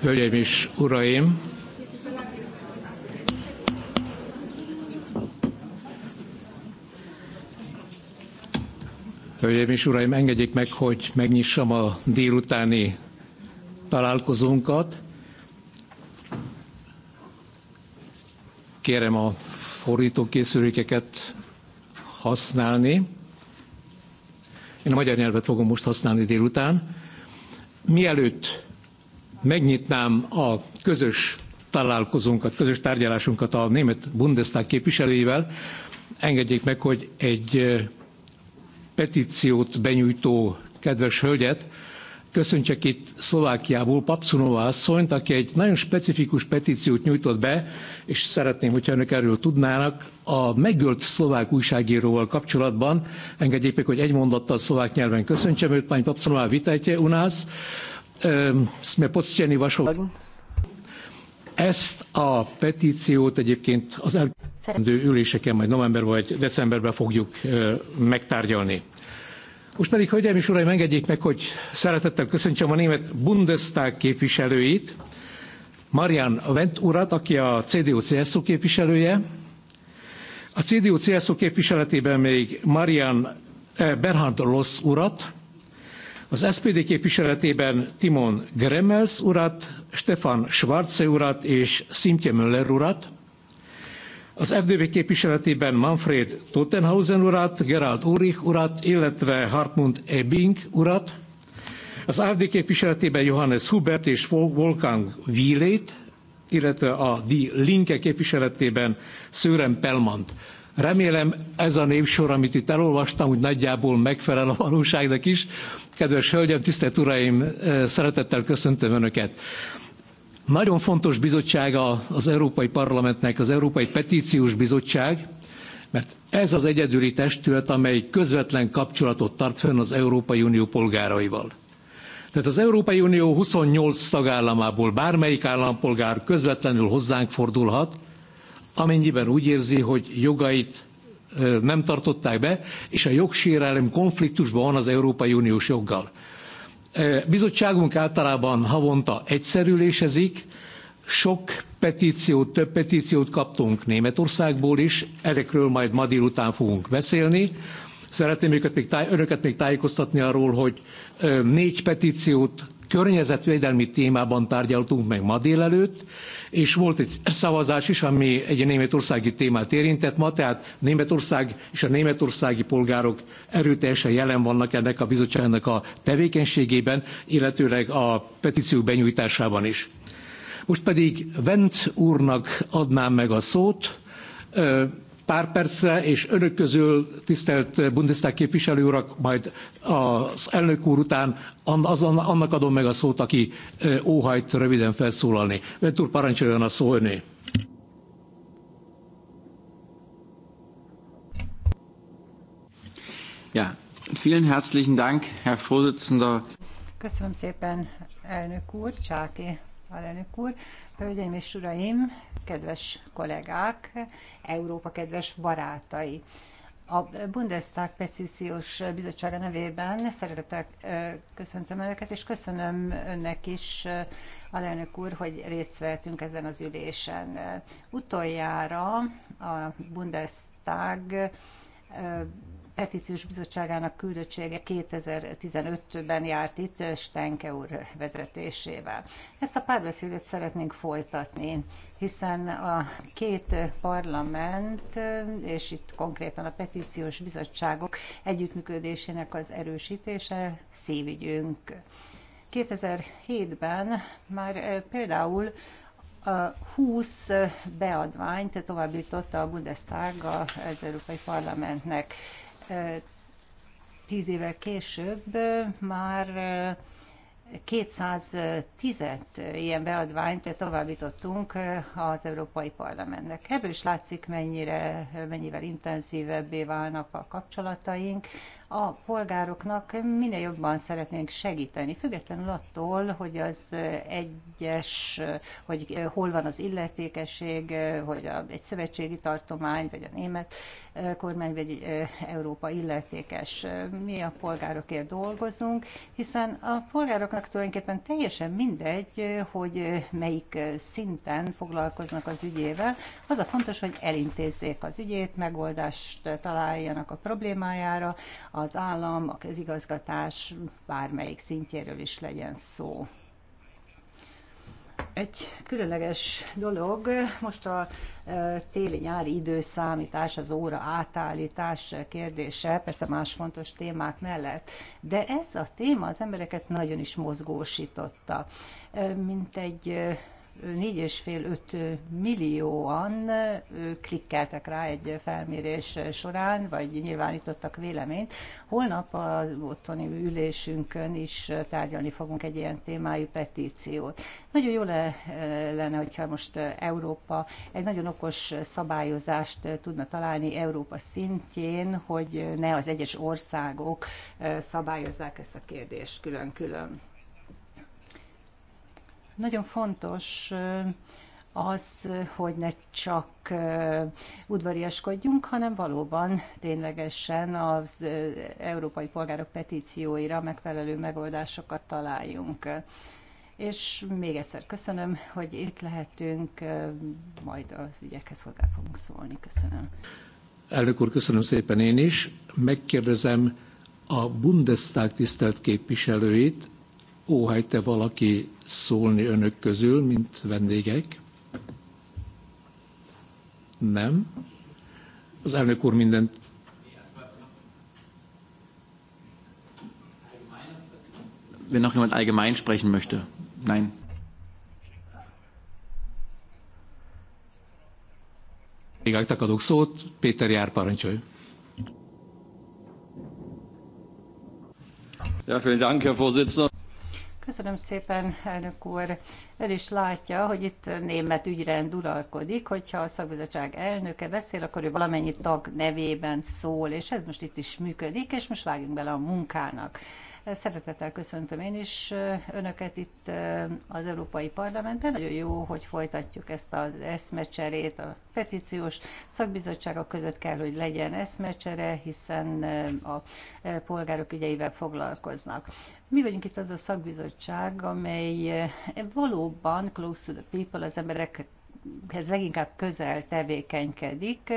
Hölgyeim és Uraim! Hölgyeim és Uraim, engedjék meg, hogy megnyissam a délutáni találkozónkat. Kérem a fordítókészülékeket használni. Én a magyar nyelvet fogom most használni délután. Mielőtt megnyitnám a közös találkozónkat, közös tárgyalásunkat a német Bundestag képviselőivel. Engedjék meg, hogy egy petíciót benyújtó kedves hölgyet köszöntsek itt Szlovákiából, Papcunova asszonyt, aki egy nagyon specifikus petíciót nyújtott be, és szeretném, hogyha önök erről tudnának, a megölt szlovák újságíróval kapcsolatban. Engedjék meg, hogy egy mondattal szlovák nyelven köszöntsem őt, pani Papcunova vitajte u nás sme poctení vašou... Ezt a petíciót egyébként az elkövetkező üléseken majd novemberben vagy decemberben fogjuk megtárgyalni. Most pedig, hölgyeim és uraim, engedjék meg, hogy szeretettel köszöntsem a német Bundestag képviselőit, Marian Wendt urat, aki a CDU-CSU képviselője. A CDU-CSU képviseletében még Marian Berhard Loss urat, az SPD képviseletében Timon Gremels urat, Stefan Schwarze urat és Szintje Möller urat, az FDP képviseletében Manfred Tottenhausen urat, Gerald Ulrich urat, illetve Hartmut Ebing urat, az AfD képviseletében Johannes Hubert és Wolfgang Wielét, illetve a Die Linke képviseletében Sören Pelmant. Remélem ez a népsor, amit itt elolvastam, úgy nagyjából megfelel a valóságnak is. Kedves hölgyem, tisztelt uraim, eh, szeretettel köszöntöm Önöket. Nagyon fontos bizottsága az Európai Parlamentnek az Európai Petíciós Bizottság, mert ez az egyedüli testület, amely közvetlen kapcsolatot tart fenn az Európai Unió polgáraival. Tehát az Európai Unió 28 tagállamából bármelyik állampolgár közvetlenül hozzánk fordulhat, amennyiben úgy érzi, hogy jogait nem tartották be, és a jogsérelem konfliktusban van az Európai Uniós joggal. Bizottságunk általában havonta egyszerülésezik, sok petíciót, több petíciót kaptunk Németországból is, ezekről majd ma délután fogunk beszélni. Szeretném őket még táj, önöket még tájékoztatni arról, hogy négy petíciót környezetvédelmi témában tárgyaltunk meg ma délelőtt, és volt egy szavazás is, ami egy németországi témát érintett ma, tehát Németország és a németországi polgárok erőteljesen jelen vannak ennek a bizottságnak a tevékenységében, illetőleg a petíció benyújtásában is. Most pedig Vent úrnak adnám meg a szót, Pár percre, és önök közül, tisztelt Bundestag képviselő urak, majd az elnök úr után annak adom meg a szót, aki óhajt röviden felszólalni. Ventur parancsoljon a szó öné. Ja, vielen herzlichen Dank, Herr Vorsitzender. Köszönöm szépen, elnök úr, Csáki alelnök úr. Hölgyeim és uraim, kedves kollégák, Európa kedves barátai! A Bundestag Petíciós Bizottsága nevében szeretettel köszöntöm Önöket, és köszönöm Önnek is, alelnök úr, hogy részt vehetünk ezen az ülésen. Utoljára a Bundestag petíciós bizottságának küldöttsége 2015-ben járt itt Stenke úr vezetésével. Ezt a párbeszédet szeretnénk folytatni, hiszen a két parlament, és itt konkrétan a petíciós bizottságok együttműködésének az erősítése szívügyünk. 2007-ben már eh, például 20 beadványt továbbította a Bundestag az Európai Parlamentnek tíz évvel később már 210 ilyen beadványt továbbítottunk az Európai Parlamentnek. Ebből is látszik, mennyire, mennyivel intenzívebbé válnak a kapcsolataink, a polgároknak minél jobban szeretnénk segíteni, függetlenül attól, hogy az egyes, hogy hol van az illetékesség, hogy a, egy szövetségi tartomány, vagy a német kormány, vagy Európa illetékes. Mi a polgárokért dolgozunk, hiszen a polgároknak tulajdonképpen teljesen mindegy, hogy melyik szinten foglalkoznak az ügyével. Az a fontos, hogy elintézzék az ügyét, megoldást találjanak a problémájára, az állam, a közigazgatás bármelyik szintjéről is legyen szó. Egy különleges dolog, most a e, téli-nyári időszámítás, az óra átállítás kérdése, persze más fontos témák mellett, de ez a téma az embereket nagyon is mozgósította. E, mint egy e, 4,5-5 millióan klikkeltek rá egy felmérés során, vagy nyilvánítottak véleményt. Holnap az otthoni ülésünkön is tárgyalni fogunk egy ilyen témájú petíciót. Nagyon jó lenne, hogyha most Európa egy nagyon okos szabályozást tudna találni Európa szintjén, hogy ne az egyes országok szabályozzák ezt a kérdést külön-külön. Nagyon fontos az, hogy ne csak udvariaskodjunk, hanem valóban ténylegesen az európai polgárok petícióira megfelelő megoldásokat találjunk. És még egyszer köszönöm, hogy itt lehetünk, majd az ügyekhez hozzá fogunk szólni. Köszönöm. Elnök úr, köszönöm szépen én is. Megkérdezem a Bundestag tisztelt képviselőit, óhajt-e hát valaki szólni önök közül, mint vendégek? Nem. Az elnök úr mindent wenn noch jemand allgemein sprechen möchte. Nein. Kollégáknak adok szót, Péter Jár parancsolj. Ja, vielen Dank, Herr Vorsitzender. Köszönöm szépen, elnök úr. Ön is látja, hogy itt német ügyrend uralkodik, hogyha a szakbizottság elnöke beszél, akkor ő valamennyi tag nevében szól, és ez most itt is működik, és most vágjunk bele a munkának. Szeretettel köszöntöm én is Önöket itt az Európai Parlamentben. Nagyon jó, hogy folytatjuk ezt az eszmecserét. A petíciós szakbizottságok között kell, hogy legyen eszmecsere, hiszen a polgárok ügyeivel foglalkoznak. Mi vagyunk itt az a szakbizottság, amely valóban close to the people, az emberek ez leginkább közel tevékenykedik.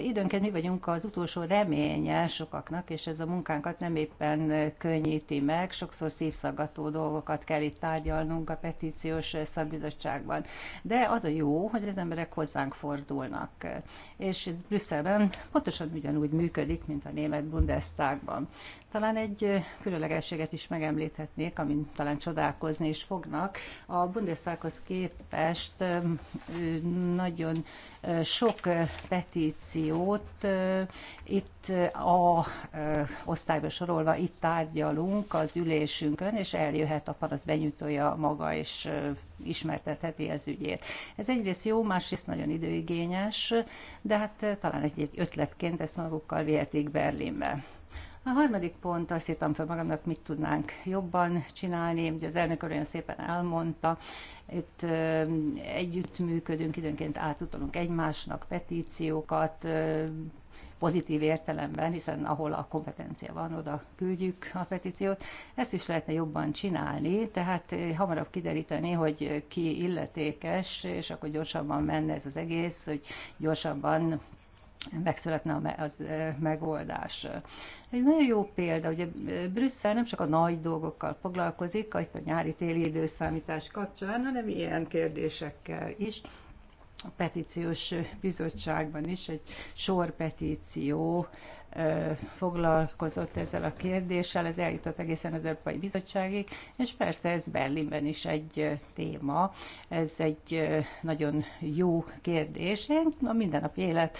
Időnként mi vagyunk az utolsó reménye sokaknak, és ez a munkánkat nem éppen könnyíti meg. Sokszor szívszaggató dolgokat kell itt tárgyalnunk a petíciós szakbizottságban. De az a jó, hogy az emberek hozzánk fordulnak. És ez Brüsszelben pontosan ugyanúgy működik, mint a német Bundestagban. Talán egy különlegességet is megemlíthetnék, amin talán csodálkozni is fognak. A Bundestaghoz képest nagyon sok petíciót itt a osztályba sorolva itt tárgyalunk az ülésünkön, és eljöhet a panasz benyújtója maga, és ismertetheti az ügyét. Ez egyrészt jó, másrészt nagyon időigényes, de hát talán egy ötletként ezt magukkal vihetik Berlinbe. A harmadik pont, azt írtam fel magamnak, mit tudnánk jobban csinálni, ugye az elnök olyan szépen elmondta, itt ö, együttműködünk, időnként átutalunk egymásnak petíciókat, ö, pozitív értelemben, hiszen ahol a kompetencia van, oda küldjük a petíciót. Ezt is lehetne jobban csinálni, tehát hamarabb kideríteni, hogy ki illetékes, és akkor gyorsabban menne ez az egész, hogy gyorsabban megszületne a megoldás. Egy nagyon jó példa, ugye Brüsszel nem csak a nagy dolgokkal foglalkozik, a nyári-téli időszámítás kapcsán, hanem ilyen kérdésekkel is. A petíciós bizottságban is egy sor petíció foglalkozott ezzel a kérdéssel, ez eljutott egészen az Európai Bizottságig, és persze ez Berlinben is egy téma, ez egy nagyon jó kérdés, a mindennapi élet,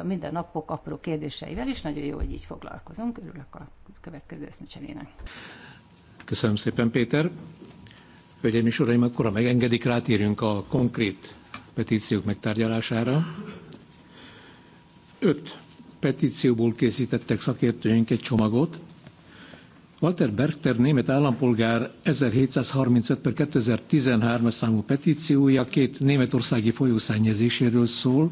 a mindennapok apró kérdéseivel is, nagyon jó, hogy így foglalkozunk, örülök a következő eszmecserének. Köszönöm szépen, Péter. Hölgyeim és Uraim, akkor ha megengedik, rátérünk a konkrét petíciók megtárgyalására. Öt petícióból készítettek szakértőink egy csomagot. Walter Berchter német állampolgár 1735 per 2013 számú petíciója két németországi folyószennyezéséről szól.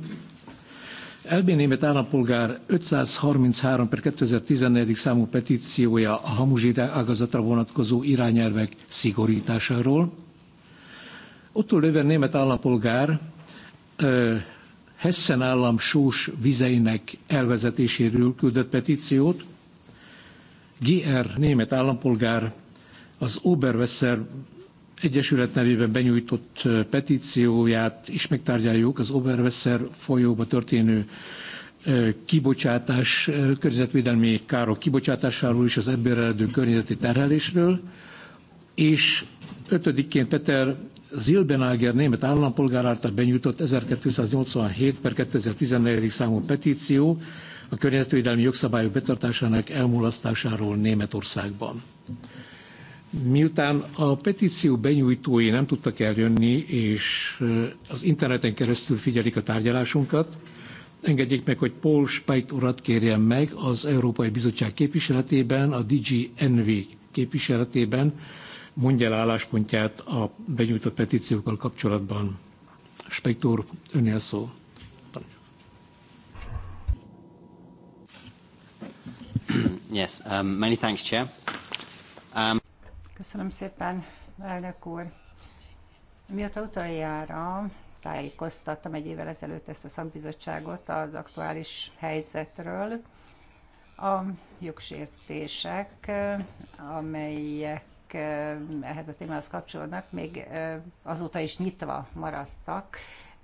Elbén német állampolgár 533 per 2014 számú petíciója a hamuzsi ágazatra vonatkozó irányelvek szigorításáról. Otto Löwen német állampolgár Hessen állam sós vizeinek elvezetéséről küldött petíciót. GR német állampolgár az Oberwesser Egyesület nevében benyújtott petícióját is megtárgyaljuk az Oberwesser folyóba történő kibocsátás, környezetvédelmi károk kibocsátásáról és az ebből eredő környezeti terhelésről, és ötödikként Peter Zilbenáger német állampolgár által benyújtott 1287 per 2014. számú petíció a környezetvédelmi jogszabályok betartásának elmulasztásáról Németországban. Miután a petíció benyújtói nem tudtak eljönni, és az interneten keresztül figyelik a tárgyalásunkat, engedjék meg, hogy Paul Speit urat kérjem meg az Európai Bizottság képviseletében, a DG Envi képviseletében, mondja el álláspontját a benyújtott petíciókkal kapcsolatban. Spektor, önnél szó. Yes, um, many thanks, Chair. Um... Köszönöm szépen, elnök úr. Mióta utoljára tájékoztattam egy évvel ezelőtt ezt a szakbizottságot az aktuális helyzetről, a jogsértések, amelyek amelyek ehhez a témához kapcsolódnak, még azóta is nyitva maradtak.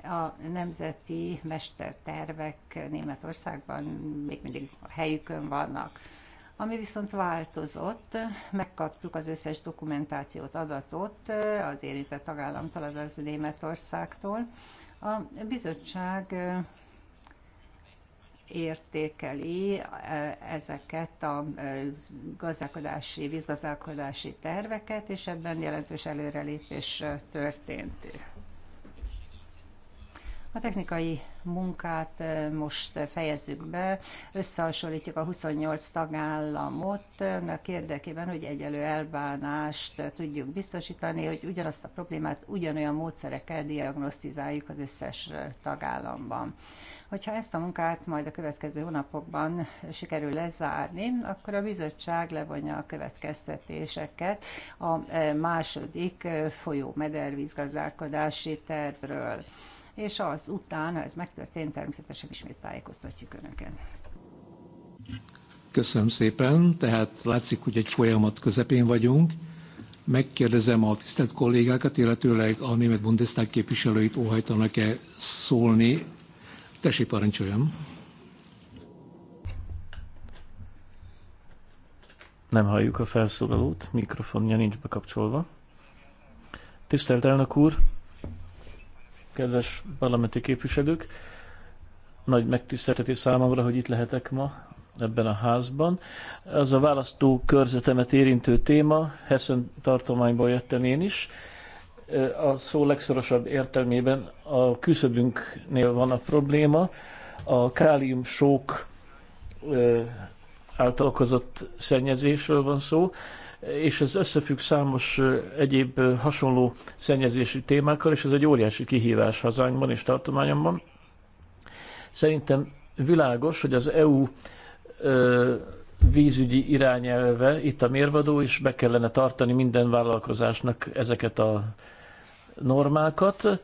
A nemzeti mestertervek Németországban még mindig a helyükön vannak. Ami viszont változott, megkaptuk az összes dokumentációt, adatot az érintett tagállamtól, az Németországtól. A bizottság értékeli e, ezeket a e, gazdálkodási, vízgazdálkodási terveket, és ebben jelentős előrelépés e, történt. A technikai munkát most fejezzük be, összehasonlítjuk a 28 tagállamot annak érdekében, hogy egyelő elbánást tudjuk biztosítani, hogy ugyanazt a problémát ugyanolyan módszerekkel diagnosztizáljuk az összes tagállamban. Hogyha ezt a munkát majd a következő hónapokban sikerül lezárni, akkor a bizottság levonja a következtetéseket a e, második e, folyó medervízgazdálkodási tervről. És az után, ha ez megtörtént, természetesen ismét tájékoztatjuk Önöket. Köszönöm szépen. Tehát látszik, hogy egy folyamat közepén vagyunk. Megkérdezem a tisztelt kollégákat, illetőleg a német Bundestag képviselőit óhajtanak-e szólni Tessék, parancsoljam. Nem halljuk a felszólalót, mikrofonja nincs bekapcsolva. Tisztelt elnök úr, kedves parlamenti képviselők, nagy megtiszteltetés számomra, hogy itt lehetek ma ebben a házban. Ez a választó körzetemet érintő téma, Hessen tartományból jöttem én is, a szó legszorosabb értelmében a küszöbünknél van a probléma. A kálium sók által okozott szennyezésről van szó, és ez összefügg számos egyéb hasonló szennyezési témákkal, és ez egy óriási kihívás hazánkban és tartományomban. Szerintem világos, hogy az EU vízügyi irányelve itt a mérvadó, és be kellene tartani minden vállalkozásnak ezeket a normákat,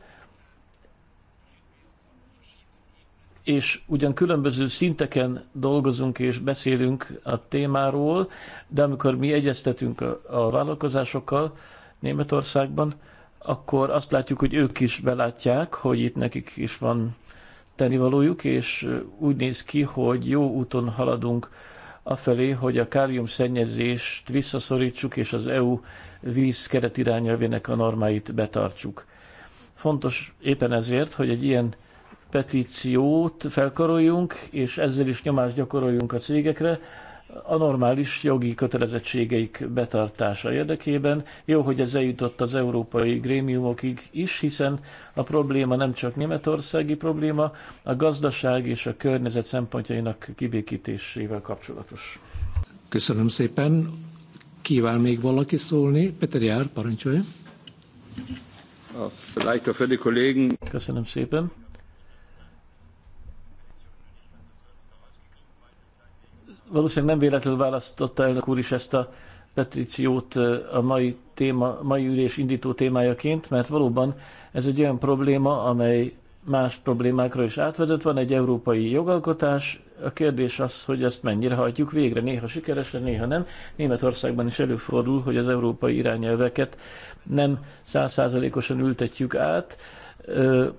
és ugyan különböző szinteken dolgozunk és beszélünk a témáról, de amikor mi egyeztetünk a, a vállalkozásokkal Németországban, akkor azt látjuk, hogy ők is belátják, hogy itt nekik is van tennivalójuk, és úgy néz ki, hogy jó úton haladunk afelé, hogy a kálium szennyezést visszaszorítsuk, és az EU víz keret irányelvének a normáit betartsuk. Fontos éppen ezért, hogy egy ilyen petíciót felkaroljunk, és ezzel is nyomást gyakoroljunk a cégekre, a normális jogi kötelezettségeik betartása érdekében. Jó, hogy ez eljutott az európai grémiumokig is, hiszen a probléma nem csak németországi probléma, a gazdaság és a környezet szempontjainak kibékítésével kapcsolatos. Köszönöm szépen. Kíván még valaki szólni? Peter Jár, parancsolja. Ah, Köszönöm szépen. Valószínűleg nem véletlenül választotta elnök úr is ezt a petíciót eh, a mai, téma, mai ülés indító témájaként, mert valóban ez egy olyan probléma, amely más problémákra is átvezet. Van egy európai jogalkotás, a kérdés az, hogy ezt mennyire hajtjuk végre. Néha sikeresen, néha nem. Németországban is előfordul, hogy az európai irányelveket nem százszázalékosan ültetjük át.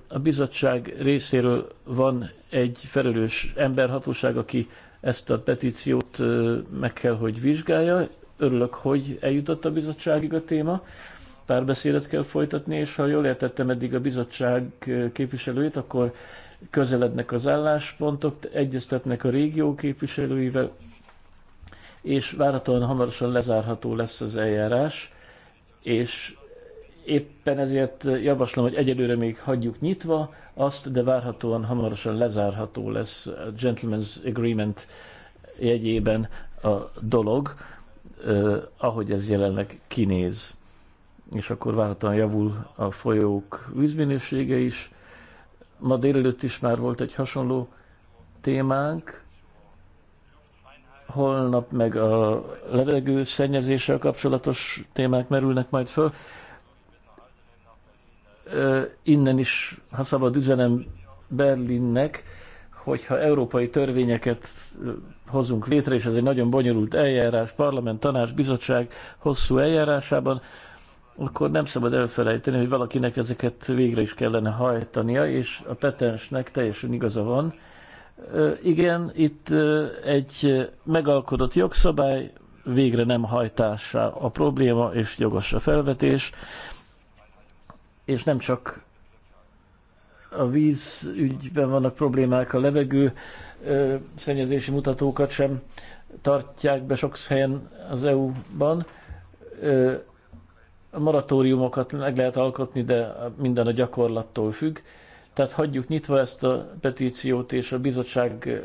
A bizottság részéről van egy felelős emberhatóság, aki ezt a petíciót meg kell, hogy vizsgálja. Örülök, hogy eljutott a bizottságig a téma párbeszédet kell folytatni, és ha jól értettem eddig a bizottság eh, képviselőit, akkor közelednek az álláspontok, egyeztetnek a régió képviselőivel, és várhatóan hamarosan lezárható lesz az eljárás, és éppen ezért javaslom, hogy egyelőre még hagyjuk nyitva azt, de várhatóan hamarosan lezárható lesz a Gentleman's Agreement jegyében a dolog, eh, ahogy ez jelenleg kinéz és akkor várhatóan javul a folyók vízminősége is. Ma délelőtt is már volt egy hasonló témánk, holnap meg a levegő szennyezéssel kapcsolatos témák merülnek majd föl. Innen is, ha szabad üzenem Berlinnek, hogyha európai törvényeket hozunk létre, és ez egy nagyon bonyolult eljárás, parlament, tanács, bizottság hosszú eljárásában, akkor nem szabad elfelejteni, hogy valakinek ezeket végre is kellene hajtania, és a petensnek teljesen igaza van. Igen, itt egy megalkodott jogszabály végre nem hajtása a probléma, és jogos a felvetés, és nem csak a víz ügyben vannak problémák, a levegő szennyezési mutatókat sem tartják be sok helyen az EU-ban a moratóriumokat meg lehet alkotni, de minden a gyakorlattól függ. Tehát hagyjuk nyitva ezt a petíciót, és a bizottság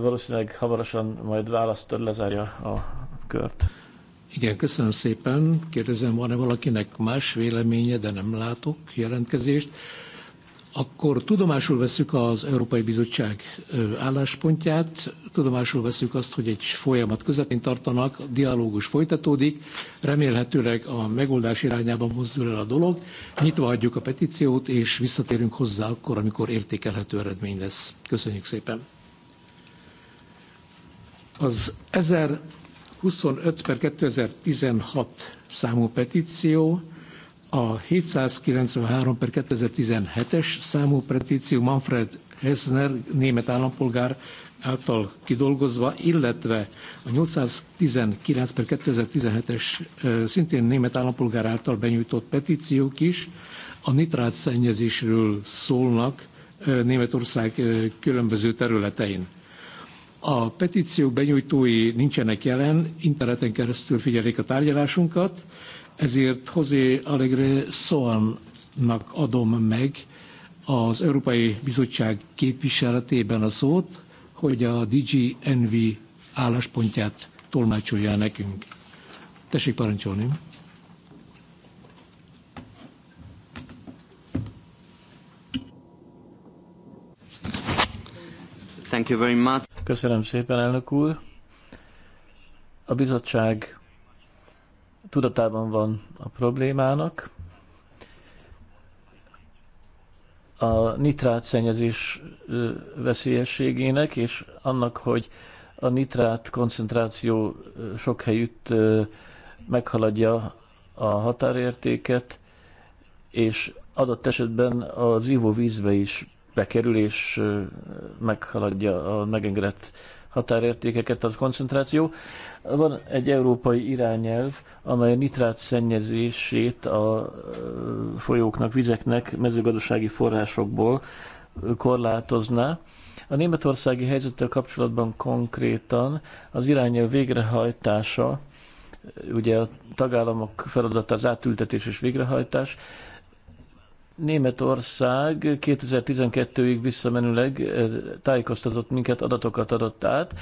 valószínűleg hamarosan majd választ lezárja a kört. Igen, köszönöm szépen. Kérdezem, van-e valakinek más véleménye, de nem látok jelentkezést. Akkor tudomásul veszük az Európai Bizottság álláspontját, tudomásul veszük azt, hogy egy folyamat közepén tartanak, a dialógus folytatódik, remélhetőleg a megoldás irányába mozdul el a dolog, nyitva hagyjuk a petíciót, és visszatérünk hozzá akkor, amikor értékelhető eredmény lesz. Köszönjük szépen! Az 1025 per 2016 számú petíció a 793 per 2017-es számú petíció Manfred Hessner német állampolgár által kidolgozva, illetve a 819 per 2017-es szintén német állampolgár által benyújtott petíciók is a nitrát szennyezésről szólnak Németország különböző területein. A petíciók benyújtói nincsenek jelen, interneten keresztül figyelik a tárgyalásunkat, ezért José Alegre Szóannak adom meg az Európai Bizottság képviseletében a szót, hogy a DG Envi álláspontját tolmácsolja nekünk. Tessék parancsolni! Thank you very much. Köszönöm szépen, elnök úr. A bizottság tudatában van a problémának. A nitrát szennyezés veszélyességének, és annak, hogy a nitrát koncentráció sok helyütt meghaladja a határértéket, és adott esetben az ivóvízbe is bekerül, és meghaladja a megengedett határértékeket ad koncentráció. Van egy európai irányelv, amely a nitrát szennyezését a folyóknak, vizeknek mezőgazdasági forrásokból korlátozná. A németországi helyzettel kapcsolatban konkrétan az irányelv végrehajtása ugye a tagállamok feladata az átültetés és végrehajtás. Németország 2012-ig visszamenőleg eh, tájékoztatott minket, adatokat adott át,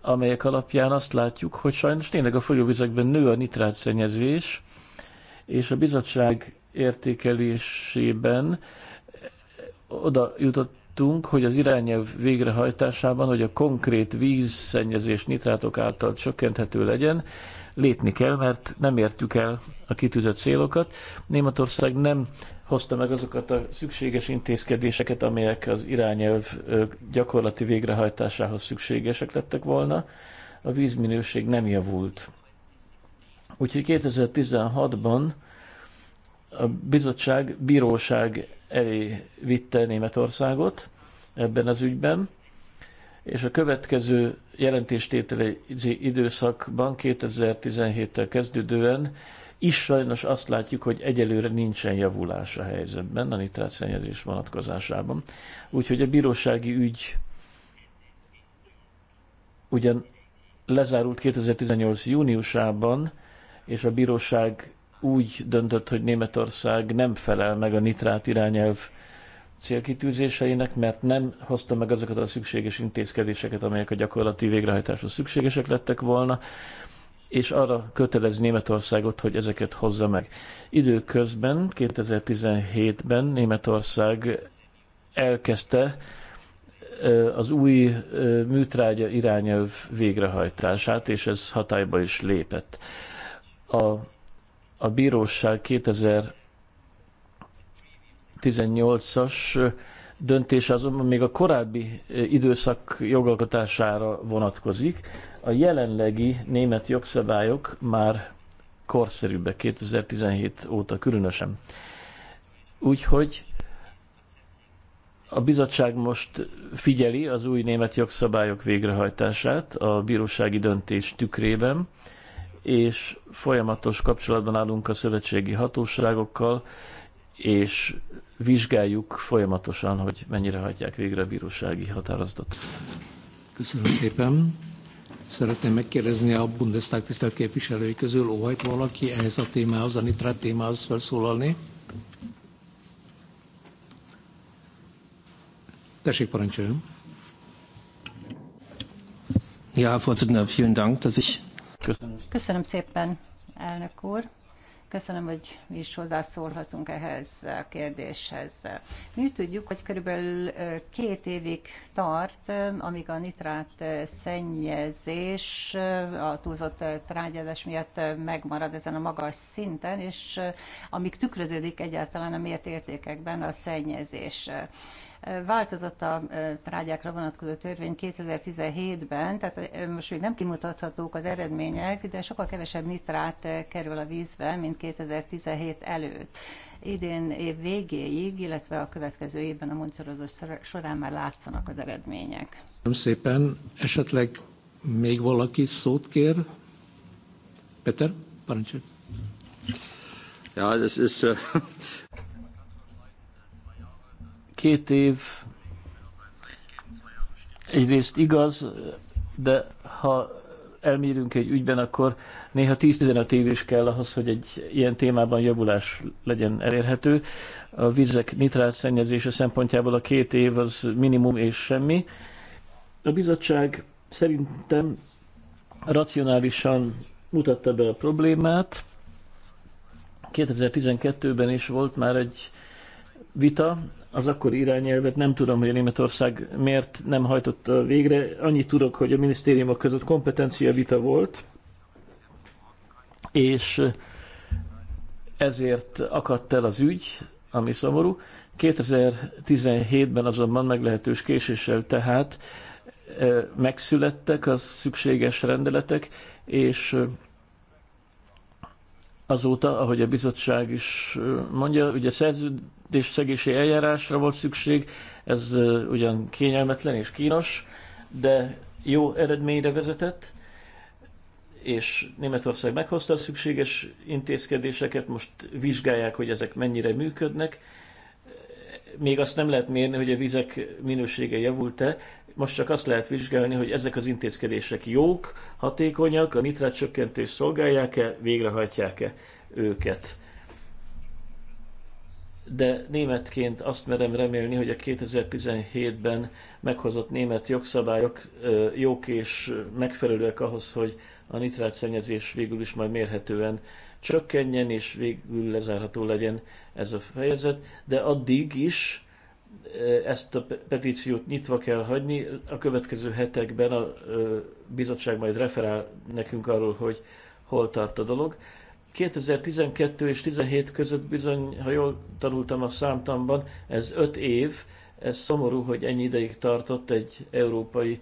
amelyek alapján azt látjuk, hogy sajnos tényleg a folyóvizekben nő a nitrátszennyezés, és a bizottság értékelésében eh, oda jutottunk, hogy az irányelv végrehajtásában, hogy a konkrét vízszennyezés nitrátok által csökkenthető legyen, lépni kell, mert nem értük el a kitűzött célokat. Németország nem hozta meg azokat a szükséges intézkedéseket, amelyek az irányelv gyakorlati végrehajtásához szükségesek lettek volna, a vízminőség nem javult. Úgyhogy 2016-ban a bizottság bíróság elé vitte Németországot ebben az ügyben, és a következő jelentéstételi időszakban, 2017-tel kezdődően is sajnos azt látjuk, hogy egyelőre nincsen javulás a helyzetben, a nitrátszennyezés vonatkozásában. Úgyhogy a bírósági ügy ugyan lezárult 2018. júniusában, és a bíróság úgy döntött, hogy Németország nem felel meg a nitrát irányelv célkitűzéseinek, mert nem hozta meg azokat a szükséges intézkedéseket, amelyek a gyakorlati végrehajtáshoz szükségesek lettek volna és arra kötelez Németországot, hogy ezeket hozza meg. Időközben, 2017-ben Németország elkezdte az új műtrágya irányelv végrehajtását, és ez hatályba is lépett. A, a bíróság 2018-as döntése azonban még a korábbi e, időszak jogalkotására vonatkozik. A jelenlegi német jogszabályok már korszerűbbek 2017 óta különösen. Úgyhogy a bizottság most figyeli az új német jogszabályok végrehajtását a bírósági döntés tükrében, és folyamatos kapcsolatban állunk a szövetségi hatóságokkal, és vizsgáljuk folyamatosan, hogy mennyire hagyják végre a bírósági határozatot. Köszönöm szépen. Szeretném megkérdezni a Bundestag tisztelt képviselői közül, óhajt valaki ehhez a témához, a nitrát témához felszólalni? Tessék, parancsoljon. Ja, Vorsitzender, vielen Dank, dass ich... Köszönöm. Köszönöm szépen, elnök úr. Köszönöm, hogy mi is hozzászólhatunk ehhez a kérdéshez. Mi tudjuk, hogy körülbelül két évig tart, amíg a nitrát szennyezés a túlzott trágyázás miatt megmarad ezen a magas szinten, és amíg tükröződik egyáltalán a mért értékekben a szennyezés. Változott a trágyákra vonatkozó törvény 2017-ben, tehát most még nem kimutathatók az eredmények, de sokkal kevesebb nitrát kerül a vízbe, mint 2017 előtt. Idén év végéig, illetve a következő évben a monitorozás során már látszanak az eredmények. Köszönöm szépen. Esetleg még valaki szót kér? Peter, parancsolj. Ja, ez is... Két év egyrészt igaz, de ha elmérünk egy ügyben, akkor néha 10-15 év is kell ahhoz, hogy egy ilyen témában javulás legyen elérhető. A vizek nitrát szennyezése szempontjából a két év az minimum és semmi. A bizottság szerintem racionálisan mutatta be a problémát. 2012-ben is volt már egy vita az akkori irányelvet. Nem tudom, hogy a Németország miért nem hajtotta végre. Annyit tudok, hogy a minisztériumok között kompetencia vita volt, és ezért akadt el az ügy, ami szomorú. 2017-ben azonban meglehetős késéssel tehát megszülettek a szükséges rendeletek, és azóta, ahogy a bizottság is mondja, ugye szerződ, döntésszegési eljárásra volt szükség, ez ugyan kényelmetlen és kínos, de jó eredményre vezetett, és Németország meghozta a szükséges intézkedéseket, most vizsgálják, hogy ezek mennyire működnek. Még azt nem lehet mérni, hogy a vizek minősége javult-e, most csak azt lehet vizsgálni, hogy ezek az intézkedések jók, hatékonyak, a nitrát csökkentés szolgálják-e, végrehajtják-e őket de németként azt merem remélni, hogy a 2017-ben meghozott német jogszabályok jók és megfelelőek ahhoz, hogy a szennyezés végül is majd mérhetően csökkenjen, és végül lezárható legyen ez a fejezet, de addig is ezt a petíciót nyitva kell hagyni. A következő hetekben a bizottság majd referál nekünk arról, hogy hol tart a dolog. 2012 és 17 között bizony, ha jól tanultam a számtamban, ez 5 év, ez szomorú, hogy ennyi ideig tartott egy európai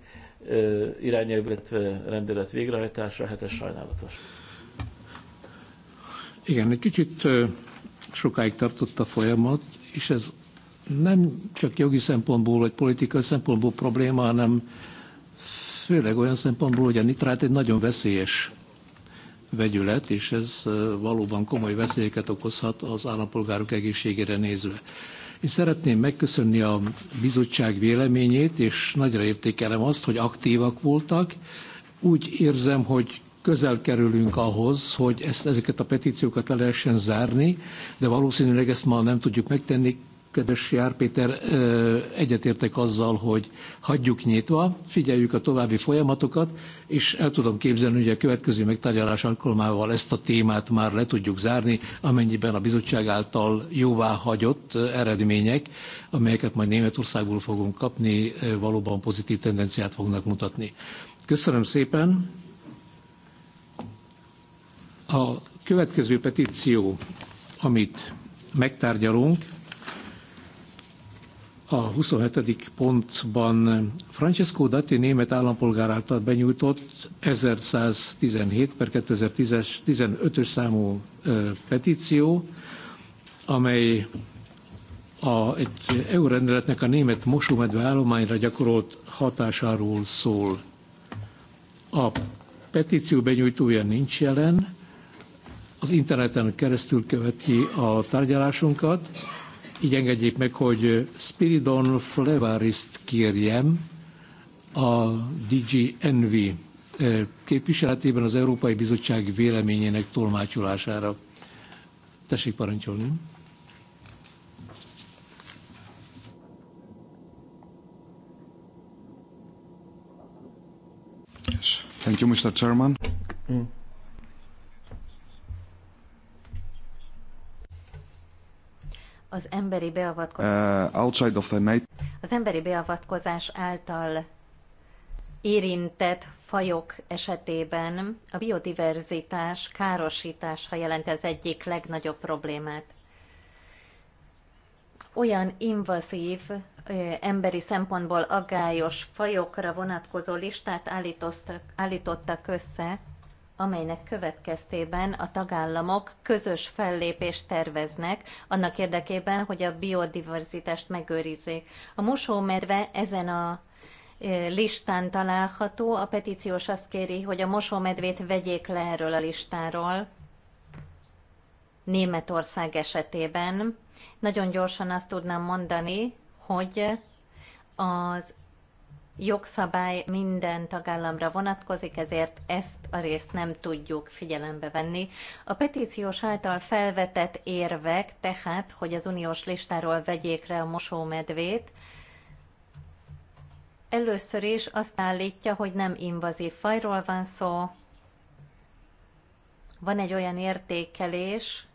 ö, irányelv, illetve rendelet végrehajtása, hát ez sajnálatos. Igen, egy kicsit ö, sokáig tartott a folyamat, és ez nem csak jogi szempontból, vagy politikai szempontból probléma, hanem főleg olyan szempontból, hogy a nitrát egy nagyon veszélyes vegyület, és ez valóban komoly veszélyeket okozhat az állampolgárok egészségére nézve. Én szeretném megköszönni a bizottság véleményét, és nagyra értékelem azt, hogy aktívak voltak. Úgy érzem, hogy közel kerülünk ahhoz, hogy ezt, ezeket a petíciókat le lehessen zárni, de valószínűleg ezt ma nem tudjuk megtenni. Kedves Jár Péter, egyetértek azzal, hogy hagyjuk nyitva, figyeljük a további folyamatokat, és el tudom képzelni, hogy a következő megtárgyalás alkalmával ezt a témát már le tudjuk zárni, amennyiben a bizottság által jóvá hagyott eredmények, amelyeket majd Németországból fogunk kapni, valóban pozitív tendenciát fognak mutatni. Köszönöm szépen. A következő petíció, amit megtárgyalunk, a 27. pontban Francesco Dati német állampolgár által benyújtott 1117 per 2015-ös számú petíció, amely a, egy EU rendeletnek a német mosómedve állományra gyakorolt hatásáról szól. A petíció benyújtója nincs jelen, az interneten keresztül követi a tárgyalásunkat, így engedjék meg, hogy Spiridon Flevarist kérjem a DG Envy eh, képviseletében az Európai Bizottság véleményének tolmácsolására. Tessék parancsolni. Yes. Thank you, Mr. Chairman. Mm. az emberi beavatkozás, uh, of the night. az emberi beavatkozás által érintett fajok esetében a biodiverzitás károsítása jelent az egyik legnagyobb problémát. Olyan invazív, emberi szempontból aggályos fajokra vonatkozó listát állítottak össze, amelynek következtében a tagállamok közös fellépést terveznek annak érdekében, hogy a biodiverzitást megőrizzék. A mosómedve ezen a e, listán található, a petíciós azt kéri, hogy a mosómedvét vegyék le erről a listáról. Németország esetében. Nagyon gyorsan azt tudnám mondani, hogy az jogszabály minden tagállamra vonatkozik, ezért ezt a részt nem tudjuk figyelembe venni. A petíciós által felvetett érvek, tehát, hogy az uniós listáról vegyék le a mosómedvét, először is azt állítja, hogy nem invazív fajról van szó, van egy olyan értékelés,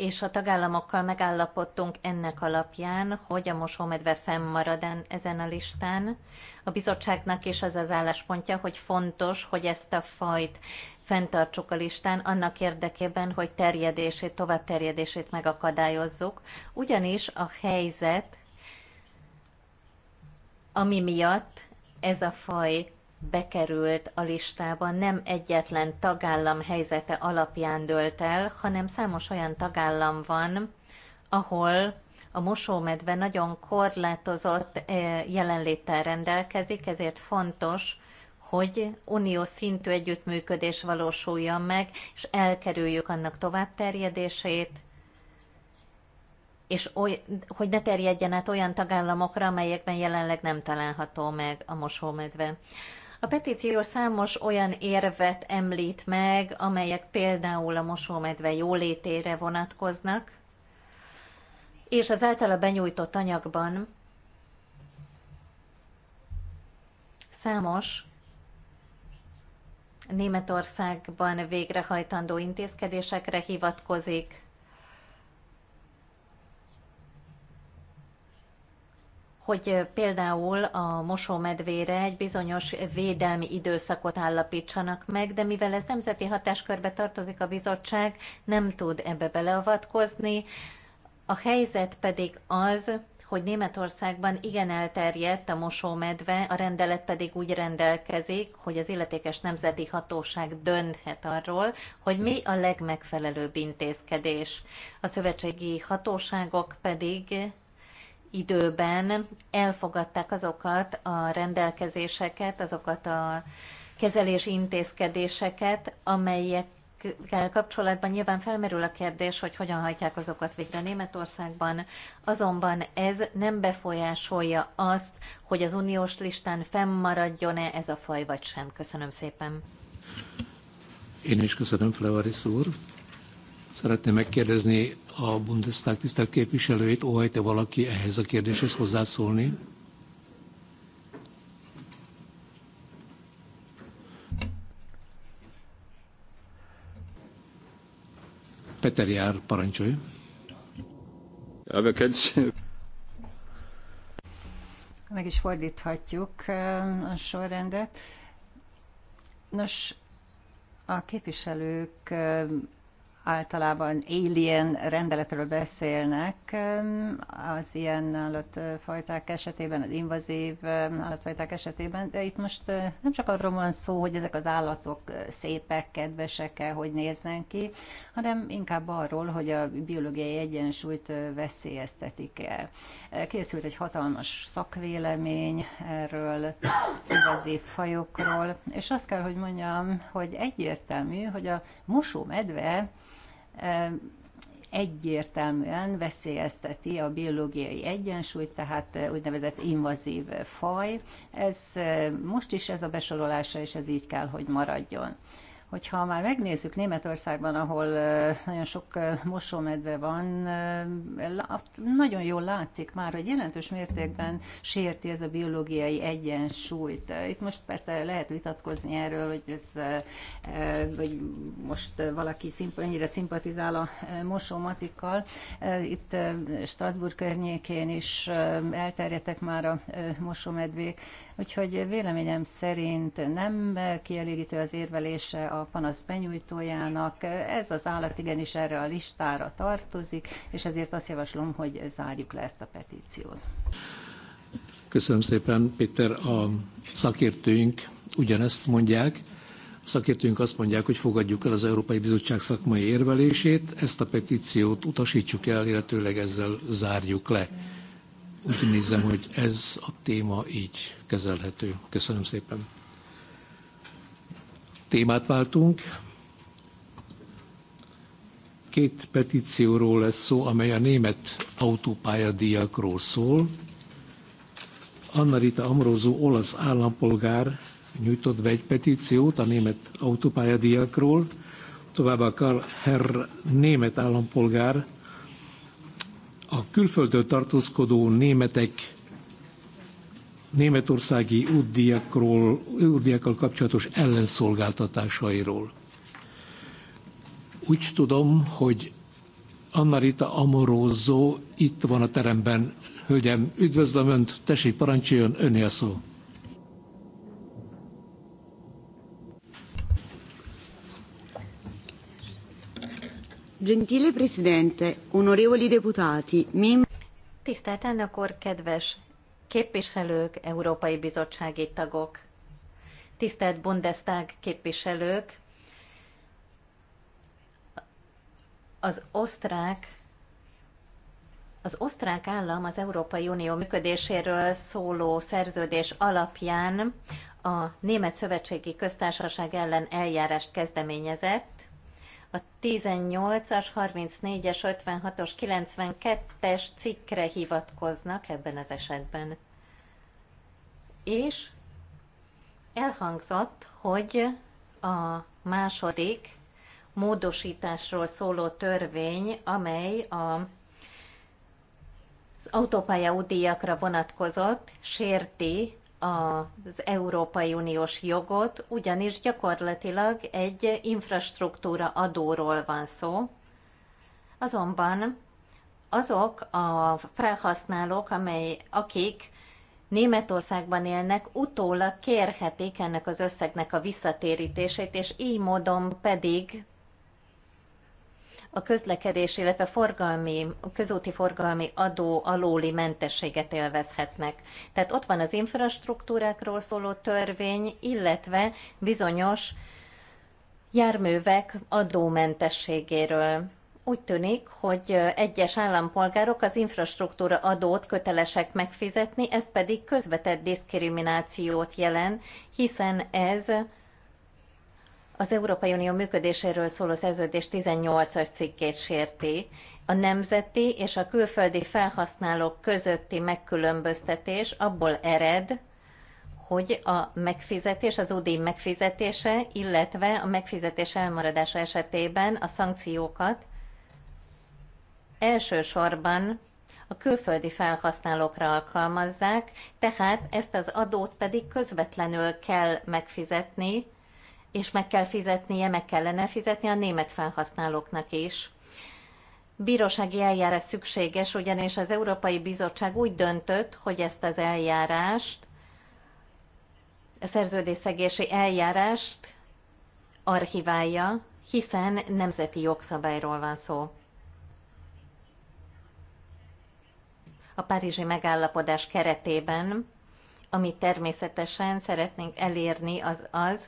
és a tagállamokkal megállapodtunk ennek alapján, hogy a mosómedve fennmarad ezen a listán. A bizottságnak is az az álláspontja, hogy fontos, hogy ezt a fajt fenntartsuk a listán annak érdekében, hogy terjedését, tovább terjedését megakadályozzuk, ugyanis a helyzet, ami miatt ez a faj bekerült a listába, nem egyetlen tagállam helyzete alapján dölt el, hanem számos olyan tagállam van, ahol a mosómedve nagyon korlátozott eh, jelenléttel rendelkezik, ezért fontos, hogy uniós szintű együttműködés valósuljon meg, és elkerüljük annak továbbterjedését, és oly, hogy ne terjedjen át olyan tagállamokra, amelyekben jelenleg nem található meg a mosómedve. A petíció számos olyan érvet említ meg, amelyek például a mosómedve jólétére vonatkoznak, és az általa benyújtott anyagban számos Németországban végrehajtandó intézkedésekre hivatkozik, hogy például a mosómedvére egy bizonyos védelmi időszakot állapítsanak meg, de mivel ez nemzeti hatáskörbe tartozik, a bizottság nem tud ebbe beleavatkozni. A helyzet pedig az, hogy Németországban igen elterjedt a mosómedve, a rendelet pedig úgy rendelkezik, hogy az illetékes nemzeti hatóság dönthet arról, hogy mi a legmegfelelőbb intézkedés. A szövetségi hatóságok pedig időben elfogadták azokat a rendelkezéseket, azokat a kezelési intézkedéseket, amelyek kapcsolatban nyilván felmerül a kérdés, hogy hogyan hajtják azokat végre Németországban, azonban ez nem befolyásolja azt, hogy az uniós listán fennmaradjon-e ez a faj vagy sem. Köszönöm szépen. Én is köszönöm, Flevaris úr. Szeretném megkérdezni a Bundestag tisztelt képviselőjét, óhajt-e valaki ehhez a kérdéshez hozzászólni? Peter Jár, parancsolj. Meg is fordíthatjuk a sorrendet. Nos, a képviselők általában alien rendeletről beszélnek az ilyen állatfajták esetében, az invazív állatfajták esetében, de itt most nem csak arról van szó, hogy ezek az állatok szépek, kedvesek -e, hogy néznek ki, hanem inkább arról, hogy a biológiai egyensúlyt veszélyeztetik el. Készült egy hatalmas szakvélemény erről, invazív fajokról, és azt kell, hogy mondjam, hogy egyértelmű, hogy a mosómedve egyértelműen veszélyezteti a biológiai egyensúlyt, tehát úgynevezett invazív faj. Ez most is ez a besorolása, és ez így kell, hogy maradjon hogyha már megnézzük Németországban, ahol nagyon sok mosómedve van, nagyon jól látszik már, hogy jelentős mértékben sérti ez a biológiai egyensúlyt. Itt most persze lehet vitatkozni erről, hogy ez, hogy most valaki szimp- ennyire szimpatizál a mosómatikkal. Itt Strasbourg környékén is elterjedtek már a mosómedvék, Úgyhogy véleményem szerint nem kielégítő az érvelése a panasz benyújtójának. Ez az állat igenis erre a listára tartozik, és ezért azt javaslom, hogy zárjuk le ezt a petíciót. Köszönöm szépen, Péter. A szakértőink ugyanezt mondják. A szakértőink azt mondják, hogy fogadjuk el az Európai Bizottság szakmai érvelését, ezt a petíciót utasítsuk el, illetőleg ezzel zárjuk le úgy nézem, hogy ez a téma így kezelhető. Köszönöm szépen. Témát váltunk. Két petícióról lesz szó, amely a német autópályadíjakról szól. Anna-Rita Amrózó olasz állampolgár nyújtott be egy petíciót a német autópályadíjakról, továbbá Karl Herr német állampolgár a külföldön tartózkodó németek németországi útdiakról, útdiakkal kapcsolatos ellenszolgáltatásairól. Úgy tudom, hogy Anna Rita Amorózó itt van a teremben. Hölgyem, üdvözlöm Önt, tessék parancsoljon, Öné a szó. Gentile Presidente, onorevoli deputati, mi... Tisztelt elnök úr, kedves képviselők, Európai Bizottsági tagok, tisztelt Bundestag képviselők, az osztrák az osztrák állam az Európai Unió működéséről szóló szerződés alapján a Német Szövetségi Köztársaság ellen eljárást kezdeményezett, a 18-as, 34-es, 56-os, 92-es cikkre hivatkoznak ebben az esetben. És elhangzott, hogy a második módosításról szóló törvény, amely a az autópálya vonatkozott, sérti az Európai Uniós jogot, ugyanis gyakorlatilag egy infrastruktúra adóról van szó, azonban azok a felhasználók, amely, akik Németországban élnek, utólag kérhetik ennek az összegnek a visszatérítését, és így módon pedig a közlekedés, illetve forgalmi, közúti forgalmi adó alóli mentességet élvezhetnek. Tehát ott van az infrastruktúrákról szóló törvény, illetve bizonyos járművek adómentességéről úgy tűnik, hogy egyes állampolgárok az infrastruktúra adót kötelesek megfizetni, ez pedig közvetett diszkriminációt jelent, hiszen ez az Európai Unió működéséről szóló szerződés 18-as cikkét sérti, a nemzeti és a külföldi felhasználók közötti megkülönböztetés abból ered, hogy a megfizetés, az UDI megfizetése, illetve a megfizetés elmaradása esetében a szankciókat elsősorban a külföldi felhasználókra alkalmazzák, tehát ezt az adót pedig közvetlenül kell megfizetni és meg kell fizetnie, meg kellene fizetni a német felhasználóknak is. Bírósági eljárás szükséges, ugyanis az Európai Bizottság úgy döntött, hogy ezt az eljárást, a szerződésszegési eljárást archiválja, hiszen nemzeti jogszabályról van szó. A Párizsi megállapodás keretében, amit természetesen szeretnénk elérni, az az,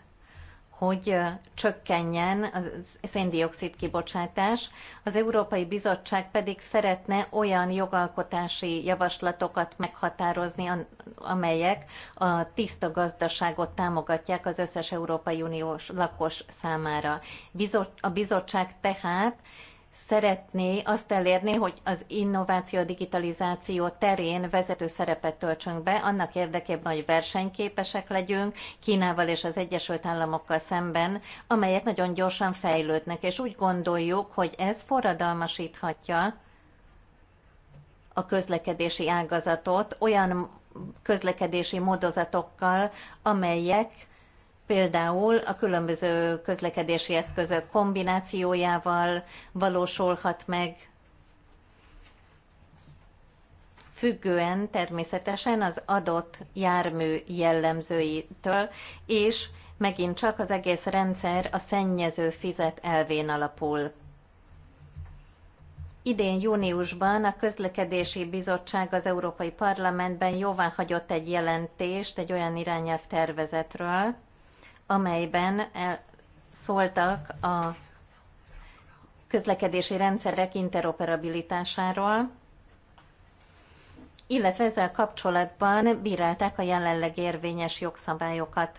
hogy csökkenjen a széndiokszid kibocsátás. Az Európai Bizottság pedig szeretne olyan jogalkotási javaslatokat meghatározni, amelyek a tiszta gazdaságot támogatják az összes Európai Uniós lakos számára. A bizottság tehát szeretné azt elérni, hogy az innováció, a digitalizáció terén vezető szerepet töltsünk be, annak érdekében, hogy versenyképesek legyünk Kínával és az Egyesült Államokkal szemben, amelyek nagyon gyorsan fejlődnek, és úgy gondoljuk, hogy ez forradalmasíthatja a közlekedési ágazatot olyan közlekedési módozatokkal, amelyek például a különböző közlekedési eszközök kombinációjával valósulhat meg, függően természetesen az adott jármű jellemzőitől, és megint csak az egész rendszer a szennyező fizet elvén alapul. Idén júniusban a Közlekedési Bizottság az Európai Parlamentben jóvá hagyott egy jelentést egy olyan irányelv tervezetről, amelyben szóltak a közlekedési rendszerek interoperabilitásáról, illetve ezzel kapcsolatban bírálták a jelenleg érvényes jogszabályokat.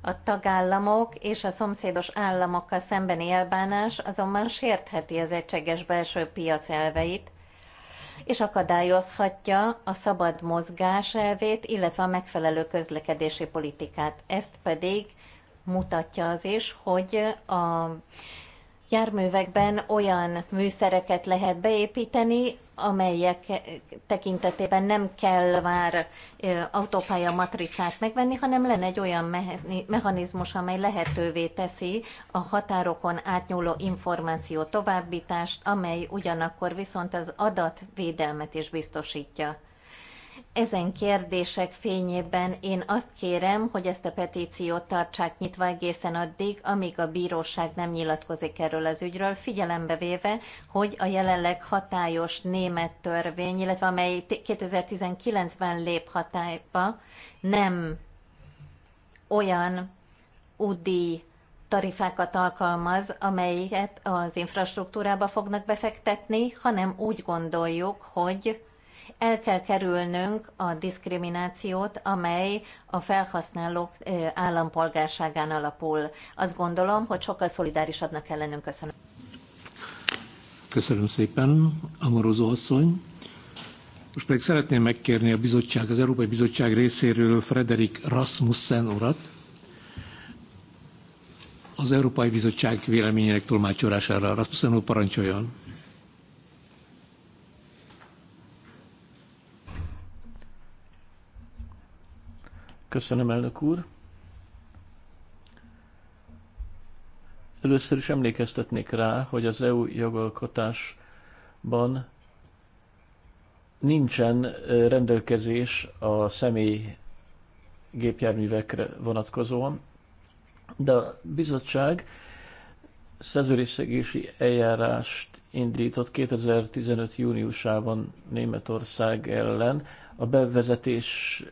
A tagállamok és a szomszédos államokkal szembeni elbánás azonban sértheti az egységes belső piac elveit, és akadályozhatja a szabad mozgás elvét, illetve a megfelelő közlekedési politikát. Ezt pedig mutatja az is, hogy a járművekben olyan műszereket lehet beépíteni, amelyek tekintetében nem kell már autópálya matricát megvenni, hanem lenne egy olyan mechanizmus, amely lehetővé teszi a határokon átnyúló információ továbbítást, amely ugyanakkor viszont az adatvédelmet is biztosítja. Ezen kérdések fényében én azt kérem, hogy ezt a petíciót tartsák nyitva egészen addig, amíg a bíróság nem nyilatkozik erről az ügyről, figyelembe véve, hogy a jelenleg hatályos német törvény, illetve amely 2019-ben lép hatályba, nem olyan UDI tarifákat alkalmaz, amelyet az infrastruktúrába fognak befektetni, hanem úgy gondoljuk, hogy el kell kerülnünk a diszkriminációt, amely a felhasználók állampolgárságán alapul. Azt gondolom, hogy sokkal szolidárisabbnak kell lennünk. Köszönöm. Köszönöm szépen, Amorozó asszony. Most pedig szeretném megkérni a bizottság, az Európai Bizottság részéről Frederik Rasmussen urat, az Európai Bizottság véleményének tolmácsolására. Rasmussen úr parancsoljon! Köszönöm, elnök úr. Először is emlékeztetnék rá, hogy az EU jogalkotásban nincsen rendelkezés a személy gépjárművekre vonatkozóan, de a bizottság szerződésszegési eljárást indított 2015. júniusában Németország ellen a bevezetés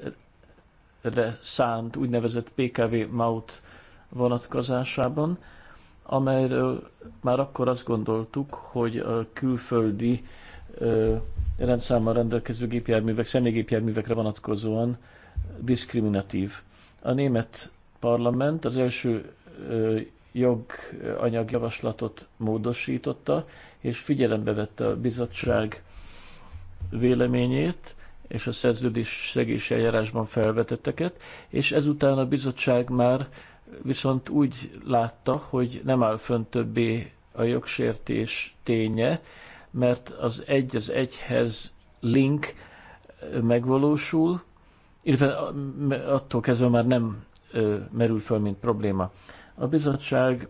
szánt úgynevezett PKV MAUT vonatkozásában, amelyről már akkor azt gondoltuk, hogy a külföldi ö, rendszámmal rendelkező gépjárművek, személygépjárművekre vonatkozóan diszkriminatív. A német parlament az első ö, joganyagjavaslatot módosította, és figyelembe vette a bizottság véleményét, és a szerződés szegési eljárásban felvetetteket, és ezután a bizottság már viszont úgy látta, hogy nem áll fönn többé a jogsértés ténye, mert az egy az egyhez link megvalósul, illetve attól kezdve már nem merül föl, mint probléma. A bizottság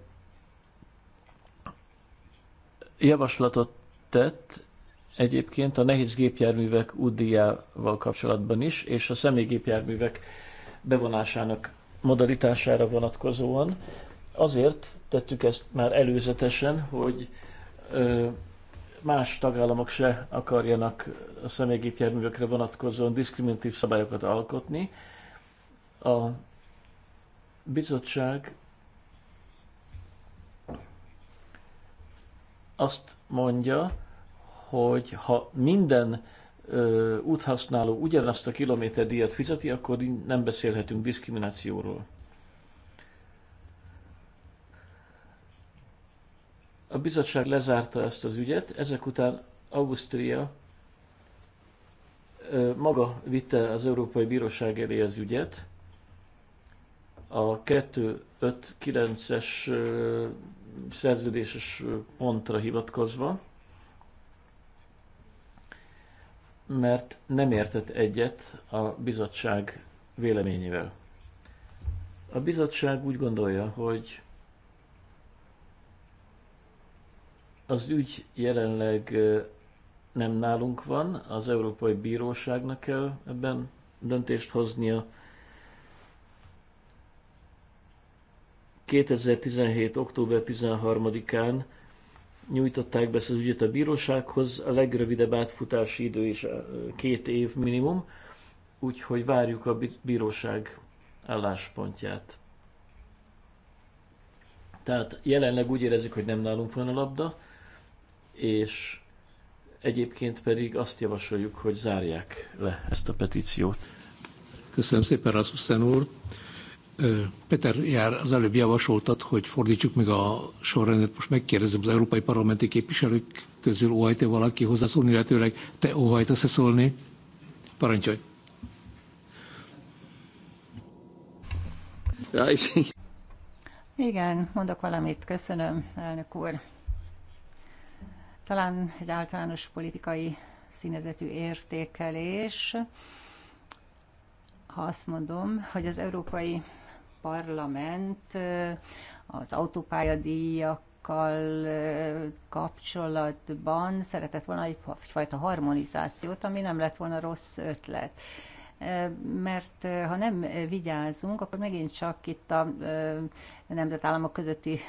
javaslatot tett egyébként a nehéz gépjárművek útdíjával kapcsolatban is, és a személygépjárművek bevonásának modalitására vonatkozóan. Azért tettük ezt már előzetesen, hogy más tagállamok se akarjanak a személygépjárművekre vonatkozóan diszkriminatív szabályokat alkotni. A bizottság azt mondja, hogy ha minden ö, úthasználó ugyanazt a kilométerdíjat fizeti, akkor nem beszélhetünk diszkriminációról. A bizottság lezárta ezt az ügyet, ezek után Ausztria ö, maga vitte az Európai Bíróság elé az ügyet, a 259-es szerződéses pontra hivatkozva, mert nem értett egyet a bizottság véleményével. A bizottság úgy gondolja, hogy az ügy jelenleg nem nálunk van, az Európai Bíróságnak kell ebben döntést hoznia. 2017. október 13-án nyújtották be ezt az ügyet a bírósághoz, a legrövidebb átfutási idő is két év minimum, úgyhogy várjuk a bíróság álláspontját. Tehát jelenleg úgy érezzük, hogy nem nálunk van a labda, és egyébként pedig azt javasoljuk, hogy zárják le ezt a petíciót. Köszönöm szépen, Rasmussen úr. Peter jár az előbb javasoltat, hogy fordítsuk meg a sorrendet. Most megkérdezem az európai parlamenti képviselők közül óhajt-e valaki hozzászólni, illetőleg te óhajtasz-e szólni? Parancsolj! Igen, mondok valamit. Köszönöm, elnök úr. Talán egy általános politikai színezetű értékelés, ha azt mondom, hogy az európai Parlament az autópályadíjakkal kapcsolatban szeretett volna egyfajta harmonizációt, ami nem lett volna rossz ötlet mert ha nem vigyázunk, akkor megint csak itt a nemzetállamok közötti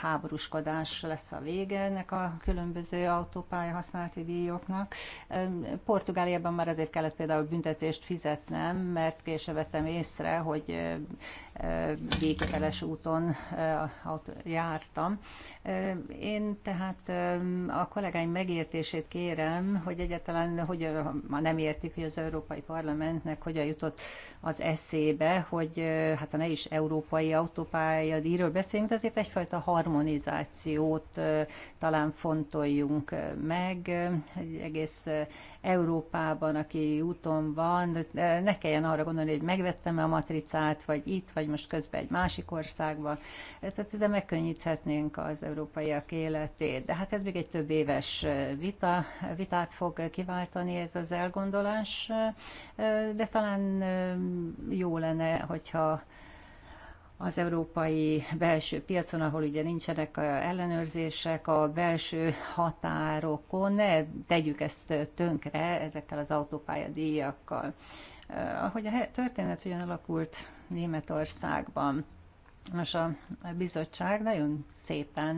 háborúskodás lesz a vége ennek a különböző autópálya használati díjoknak. Portugáliában már azért kellett például büntetést fizetnem, mert később vettem észre, hogy díjköteles úton jártam. Én tehát a kollégáim megértését kérem, hogy egyáltalán hogy ma nem értik, hogy az Európai Parlamentnek hogyan jutott az eszébe, hogy hát a ne is európai autópálya a díjról beszélünk, de azért egyfajta harmonizációt talán fontoljunk meg, egy egész Európában, aki úton van, ne kelljen arra gondolni, hogy megvettem-e a matricát, vagy itt, vagy most közben egy másik országba. Tehát ezzel megkönnyíthetnénk az európaiak életét. De hát ez még egy több éves vita, vitát fog kiváltani ez az elgondolás, de talán jó lenne, hogyha az európai belső piacon, ahol ugye nincsenek ellenőrzések a belső határokon, ne tegyük ezt tönkre ezekkel az autópályadíjakkal. Ahogy a történet ugyan alakult Németországban, Nos, a bizottság nagyon szépen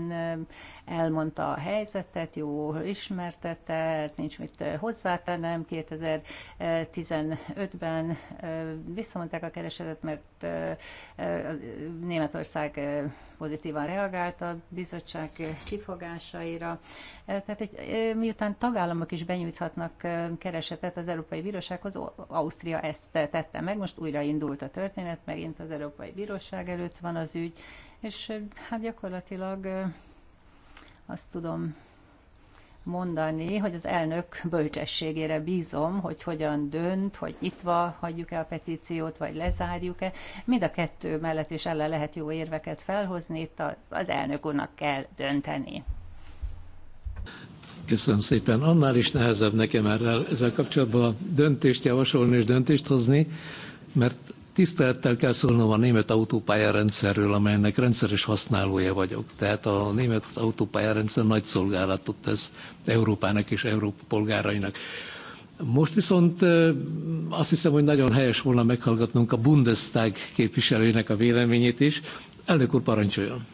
elmondta a helyzetet, jól ismertette, ez nincs mit hozzátennem. 2015-ben visszamondták a keresetet, mert Németország pozitívan reagált a bizottság kifogásaira. Tehát egy, miután tagállamok is benyújthatnak keresetet az Európai Bírósághoz, Ausztria ezt tette meg, most újra indult a történet, megint az Európai Bíróság előtt van az ügy, és hát gyakorlatilag azt tudom mondani, hogy az elnök bölcsességére bízom, hogy hogyan dönt, hogy nyitva hagyjuk el a petíciót, vagy lezárjuk-e. Mind a kettő mellett is ellen lehet jó érveket felhozni, itt az elnök úrnak kell dönteni. Köszönöm szépen. Annál is nehezebb nekem erre ezzel kapcsolatban a döntést javasolni és döntést hozni, mert Tisztelettel kell szólnom a német autópályarendszerről, amelynek rendszeres használója vagyok. Tehát a német autópályarendszer nagy szolgálatot tesz Európának és Európa polgárainak. Most viszont azt hiszem, hogy nagyon helyes volna meghallgatnunk a Bundestag képviselőjének a véleményét is. Elnök úr, parancsoljon!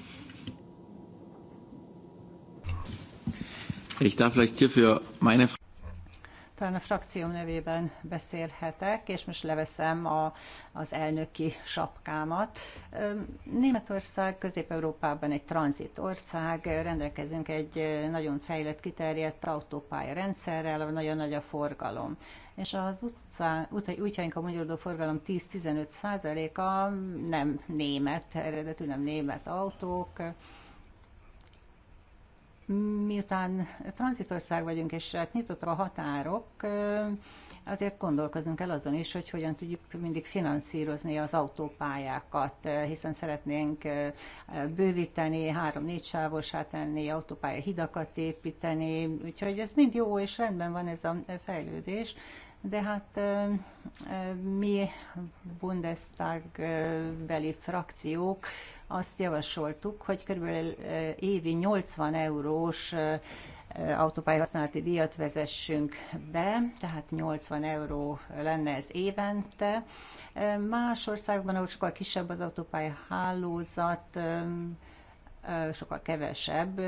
Ich darf vielleicht hierfür meine talán a frakcióm nevében beszélhetek, és most leveszem a, az elnöki sapkámat. Németország Közép-Európában egy tranzit ország, rendelkezünk egy nagyon fejlett, kiterjedt autópálya rendszerrel, ahol nagyon nagy a forgalom és az utcán, a magyarodó forgalom 10-15 a nem német, eredetű nem német autók, miután tranzitország vagyunk, és hát nyitottak a határok, azért gondolkozunk el azon is, hogy hogyan tudjuk mindig finanszírozni az autópályákat, hiszen szeretnénk bővíteni, három-négy sávosá tenni, autópálya hidakat építeni, úgyhogy ez mind jó, és rendben van ez a fejlődés, de hát mi Bundestag beli frakciók azt javasoltuk, hogy körülbelül eh, évi 80 eurós eh, autópályhasználati használati díjat vezessünk be, tehát 80 euró lenne ez évente. Eh, más országokban, ahol sokkal kisebb az autópálya hálózat, sokkal kevesebb.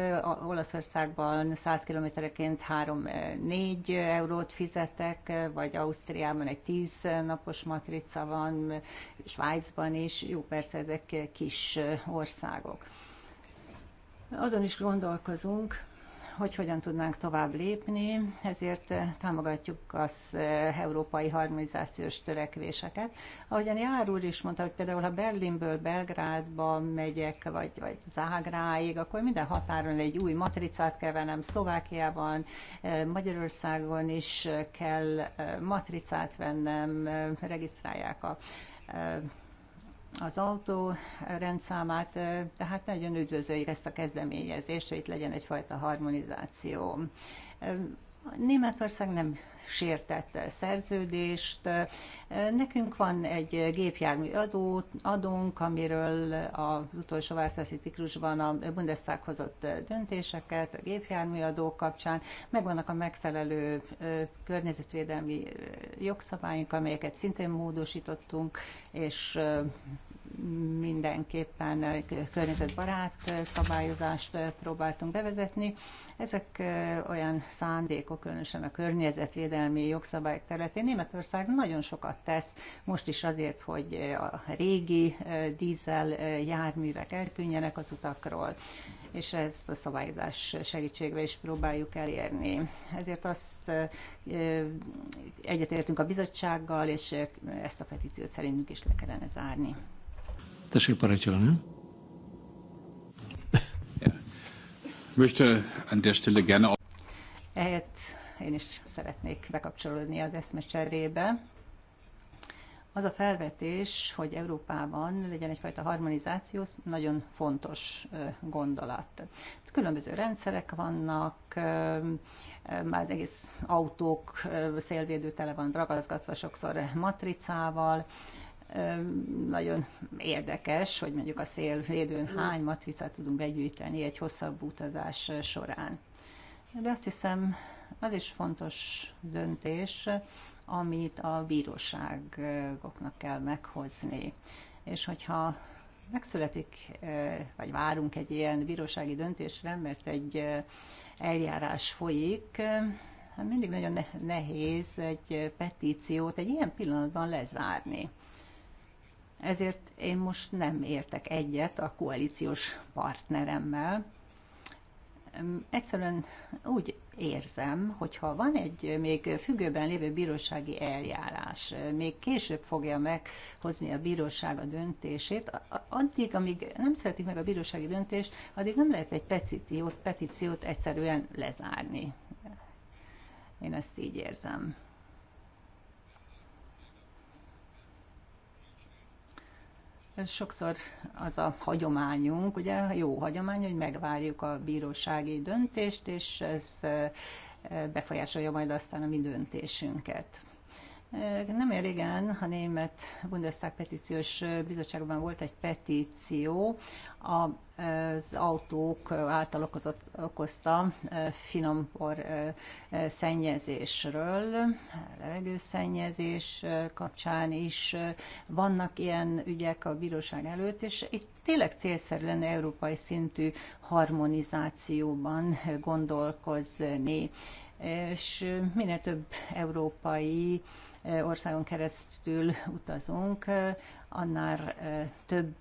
Olaszországban 100 kilométereként 3-4 eurót fizetek, vagy Ausztriában egy 10 napos matrica van, Svájcban is, jó persze ezek kis országok. Azon is gondolkozunk, hogy hogyan tudnánk tovább lépni, ezért eh, támogatjuk az eh, európai harmonizációs törekvéseket. Ahogyan Jár úr is mondta, hogy például ha Berlinből Belgrádba megyek, vagy, vagy Zágráig, akkor minden határon egy új matricát kell vennem, Szlovákiában, eh, Magyarországon is kell matricát vennem, regisztrálják a az autó rendszámát, tehát nagyon üdvözöljük ezt a kezdeményezést, hogy itt legyen egyfajta harmonizáció. Németország nem a szerződést. Nekünk van egy gépjármű adó, adónk, amiről az utolsó választási ciklusban a Bundestag hozott döntéseket a gépjárműadó kapcsán. Megvannak a megfelelő környezetvédelmi jogszabályok, amelyeket szintén módosítottunk, és mindenképpen környezetbarát szabályozást próbáltunk bevezetni. Ezek olyan szándékok, különösen a környezetvédelmi jogszabályok területén. Németország nagyon sokat tesz, most is azért, hogy a régi dízel járművek eltűnjenek az utakról és ezt a szabályozás segítségével is próbáljuk elérni. Ezért azt egyetértünk a bizottsággal, és ezt a petíciót szerintünk is le kellene zárni. Tessék parancsolni. Möchte an der Stelle gerne én is szeretnék bekapcsolódni az cserébe. Az a felvetés, hogy Európában legyen egyfajta harmonizáció, nagyon fontos gondolat. Különböző rendszerek vannak, már az egész autók szélvédő tele van ragaszgatva sokszor matricával, nagyon érdekes, hogy mondjuk a szél védőn hány matricát tudunk begyűjteni egy hosszabb utazás során. De azt hiszem, az is fontos döntés, amit a bíróságoknak kell meghozni. És hogyha megszületik, vagy várunk egy ilyen bírósági döntésre, mert egy eljárás folyik, hát mindig nagyon nehéz egy petíciót egy ilyen pillanatban lezárni. Ezért én most nem értek egyet a koalíciós partneremmel. Egyszerűen úgy érzem, hogyha van egy még függőben lévő bírósági eljárás, még később fogja meghozni a bíróság a döntését, addig, amíg nem szeretik meg a bírósági döntést, addig nem lehet egy petíciót, petíciót egyszerűen lezárni. Én ezt így érzem. Ez sokszor az a hagyományunk, ugye jó hagyomány, hogy megvárjuk a bírósági döntést, és ez eh, befolyásolja majd aztán a mi döntésünket. Nem olyan régen a német Bundestag petíciós bizottságban volt egy petíció az autók által okozott, okozta finompor szennyezésről, levegőszennyezés kapcsán is vannak ilyen ügyek a bíróság előtt, és itt tényleg célszerű lenne európai szintű harmonizációban gondolkozni és minél több európai országon keresztül utazunk, annál több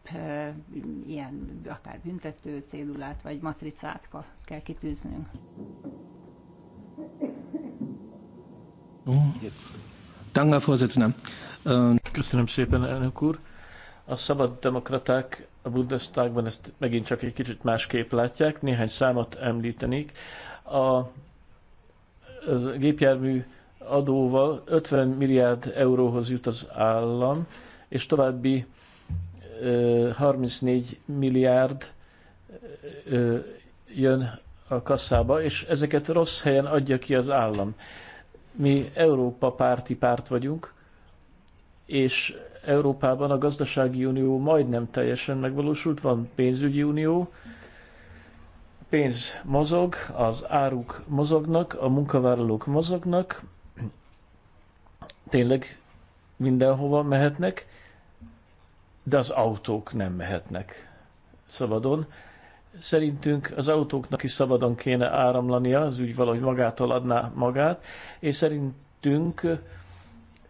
ilyen akár büntető cédulát vagy matricát kell kitűznünk. Ähm, Köszönöm szépen, elnök úr. A szabad demokraták a Bundestagban ezt megint csak egy kicsit másképp látják. Néhány számot említenék. A, a gépjármű adóval 50 milliárd euróhoz jut az állam, és további 34 milliárd jön a kasszába, és ezeket rossz helyen adja ki az állam. Mi Európa párti párt vagyunk, és Európában a gazdasági unió majdnem teljesen megvalósult, van pénzügyi unió, pénz mozog, az áruk mozognak, a munkavállalók mozognak, tényleg mindenhova mehetnek, de az autók nem mehetnek szabadon. Szerintünk az autóknak is szabadon kéne áramlania, az úgy valahogy magától adná magát, és szerintünk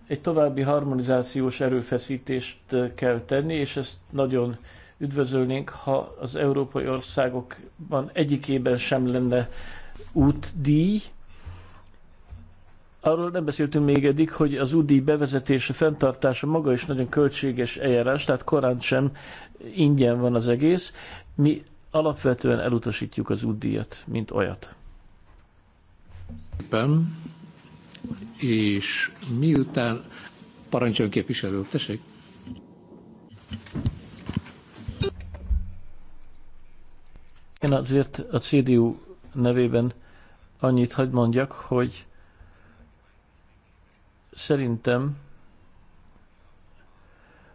egy további harmonizációs erőfeszítést kell tenni, és ezt nagyon üdvözölnénk, ha az európai országokban egyikében sem lenne útdíj, Arról nem beszéltünk még eddig, hogy az UDI bevezetése, fenntartása maga is nagyon költséges eljárás, tehát korán sem ingyen van az egész. Mi alapvetően elutasítjuk az UDI-et, mint olyat. Ben, és miután parancsoljon képviselő, tessék. Én azért a CDU nevében annyit hagyd mondjak, hogy Szerintem,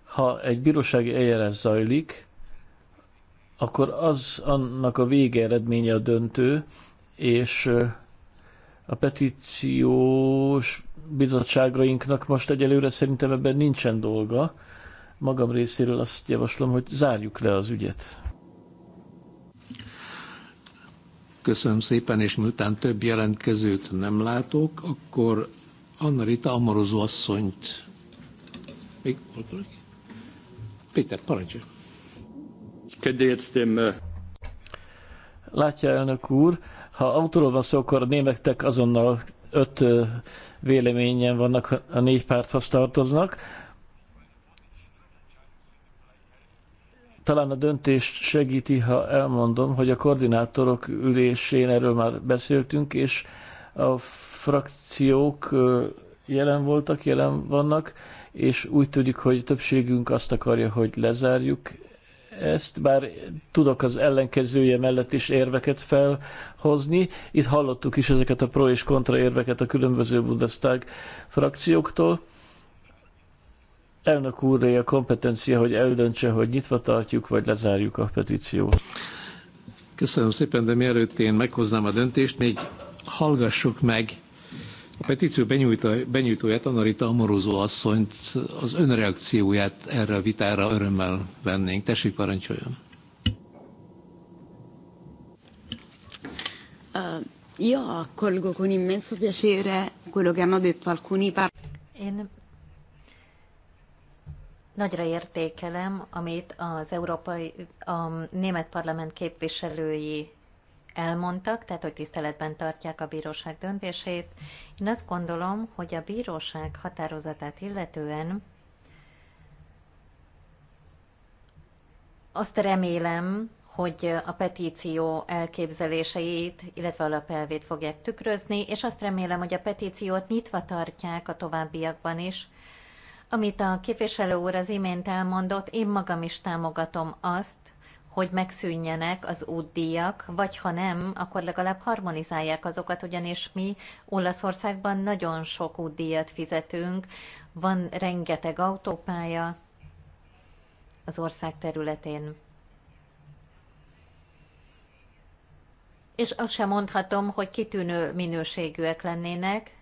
ha egy bírósági eljárás zajlik, akkor az annak a végeredménye a döntő, és a petíciós bizottságainknak most egyelőre szerintem ebben nincsen dolga. Magam részéről azt javaslom, hogy zárjuk le az ügyet. Köszönöm szépen, és miután több jelentkezőt nem látok, akkor Anna Rita Amorozó asszonyt. Még volt Péter, parancsolj! Látja, elnök úr, ha autóról van szó, akkor a németek azonnal öt véleményen vannak, a négy párthoz tartoznak. Talán a döntést segíti, ha elmondom, hogy a koordinátorok ülésén erről már beszéltünk, és a frakciók jelen voltak, jelen vannak, és úgy tudjuk, hogy többségünk azt akarja, hogy lezárjuk ezt, bár tudok az ellenkezője mellett is érveket felhozni. Itt hallottuk is ezeket a pro és kontra érveket a különböző Bundestag frakcióktól. Elnök úré a kompetencia, hogy eldöntse, hogy nyitva tartjuk, vagy lezárjuk a petíciót. Köszönöm szépen, de mielőtt én meghoznám a döntést, még hallgassuk meg a petíció benyújtóját, Anarita Amorozó asszonyt, az önreakcióját erre a vitára örömmel vennénk. Tessék, parancsoljon! Uh, io accolgo con immenso piacere quello che hanno detto alcuni Én nagyra értékelem, amit az európai, a német parlament képviselői elmondtak, tehát hogy tiszteletben tartják a bíróság döntését. Én azt gondolom, hogy a bíróság határozatát illetően azt remélem, hogy a petíció elképzeléseit, illetve alapelvét fogják tükrözni, és azt remélem, hogy a petíciót nyitva tartják a továbbiakban is. Amit a képviselő úr az imént elmondott, én magam is támogatom azt, hogy megszűnjenek az útdíjak, vagy ha nem, akkor legalább harmonizálják azokat, ugyanis mi Olaszországban nagyon sok útdíjat fizetünk, van rengeteg autópálya az ország területén. És azt sem mondhatom, hogy kitűnő minőségűek lennének,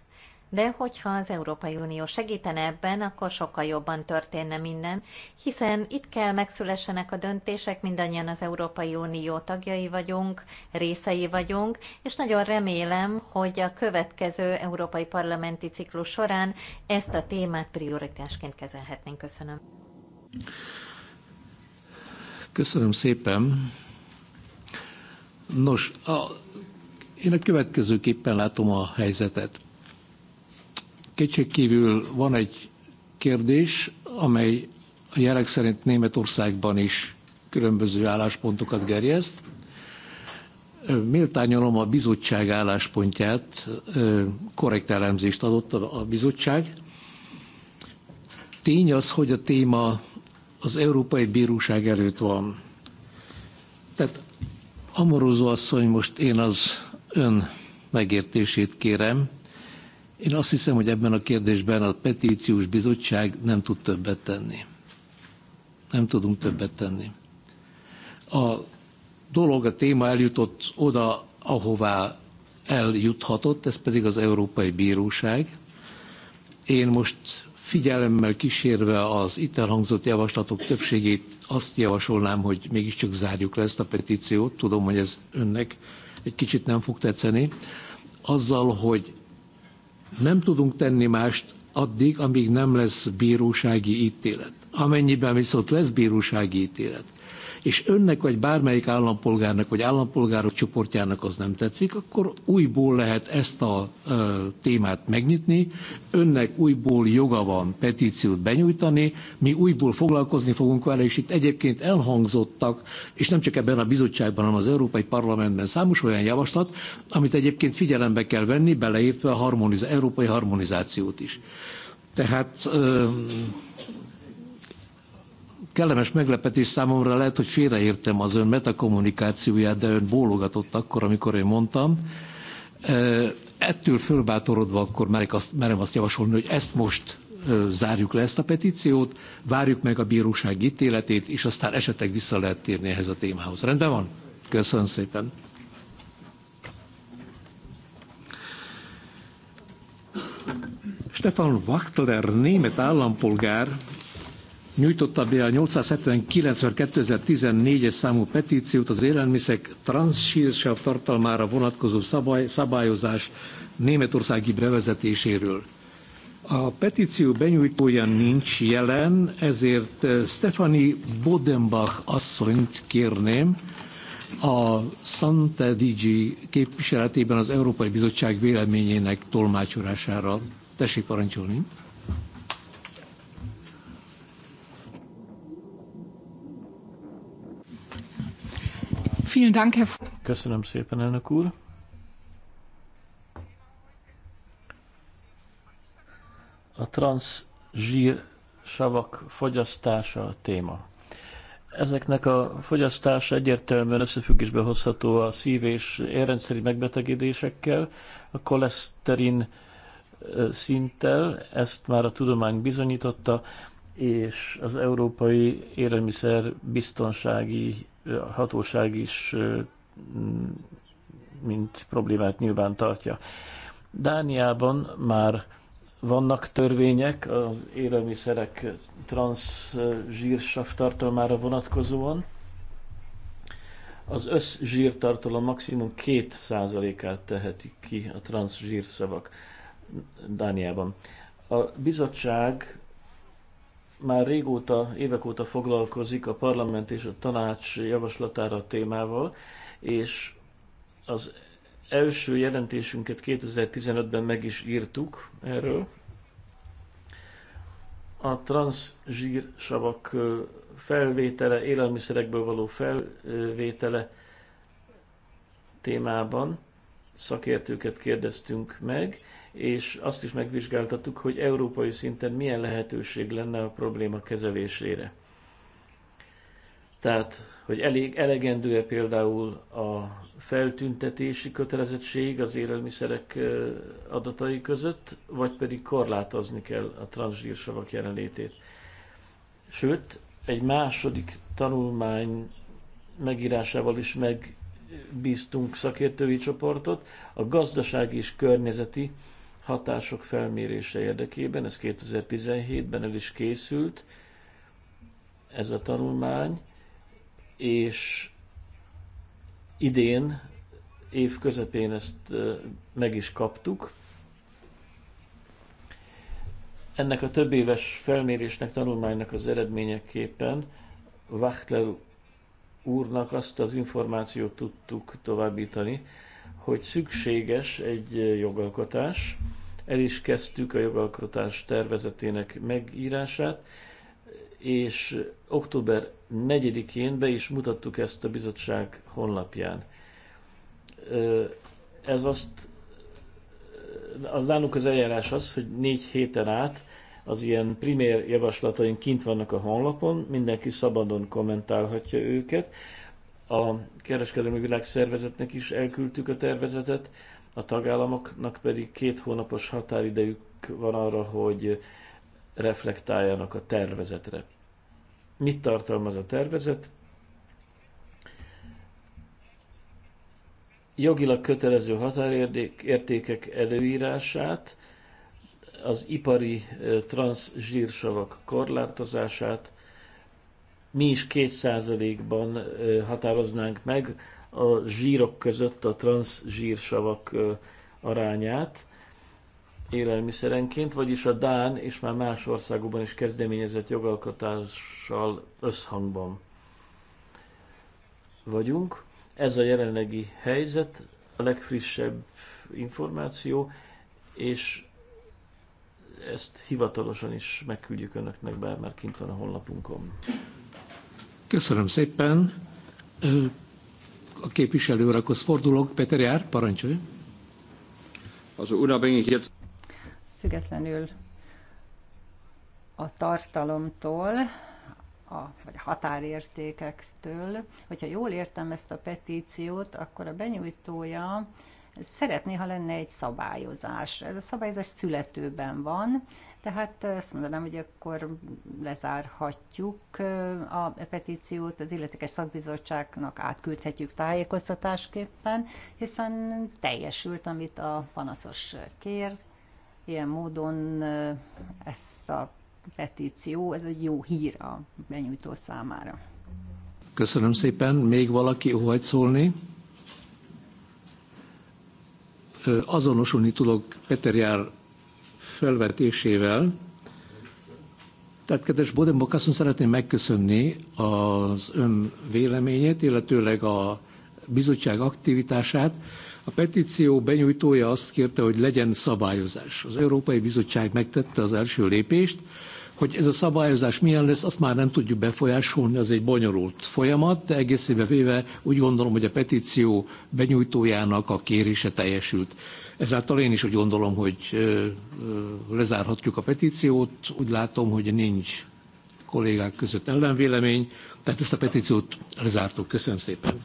de hogyha az Európai Unió segítene ebben, akkor sokkal jobban történne minden, hiszen itt kell megszülessenek a döntések, mindannyian az Európai Unió tagjai vagyunk, részei vagyunk, és nagyon remélem, hogy a következő Európai Parlamenti ciklus során ezt a témát prioritásként kezelhetnénk. Köszönöm. Köszönöm szépen. Nos, a, én a következőképpen látom a helyzetet. Kétségkívül van egy kérdés, amely a jelek szerint Németországban is különböző álláspontokat gerjeszt. Méltányolom a bizottság álláspontját, korrekt elemzést adott a bizottság. Tény az, hogy a téma az Európai Bíróság előtt van. Tehát Amorozó asszony, most én az ön megértését kérem, én azt hiszem, hogy ebben a kérdésben a petíciós bizottság nem tud többet tenni. Nem tudunk többet tenni. A dolog, a téma eljutott oda, ahová eljuthatott, ez pedig az Európai Bíróság. Én most figyelemmel kísérve az itt elhangzott javaslatok többségét azt javasolnám, hogy mégiscsak zárjuk le ezt a petíciót. Tudom, hogy ez önnek egy kicsit nem fog tetszeni. Azzal, hogy nem tudunk tenni mást addig, amíg nem lesz bírósági ítélet. Amennyiben viszont lesz bírósági ítélet, és önnek vagy bármelyik állampolgárnak vagy állampolgárok csoportjának az nem tetszik, akkor újból lehet ezt a ö, témát megnyitni, önnek újból joga van petíciót benyújtani, mi újból foglalkozni fogunk vele, és itt egyébként elhangzottak, és nem csak ebben a bizottságban, hanem az Európai Parlamentben számos olyan javaslat, amit egyébként figyelembe kell venni, beleértve a harmoniz- európai harmonizációt is. Tehát ö, kellemes meglepetés számomra lehet, hogy félreértem az ön metakommunikációját, de ön bólogatott akkor, amikor én mondtam. Ettől fölbátorodva akkor merek azt, merem azt javasolni, hogy ezt most zárjuk le ezt a petíciót, várjuk meg a bíróság ítéletét, és aztán esetleg vissza lehet térni ehhez a témához. Rendben van? Köszönöm szépen. Stefan Wachtler, német állampolgár, nyújtotta be a 879-2014-es számú petíciót az élelmiszek transzsírsav tartalmára vonatkozó szabály, szabályozás németországi bevezetéséről. A petíció benyújtója nincs jelen, ezért eh, Stefani Bodenbach asszonyt kérném a Santa Digi képviseletében az Európai Bizottság véleményének tolmácsolására. Tessék parancsolni! vielen Dank, Herr... Köszönöm szépen, elnök úr. A transzsír savak fogyasztása a téma. Ezeknek a fogyasztása egyértelműen összefüggésbe hozható a szív- és érrendszeri megbetegedésekkel, a koleszterin szinttel, ezt már a tudomány bizonyította, és az Európai Élelmiszer Biztonsági a hatóság is mint problémát nyilván tartja. Dániában már vannak törvények az élelmiszerek transzsírsav tartalmára vonatkozóan. Az összzsírtartalom maximum 2%-át tehetik ki a transzsírszavak Dániában. A bizottság már régóta, évek óta foglalkozik a parlament és a tanács javaslatára a témával, és az első jelentésünket 2015-ben meg is írtuk erről. A transzsírsavak felvétele, élelmiszerekből való felvétele témában szakértőket kérdeztünk meg, és azt is megvizsgáltattuk, hogy európai szinten milyen lehetőség lenne a probléma kezelésére. Tehát, hogy elég elegendő-e például a feltüntetési kötelezettség az élelmiszerek adatai között, vagy pedig korlátozni kell a transzsírsavak jelenlétét. Sőt, egy második tanulmány megírásával is megbíztunk szakértői csoportot, a gazdasági és környezeti hatások felmérése érdekében. Ez 2017-ben el is készült ez a tanulmány, és idén, év közepén ezt meg is kaptuk. Ennek a több éves felmérésnek, tanulmánynak az eredményeképpen Wachtler úrnak azt az információt tudtuk továbbítani, hogy szükséges egy jogalkotás. El is kezdtük a jogalkotás tervezetének megírását, és október 4-én be is mutattuk ezt a bizottság honlapján. Ez azt, az nálunk az eljárás az, hogy négy héten át az ilyen primér javaslataink kint vannak a honlapon, mindenki szabadon kommentálhatja őket a Kereskedelmi Világszervezetnek is elküldtük a tervezetet, a tagállamoknak pedig két hónapos határidejük van arra, hogy reflektáljanak a tervezetre. Mit tartalmaz a tervezet? Jogilag kötelező határértékek előírását, az ipari eh, transzsírsavak korlátozását, mi is két százalékban határoznánk meg a zsírok között a zsírsavak arányát élelmiszerenként, vagyis a Dán és már más országokban is kezdeményezett jogalkotással összhangban vagyunk. Ez a jelenlegi helyzet, a legfrissebb információ, és ezt hivatalosan is megküldjük önöknek, bár már kint van a honlapunkon. Köszönöm szépen. A képviselő urakhoz fordulok. Peter Jár, parancsolj. Függetlenül a tartalomtól, a, vagy a határértékektől, hogyha jól értem ezt a petíciót, akkor a benyújtója szeretné, ha lenne egy szabályozás. Ez a szabályozás születőben van, tehát azt mondanám, hogy akkor lezárhatjuk a petíciót, az illetékes szakbizottságnak átküldhetjük tájékoztatásképpen, hiszen teljesült, amit a panaszos kér. Ilyen módon ezt a petíció, ez egy jó hír a benyújtó számára. Köszönöm szépen. Még valaki óhajt szólni? Azonosulni tudok Peter Jár felvetésével. Tehát, kedves Bodenbok, azt szeretném megköszönni az ön véleményét, illetőleg a bizottság aktivitását. A petíció benyújtója azt kérte, hogy legyen szabályozás. Az Európai Bizottság megtette az első lépést, hogy ez a szabályozás milyen lesz, azt már nem tudjuk befolyásolni, az egy bonyolult folyamat, de egészében véve úgy gondolom, hogy a petíció benyújtójának a kérése teljesült. Ezáltal én is úgy gondolom, hogy lezárhatjuk a petíciót. Úgy látom, hogy nincs kollégák között ellenvélemény, tehát ezt a petíciót lezártuk. Köszönöm szépen.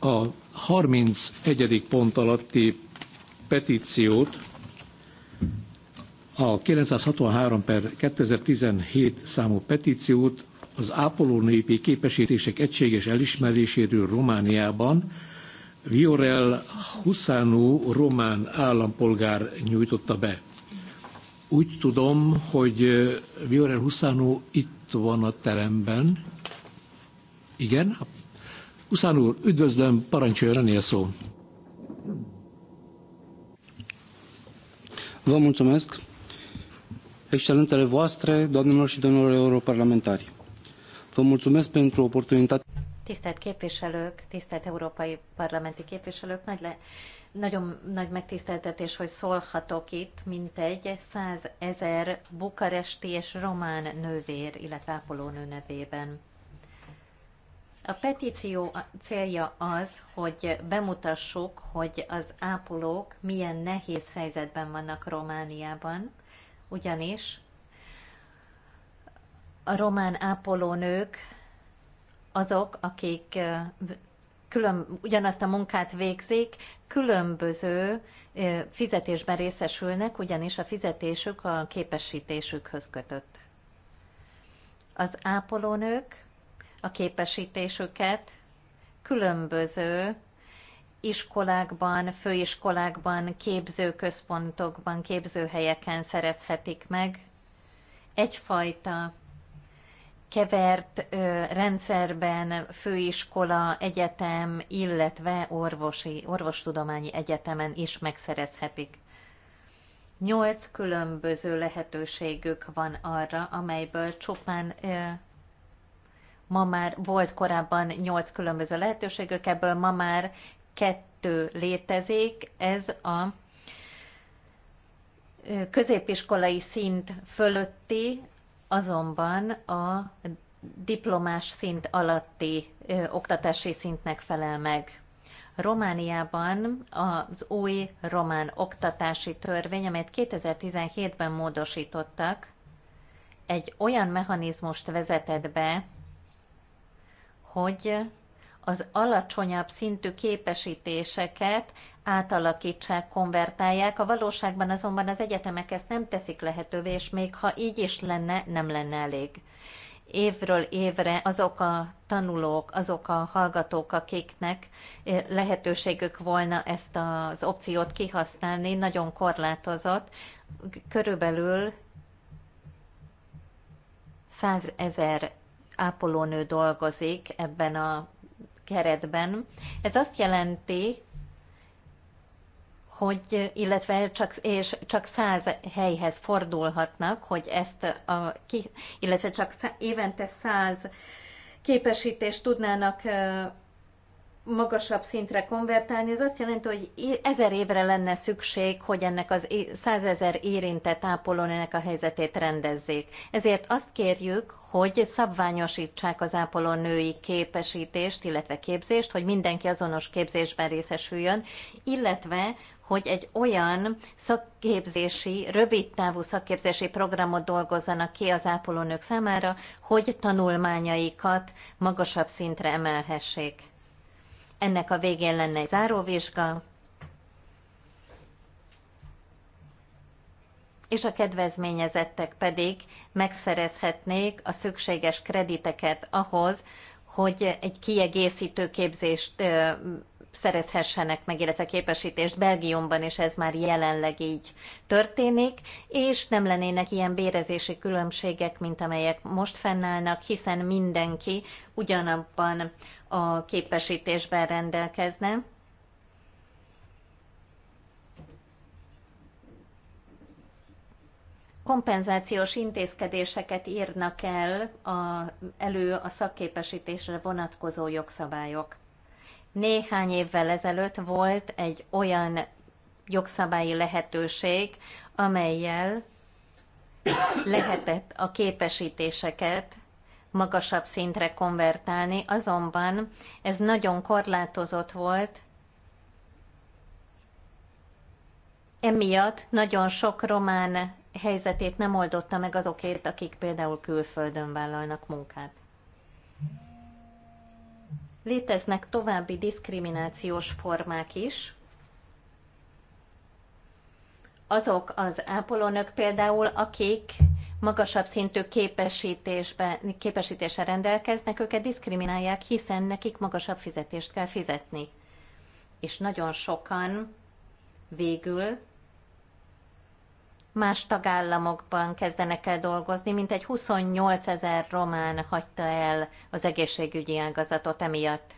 A 31. pont alatti petíciót a 963 per 2017 számú petíciót az ápolónépi képesítések egységes elismeréséről Romániában Viorel Huszánú román állampolgár nyújtotta be. Úgy tudom, hogy Viorel Huszánú itt van a teremben. Igen? Huszán úr, üdvözlöm, parancsoljon, önél szó. Vă mulțumesc, excelențele voastre, doamnelor și domnilor europarlamentari. Vă mulțumesc pentru oportunitatea Tisztelt képviselők, tisztelt európai parlamenti képviselők, nagy le, nagyon nagy megtiszteltetés, hogy szólhatok itt, mint egy százezer bukaresti és román nővér, illetve ápolónő nevében. A petíció célja az, hogy bemutassuk, hogy az ápolók milyen nehéz helyzetben vannak Romániában, ugyanis a román ápolónők azok, akik külön, ugyanazt a munkát végzik, különböző fizetésben részesülnek, ugyanis a fizetésük a képesítésükhöz kötött. Az ápolónők a képesítésüket különböző iskolákban, főiskolákban, képzőközpontokban, képzőhelyeken szerezhetik meg. Egyfajta kevert rendszerben főiskola, egyetem, illetve orvosi, orvostudományi egyetemen is megszerezhetik. Nyolc különböző lehetőségük van arra, amelyből csupán ma már volt korábban nyolc különböző lehetőségük, ebből ma már kettő létezik, ez a középiskolai szint fölötti azonban a diplomás szint alatti ö, oktatási szintnek felel meg. Romániában az új román oktatási törvény, amelyet 2017-ben módosítottak, egy olyan mechanizmust vezetett be, hogy az alacsonyabb szintű képesítéseket átalakítsák, konvertálják. A valóságban azonban az egyetemek ezt nem teszik lehetővé, és még ha így is lenne, nem lenne elég. Évről évre azok a tanulók, azok a hallgatók, akiknek eh, lehetőségük volna ezt az opciót kihasználni, nagyon korlátozott. Körülbelül 100 ezer ápolónő dolgozik ebben a keretben. Ez azt jelenti, hogy, illetve csak, és csak száz helyhez fordulhatnak, hogy ezt a, ki, illetve csak szá, évente száz képesítést tudnának magasabb szintre konvertálni, ez azt jelenti, hogy ezer évre lenne szükség, hogy ennek az százezer érintett ápolónőnek a helyzetét rendezzék. Ezért azt kérjük, hogy szabványosítsák az ápolónői képesítést, illetve képzést, hogy mindenki azonos képzésben részesüljön, illetve, hogy egy olyan szakképzési, rövidtávú szakképzési programot dolgozzanak ki az ápolónők számára, hogy tanulmányaikat magasabb szintre emelhessék. Ennek a végén lenne egy záróvizsga, és a kedvezményezettek pedig megszerezhetnék a szükséges krediteket ahhoz, hogy egy kiegészítő képzést szerezhessenek meg, illetve képesítést Belgiumban, és ez már jelenleg így történik, és nem lennének ilyen bérezési különbségek, mint amelyek most fennállnak, hiszen mindenki ugyanabban a képesítésben rendelkezne. kompenzációs intézkedéseket írnak el a, elő a szakképesítésre vonatkozó jogszabályok. Néhány évvel ezelőtt volt egy olyan jogszabályi lehetőség, amelyel lehetett a képesítéseket magasabb szintre konvertálni, azonban ez nagyon korlátozott volt, emiatt nagyon sok román helyzetét nem oldotta meg azokért, akik például külföldön vállalnak munkát. Léteznek további diszkriminációs formák is. Azok az ápolónök például, akik magasabb szintű képesítésbe, képesítése rendelkeznek, őket diszkriminálják, hiszen nekik magasabb fizetést kell fizetni. És nagyon sokan végül más tagállamokban kezdenek el dolgozni, mint egy 28 ezer román hagyta el az egészségügyi ágazatot emiatt.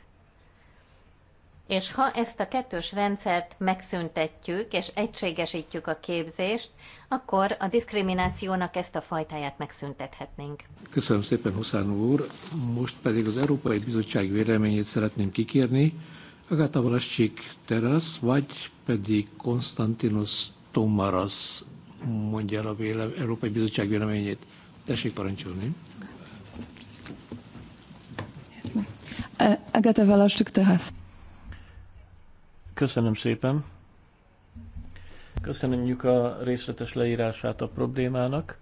És ha ezt a kettős rendszert megszüntetjük és egységesítjük a képzést, akkor a diszkriminációnak ezt a fajtáját megszüntethetnénk. Köszönöm szépen, Huszán úr. Most pedig az Európai Bizottság véleményét szeretném kikérni. Agata Valascsik Terasz, vagy pedig Konstantinos Tomaras mondja el a véle, Európai Bizottság véleményét. Tessék parancsolni. Köszönöm szépen. Köszönjük a részletes leírását a problémának.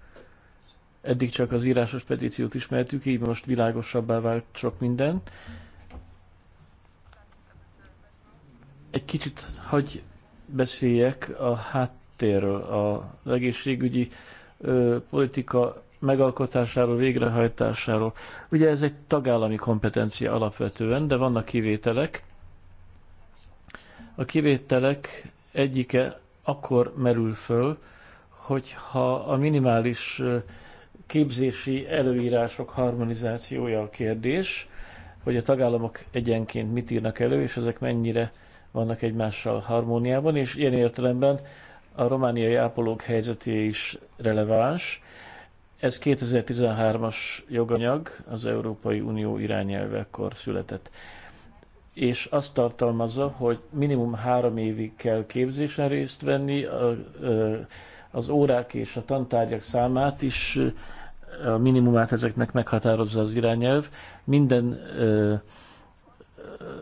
Eddig csak az írásos petíciót ismertük, így most világosabbá vált sok minden. Egy kicsit hagy beszéljek a hát térről, az egészségügyi ö, politika megalkotásáról, végrehajtásáról. Ugye ez egy tagállami kompetencia alapvetően, de vannak kivételek. A kivételek egyike akkor merül föl, hogyha a minimális képzési előírások harmonizációja a kérdés, hogy a tagállamok egyenként mit írnak elő, és ezek mennyire vannak egymással harmóniában, és ilyen értelemben a romániai ápolók helyzeté is releváns. Ez 2013-as joganyag, az Európai Unió irányelvekkor született. És azt tartalmazza, hogy minimum három évig kell képzésen részt venni, az órák és a tantárgyak számát is, a minimumát ezeknek meghatározza az irányelv. Minden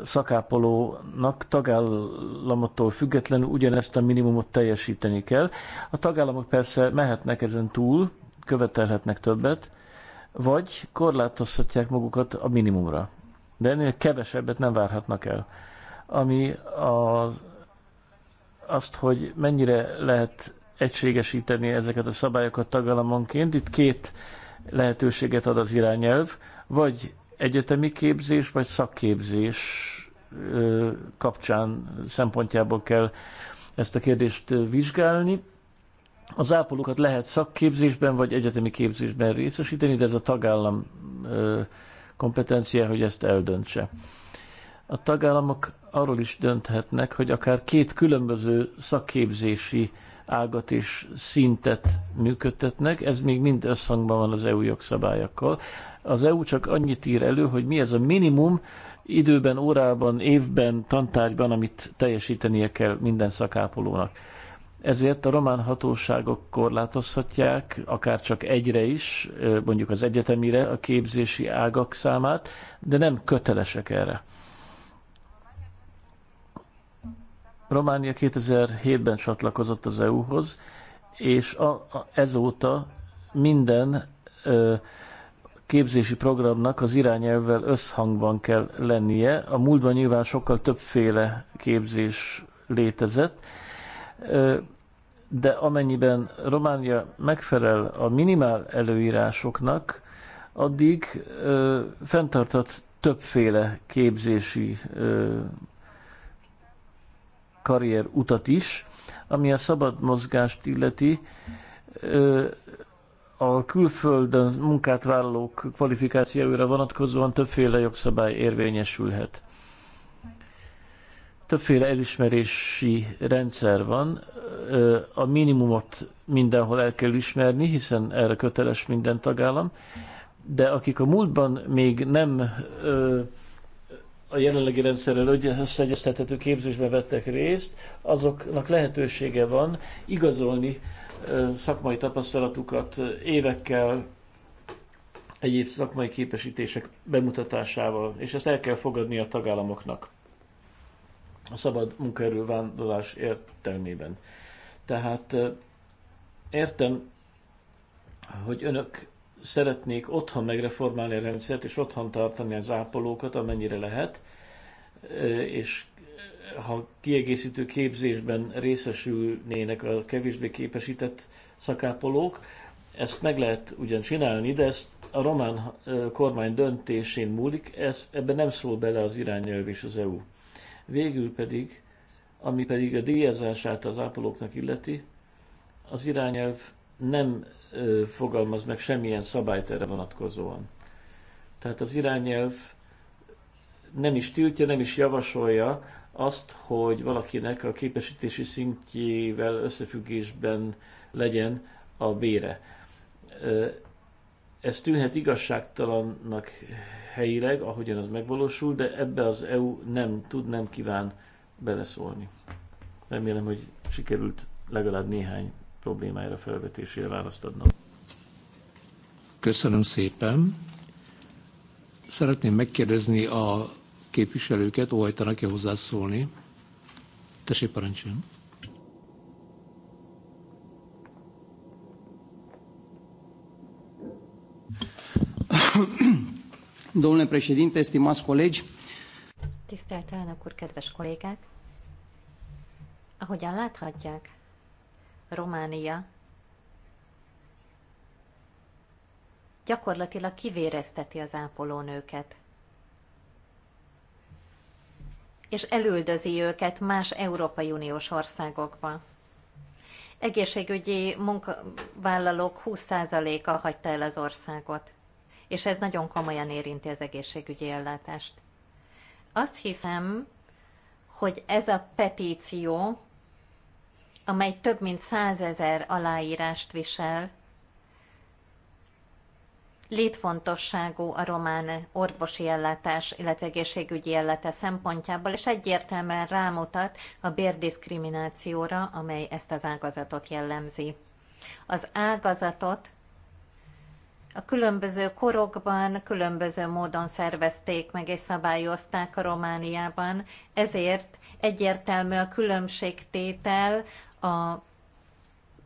szakápolónak tagállamattól függetlenül ugyanezt a minimumot teljesíteni kell. A tagállamok persze mehetnek ezen túl, követelhetnek többet, vagy korlátozhatják magukat a minimumra. De ennél kevesebbet nem várhatnak el. Ami a, azt, hogy mennyire lehet egységesíteni ezeket a szabályokat tagállamonként, itt két lehetőséget ad az irányelv, vagy egyetemi képzés vagy szakképzés kapcsán szempontjából kell ezt a kérdést vizsgálni. Az ápolókat lehet szakképzésben vagy egyetemi képzésben részesíteni, de ez a tagállam kompetenciája, hogy ezt eldöntse. A tagállamok arról is dönthetnek, hogy akár két különböző szakképzési ágat és szintet működtetnek, ez még mind összhangban van az EU jogszabályokkal. Az EU csak annyit ír elő, hogy mi ez a minimum időben, órában, évben, tantárgyban, amit teljesítenie kell minden szakápolónak. Ezért a román hatóságok korlátozhatják, akár csak egyre is, mondjuk az egyetemire a képzési ágak számát, de nem kötelesek erre. Románia 2007-ben csatlakozott az EU-hoz, és a, a, ezóta minden ö, képzési programnak az irányelvvel összhangban kell lennie. A múltban nyilván sokkal többféle képzés létezett, ö, de amennyiben Románia megfelel a minimál előírásoknak, addig ö, fenntartat többféle képzési ö, karrier utat is, ami a szabad mozgást illeti, a külföldön munkát vállalók kvalifikációira vonatkozóan többféle jogszabály érvényesülhet. Többféle elismerési rendszer van, a minimumot mindenhol el kell ismerni, hiszen erre köteles minden tagállam, de akik a múltban még nem a jelenlegi rendszerrel összeegyeztethető képzésbe vettek részt, azoknak lehetősége van igazolni szakmai tapasztalatukat évekkel, egyéb szakmai képesítések bemutatásával, és ezt el kell fogadni a tagállamoknak a szabad munkaerővándorlás értelmében. Tehát értem, hogy önök szeretnék otthon megreformálni a rendszert, és otthon tartani az ápolókat, amennyire lehet, és ha kiegészítő képzésben részesülnének a kevésbé képesített szakápolók, ezt meg lehet ugyan csinálni, de ezt a román kormány döntésén múlik, ez, ebben nem szól bele az irányelv és az EU. Végül pedig, ami pedig a díjazását az ápolóknak illeti, az irányelv nem fogalmaz meg semmilyen szabályt erre vonatkozóan. Tehát az irányelv nem is tiltja, nem is javasolja azt, hogy valakinek a képesítési szintjével összefüggésben legyen a bére. Ez tűnhet igazságtalannak helyileg, ahogyan az megvalósul, de ebbe az EU nem tud, nem kíván beleszólni. Remélem, hogy sikerült legalább néhány problémájára, felvetésére választ adnom. Köszönöm szépen. Szeretném megkérdezni a képviselőket, óhajtanak-e hozzászólni? Tessék parancsoljon. Domnule președinte, stimați colegi, Tisztelt elnök úr, kedves kollégák! Ahogyan láthatják, Románia gyakorlatilag kivérezteti az ápolónőket. És elüldözi őket más Európai Uniós országokba. Egészségügyi munkavállalók 20%-a hagyta el az országot, és ez nagyon komolyan érinti az egészségügyi ellátást. Azt hiszem, hogy ez a petíció amely több mint százezer aláírást visel, létfontosságú a román orvosi ellátás, illetve egészségügyi ellete szempontjából, és egyértelműen rámutat a bérdiszkriminációra, amely ezt az ágazatot jellemzi. Az ágazatot a különböző korokban különböző módon szervezték meg és szabályozták a Romániában, ezért egyértelmű a különbségtétel a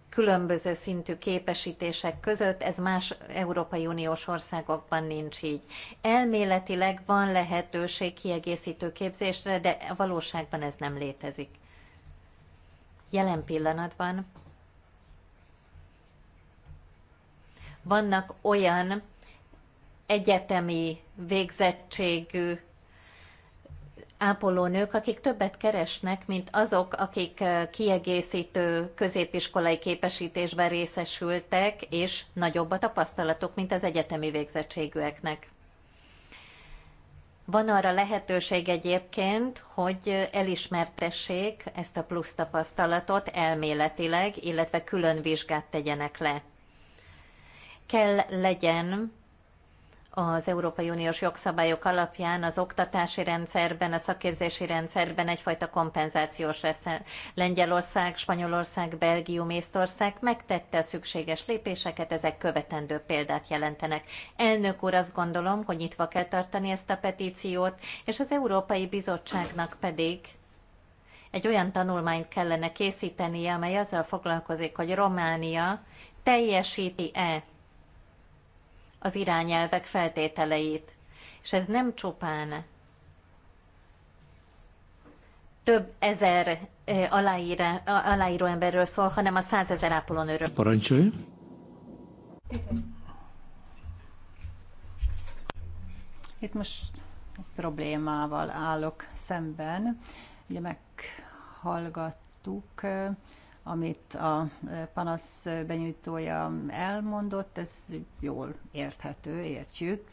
különböző szintű képesítések között, ez más Európai Uniós országokban nincs így. Elméletileg van lehetőség kiegészítő képzésre, de valóságban ez nem létezik. Jelen pillanatban vannak olyan egyetemi végzettségű ápolónők, akik többet keresnek, mint azok, akik eh, kiegészítő középiskolai képesítésben részesültek, és nagyobb a tapasztalatuk, mint az egyetemi végzettségűeknek. Van arra lehetőség egyébként, hogy elismertessék ezt a plusz tapasztalatot elméletileg, illetve külön vizsgát tegyenek le. Kell legyen az Európai Uniós jogszabályok alapján az oktatási rendszerben, a szakképzési rendszerben egyfajta kompenzációs rendszer. Lengyelország, Spanyolország, Belgium, Észtország megtette a szükséges lépéseket, ezek követendő példát jelentenek. Elnök úr, azt gondolom, hogy nyitva kell tartani ezt a petíciót, és az Európai Bizottságnak pedig egy olyan tanulmányt kellene készítenie, amely azzal foglalkozik, hogy Románia teljesíti-e az irányelvek feltételeit. És ez nem csupán több ezer aláírá, aláíró emberről szól, hanem a százezer ápolónőről. Parancsolj! Itt most egy problémával állok szemben. Ugye meghallgattuk amit a e, panasz benyújtója elmondott, ez jól érthető, értjük,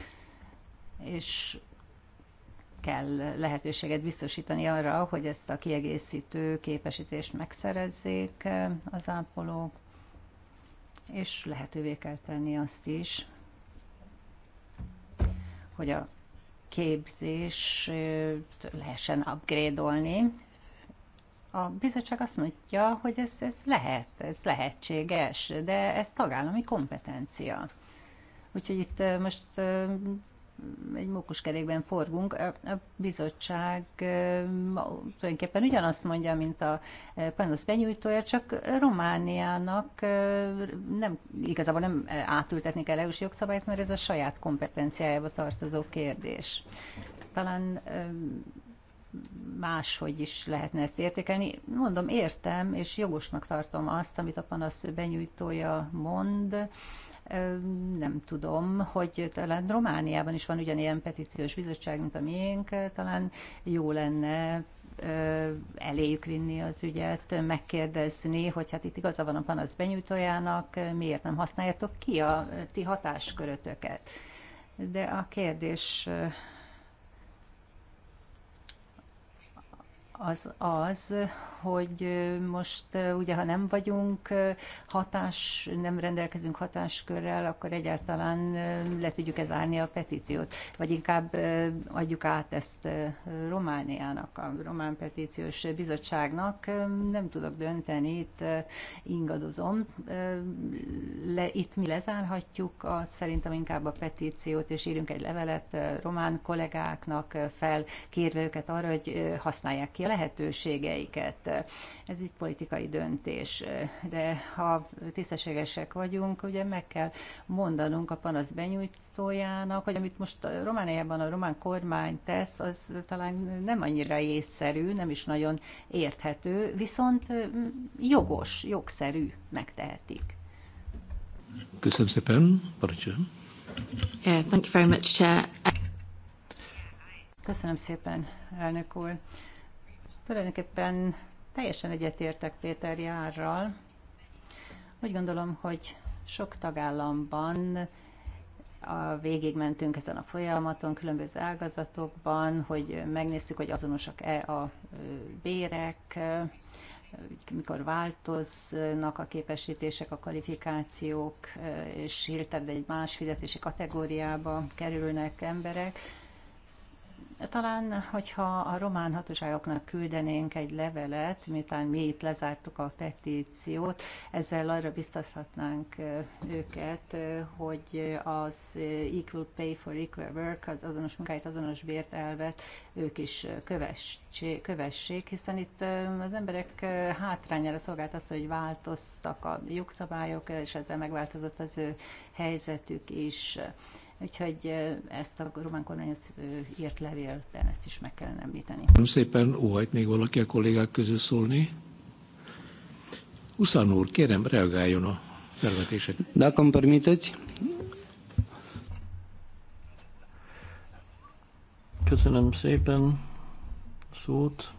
és kell lehetőséget biztosítani arra, hogy ezt a kiegészítő képesítést megszerezzék e, az ápolók, és lehetővé kell tenni azt is, hogy a képzés e, lehessen upgrade-olni, a bizottság azt mondja, hogy ez, ez lehet, ez lehetséges, de ez tagállami kompetencia. Úgyhogy itt most egy mókuskerékben forgunk. A bizottság tulajdonképpen ugyanazt mondja, mint a panasz benyújtója, csak Romániának nem, igazából nem átültetni kell EU-s jogszabályt, mert ez a saját kompetenciájába tartozó kérdés. Talán máshogy is lehetne ezt értékelni. Mondom, értem, és jogosnak tartom azt, amit a panasz benyújtója mond, nem tudom, hogy talán Romániában is van ugyanilyen petíciós bizottság, mint a miénk, talán jó lenne eléjük vinni az ügyet, megkérdezni, hogy hát itt igaza van a panasz benyújtójának, miért nem használjátok ki a ti hatáskörötöket. De a kérdés az az, hogy most ugye, ha nem vagyunk hatás, nem rendelkezünk hatáskörrel, akkor egyáltalán le tudjuk ez állni a petíciót, vagy inkább adjuk át ezt Romániának, a Román Petíciós Bizottságnak. Nem tudok dönteni, itt ingadozom. Le, itt mi lezárhatjuk, a, szerintem inkább a petíciót, és írjunk egy levelet román kollégáknak fel, kérve őket arra, hogy használják ki a lehetőségeiket. Ez egy politikai döntés, de ha tisztességesek vagyunk, ugye meg kell mondanunk a panasz benyújtójának, hogy amit most Romániában a román kormány tesz, az talán nem annyira észszerű, nem is nagyon érthető, viszont mm, jogos, jogszerű megtehetik. Köszönöm szépen, parancsoljon. Yeah, thank you very much, Chair. Köszönöm szépen, elnök úr. Tulajdonképpen teljesen egyetértek Péter Járral. Úgy gondolom, hogy sok tagállamban a végigmentünk ezen a folyamaton, különböző ágazatokban, hogy megnéztük, hogy azonosak-e a bérek, mikor változnak a képesítések, a kvalifikációk, és hirtelen egy más fizetési kategóriába kerülnek emberek. Talán, hogyha a román hatóságoknak küldenénk egy levelet, miután mi itt lezártuk a petíciót, ezzel arra biztathatnánk őket, hogy az equal pay for equal work, az azonos munkáit, azonos bért elvet ők is kövessék, hiszen itt az emberek hátrányára szolgált az, hogy változtak a jogszabályok, és ezzel megváltozott az ő helyzetük is. Úgyhogy ezt a román kormányhoz írt levélben ezt is meg kellene említeni. Nem szépen, óhajt még valaki a kollégák közül szólni. Huszán úr, kérem, reagáljon a felvetésekre. De akkor permiteți. Köszönöm szépen szót.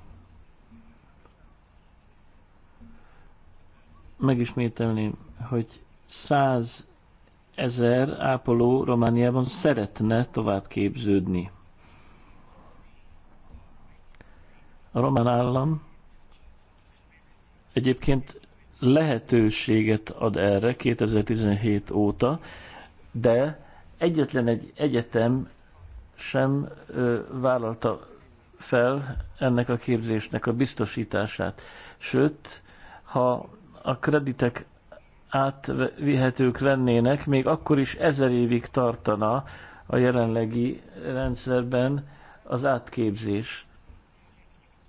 Megismételném, hogy száz ezer ápoló Romániában szeretne tovább képződni. A román állam egyébként lehetőséget ad erre 2017 óta, de egyetlen egy egyetem sem ö, vállalta fel ennek a képzésnek a biztosítását. Sőt, ha a kreditek átvihetők lennének, még akkor is ezer évig tartana a jelenlegi rendszerben az átképzés.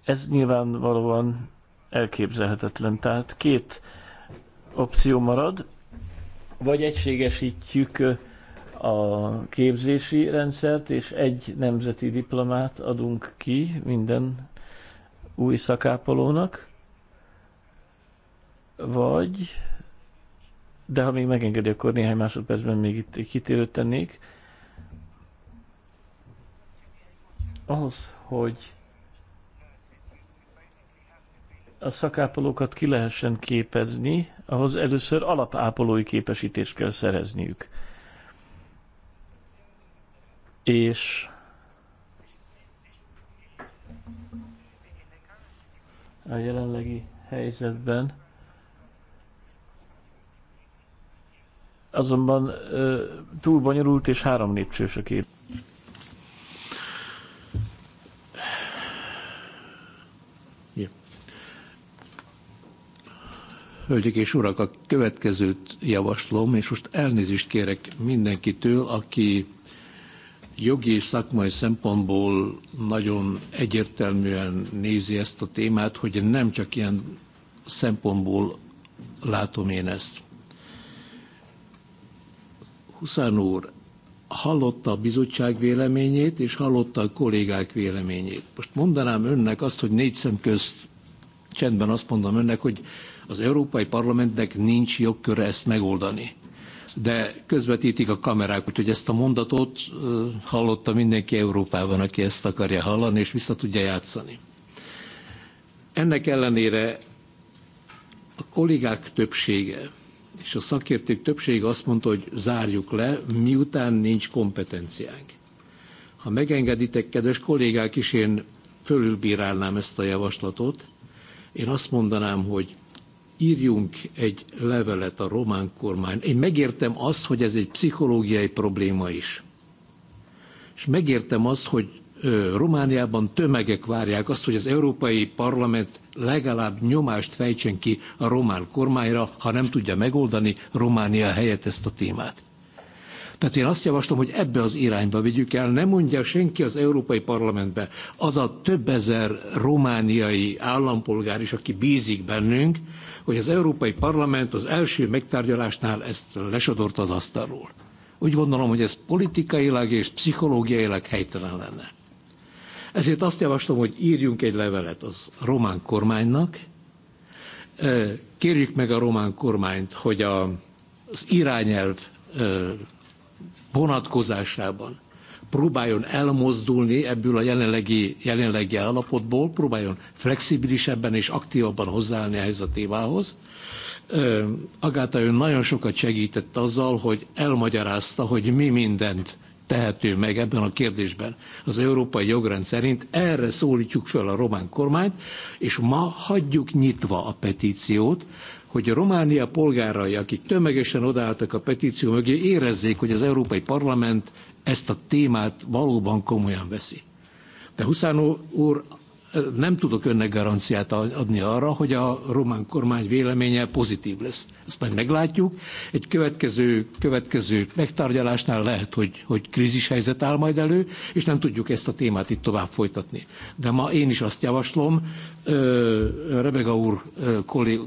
Ez nyilvánvalóan elképzelhetetlen. Tehát két opció marad, vagy egységesítjük a képzési rendszert, és egy nemzeti diplomát adunk ki minden új szakápolónak, vagy de ha még megengedi, akkor néhány másodpercben még itt kitérőt tennék. Ahhoz, hogy a szakápolókat ki lehessen képezni, ahhoz először alapápolói képesítést kell szerezniük. És a jelenlegi helyzetben azonban túl bonyolult és három lépcsős a kép. Hölgyek és urak, a következőt javaslom, és most elnézést kérek mindenkitől, aki jogi és szakmai szempontból nagyon egyértelműen nézi ezt a témát, hogy nem csak ilyen szempontból látom én ezt. Huszán úr hallotta a bizottság véleményét, és hallotta a kollégák véleményét. Most mondanám önnek azt, hogy négy szem közt csendben azt mondom önnek, hogy az Európai Parlamentnek nincs jogköre ezt megoldani. De közvetítik a kamerák, úgyhogy ezt a mondatot hallotta mindenki Európában, aki ezt akarja hallani, és vissza tudja játszani. Ennek ellenére a kollégák többsége és a szakértők többsége azt mondta, hogy zárjuk le, miután nincs kompetenciánk. Ha megengeditek, kedves kollégák is, én fölülbírálnám ezt a javaslatot. Én azt mondanám, hogy írjunk egy levelet a román kormány. Én megértem azt, hogy ez egy pszichológiai probléma is. És megértem azt, hogy Romániában tömegek várják azt, hogy az Európai Parlament legalább nyomást fejtsen ki a román kormányra, ha nem tudja megoldani Románia helyett ezt a témát. Tehát én azt javaslom, hogy ebbe az irányba vigyük el, ne mondja senki az Európai Parlamentbe, az a több ezer romániai állampolgár is, aki bízik bennünk, hogy az Európai Parlament az első megtárgyalásnál ezt lesodort az asztalról. Úgy gondolom, hogy ez politikailag és pszichológiailag helytelen lenne. Ezért azt javaslom, hogy írjunk egy levelet az román kormánynak, kérjük meg a román kormányt, hogy a, az irányelv vonatkozásában próbáljon elmozdulni ebből a jelenlegi, jelenlegi állapotból, próbáljon flexibilisebben és aktívabban hozzáállni ehhez a témához. Agáta ön nagyon sokat segített azzal, hogy elmagyarázta, hogy mi mindent tehető meg ebben a kérdésben az európai jogrend szerint, erre szólítjuk fel a román kormányt, és ma hagyjuk nyitva a petíciót, hogy a Románia polgárai, akik tömegesen odálltak a petíció mögé, érezzék, hogy az Európai Parlament ezt a témát valóban komolyan veszi. De Huszánó úr nem tudok önnek garanciát adni arra, hogy a román kormány véleménye pozitív lesz. Ezt majd meglátjuk. Egy következő, következő megtárgyalásnál lehet, hogy, hogy krízis helyzet áll majd elő, és nem tudjuk ezt a témát itt tovább folytatni. De ma én is azt javaslom, Rebega úr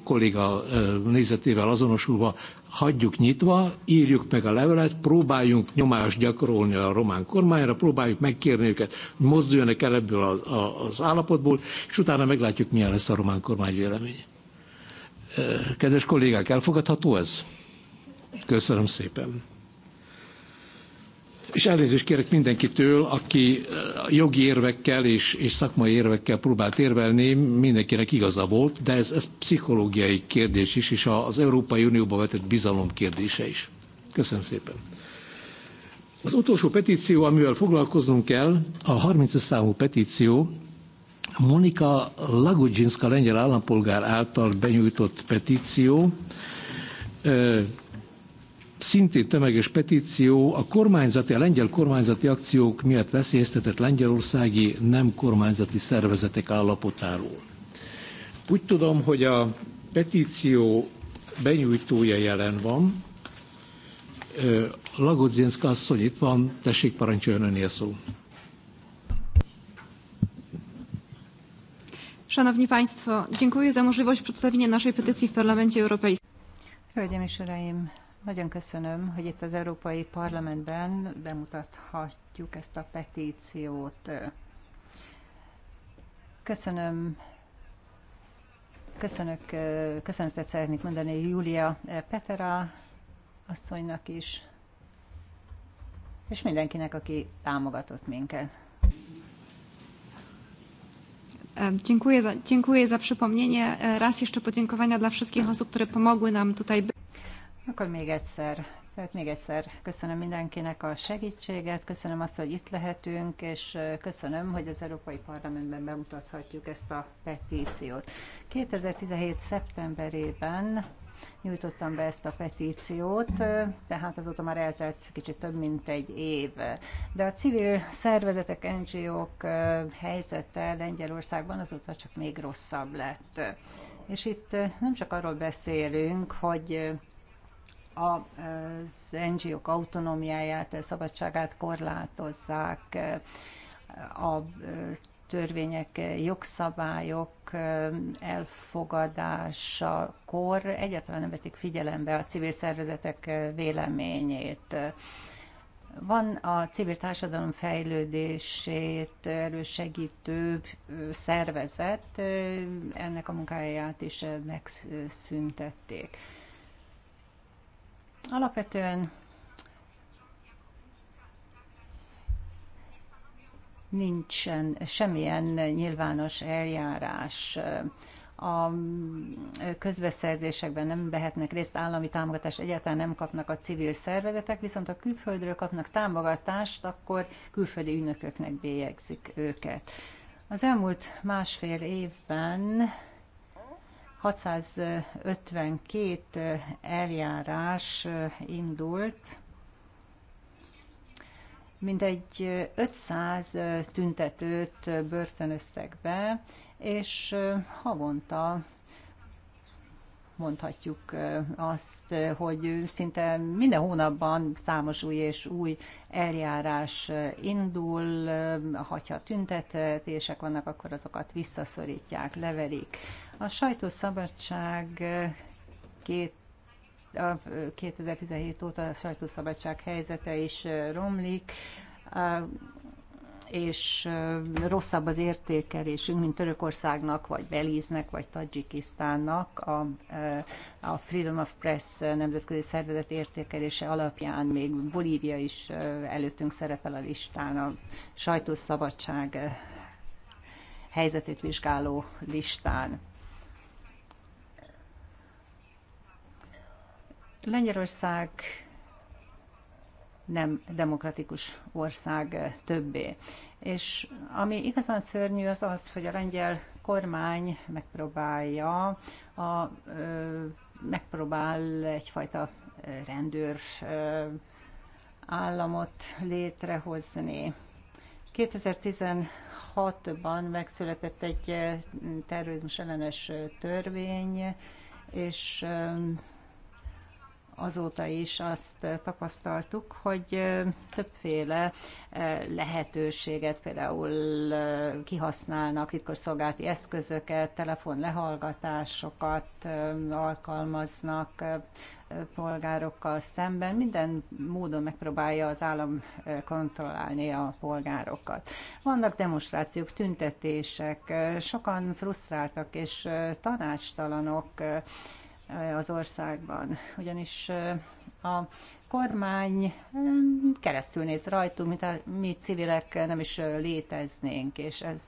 kolléga nézetével azonosulva, hagyjuk nyitva, írjuk meg a levelet, próbáljunk nyomást gyakorolni a román kormányra, próbáljuk megkérni őket, hogy mozduljanak el ebből az, az állapotból, és utána meglátjuk, milyen lesz a román kormány véleménye. Kedves kollégák, elfogadható ez? Köszönöm szépen és elnézést kérek mindenkitől, aki eh, jogi érvekkel és, és szakmai érvekkel próbált érvelni, mindenkinek igaza volt, de ez, ez pszichológiai kérdés is, és az Európai Unióba vetett bizalom kérdése is. Köszönöm szépen. Az utolsó petíció, amivel foglalkoznunk kell, a 30 számú petíció, Monika Lagudzinska lengyel állampolgár által benyújtott petíció, eh, szintén tömeges petíció a kormányzati, a lengyel kormányzati akciók miatt veszélyeztetett lengyelországi nem kormányzati szervezetek állapotáról. Úgy tudom, hogy a petíció benyújtója jelen van. Lagodzinszka asszony itt van, tessék parancsoljon a szó. Szanowni Państwo, dziękuję za możliwość przedstawienia naszej petycji w Parlamencie Europejskim. Hölgyeim és Uraim, nagyon köszönöm, hogy itt az Európai Parlamentben bemutathatjuk ezt a petíciót. Köszönöm Köszönök, köszönetet szeretnék mondani Júlia Petera asszonynak is, és mindenkinek, aki támogatott minket. E, dziękuję za, dziękuję za przypomnienie. E, raz jeszcze podziękowania dla wszystkich osób, które pomogły nam tutaj. Akkor még egyszer, tehát még egyszer köszönöm mindenkinek a segítséget, köszönöm azt, hogy itt lehetünk, és köszönöm, hogy az Európai Parlamentben bemutathatjuk ezt a petíciót. 2017. szeptemberében nyújtottam be ezt a petíciót, tehát azóta már eltelt kicsit több mint egy év. De a civil szervezetek, NGO-k helyzete Lengyelországban azóta csak még rosszabb lett. És itt nem csak arról beszélünk, hogy az NGO-k autonómiáját, szabadságát korlátozzák, a törvények, jogszabályok kor egyáltalán nem vetik figyelembe a civil szervezetek véleményét. Van a civil társadalom fejlődését elősegítő szervezet, ennek a munkáját is megszüntették. Alapvetően nincsen semmilyen nyilvános eljárás. A közbeszerzésekben nem vehetnek részt, állami támogatást egyáltalán nem kapnak a civil szervezetek, viszont a külföldről kapnak támogatást, akkor külföldi ünököknek bélyegzik őket. Az elmúlt másfél évben 652 eljárás indult, mintegy 500 tüntetőt börtönöztek be, és havonta mondhatjuk azt, hogy szinte minden hónapban számos új és új eljárás indul, ha tüntetések vannak, akkor azokat visszaszorítják, leverik. A sajtószabadság két 2017 óta a sajtószabadság helyzete is romlik és rosszabb az értékelésünk, mint Törökországnak, vagy Belíznek, vagy Tadzsikisztánnak a, a Freedom of Press nemzetközi szervezet értékelése alapján még Bolívia is előttünk szerepel a listán, a sajtószabadság helyzetét vizsgáló listán. Lengyelország nem demokratikus ország többé. És ami igazán szörnyű az az, hogy a lengyel kormány megpróbálja, a, ö, megpróbál egyfajta rendőr ö, államot létrehozni. 2016-ban megszületett egy terrorizmus ellenes törvény, és azóta is azt eh, tapasztaltuk, hogy eh, többféle eh, lehetőséget például kihasználnak titkosszolgálati eszközöket, telefonlehallgatásokat alkalmaznak polgárokkal szemben. Minden módon megpróbálja az állam kontrollálni a polgárokat. Vannak demonstrációk, tüntetések, sokan frusztráltak és tanástalanok, az országban, ugyanis a kormány keresztül néz rajtunk, mint a mi civilek nem is léteznénk, és ez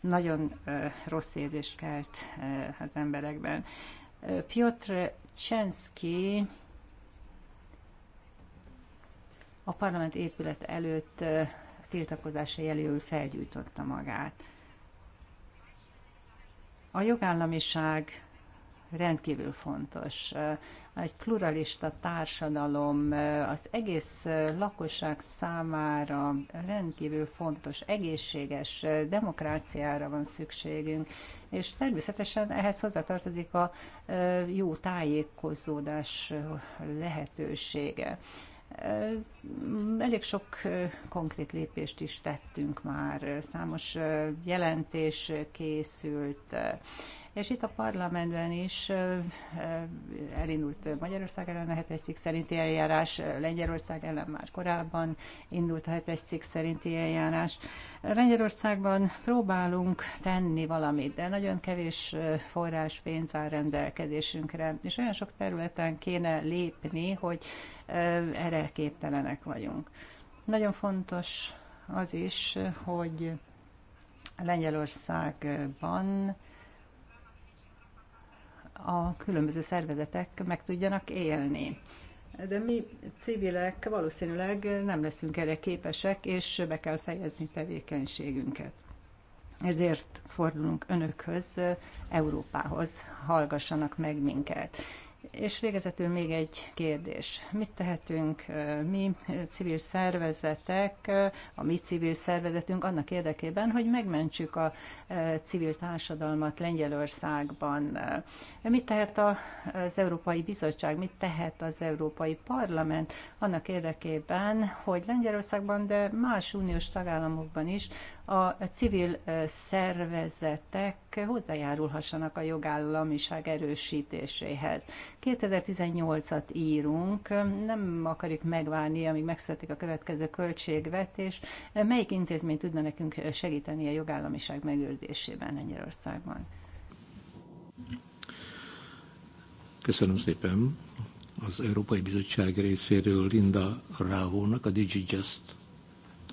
nagyon rossz érzést kelt az emberekben. Piotr Csenszki a parlament épület előtt tiltakozása jelül felgyújtotta magát. A jogállamiság rendkívül fontos. Egy pluralista társadalom az egész lakosság számára rendkívül fontos, egészséges demokráciára van szükségünk, és természetesen ehhez hozzátartozik a jó tájékozódás lehetősége. Elég sok konkrét lépést is tettünk már, számos jelentés készült, és itt a parlamentben is elindult Magyarország ellen a hetes cikk szerinti eljárás, Lengyelország ellen már korábban indult a hetes cikk szerinti eljárás. Lengyelországban próbálunk tenni valamit, de nagyon kevés forrás pénz áll rendelkezésünkre, és olyan sok területen kéne lépni, hogy erre képtelenek vagyunk. Nagyon fontos az is, hogy Lengyelországban a különböző szervezetek meg tudjanak élni. De mi civilek valószínűleg nem leszünk erre képesek, és be kell fejezni tevékenységünket. Ezért fordulunk önökhöz, Európához, hallgassanak meg minket. És végezetül még egy kérdés. Mit tehetünk mi civil szervezetek, a mi civil szervezetünk annak érdekében, hogy megmentsük a civil társadalmat Lengyelországban? Mit tehet az Európai Bizottság, mit tehet az Európai Parlament annak érdekében, hogy Lengyelországban, de más uniós tagállamokban is a civil szervezetek hozzájárulhassanak a jogállamiság erősítéséhez. 2018-at írunk, nem akarjuk megvárni, amíg megszületik a következő költségvetés. Melyik intézmény tudna nekünk segíteni a jogállamiság megőrzésében Lengyelországban? Köszönöm szépen az Európai Bizottság részéről Linda Rávónak, a DigiJust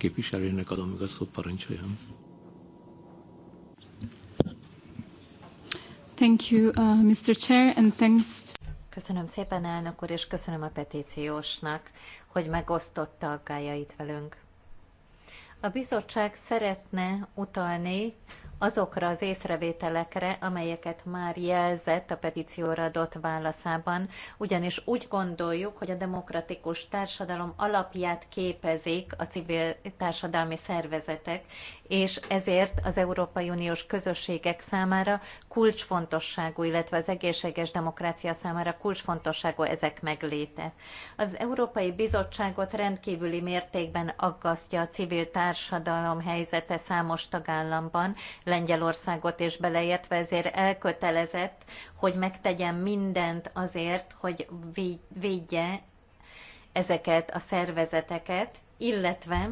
képviselőnek adom meg a szót, parancsoljon. Thank you, uh, Mr. Chair, and thanks to... Köszönöm szépen, elnök úr, és köszönöm a petíciósnak, hogy megosztotta aggájait velünk. A bizottság szeretne utalni azokra az észrevételekre, amelyeket már jelzett a petícióra adott válaszában, ugyanis úgy gondoljuk, hogy a demokratikus társadalom alapját képezik a civil társadalmi szervezetek, és ezért az Európai Uniós közösségek számára kulcsfontosságú, illetve az egészséges demokrácia számára kulcsfontosságú ezek megléte. Az Európai Bizottságot rendkívüli mértékben aggasztja a civil társadalom helyzete számos tagállamban, Lengyelországot és beleértve, ezért elkötelezett, hogy megtegyen mindent azért, hogy védje ezeket a szervezeteket, illetve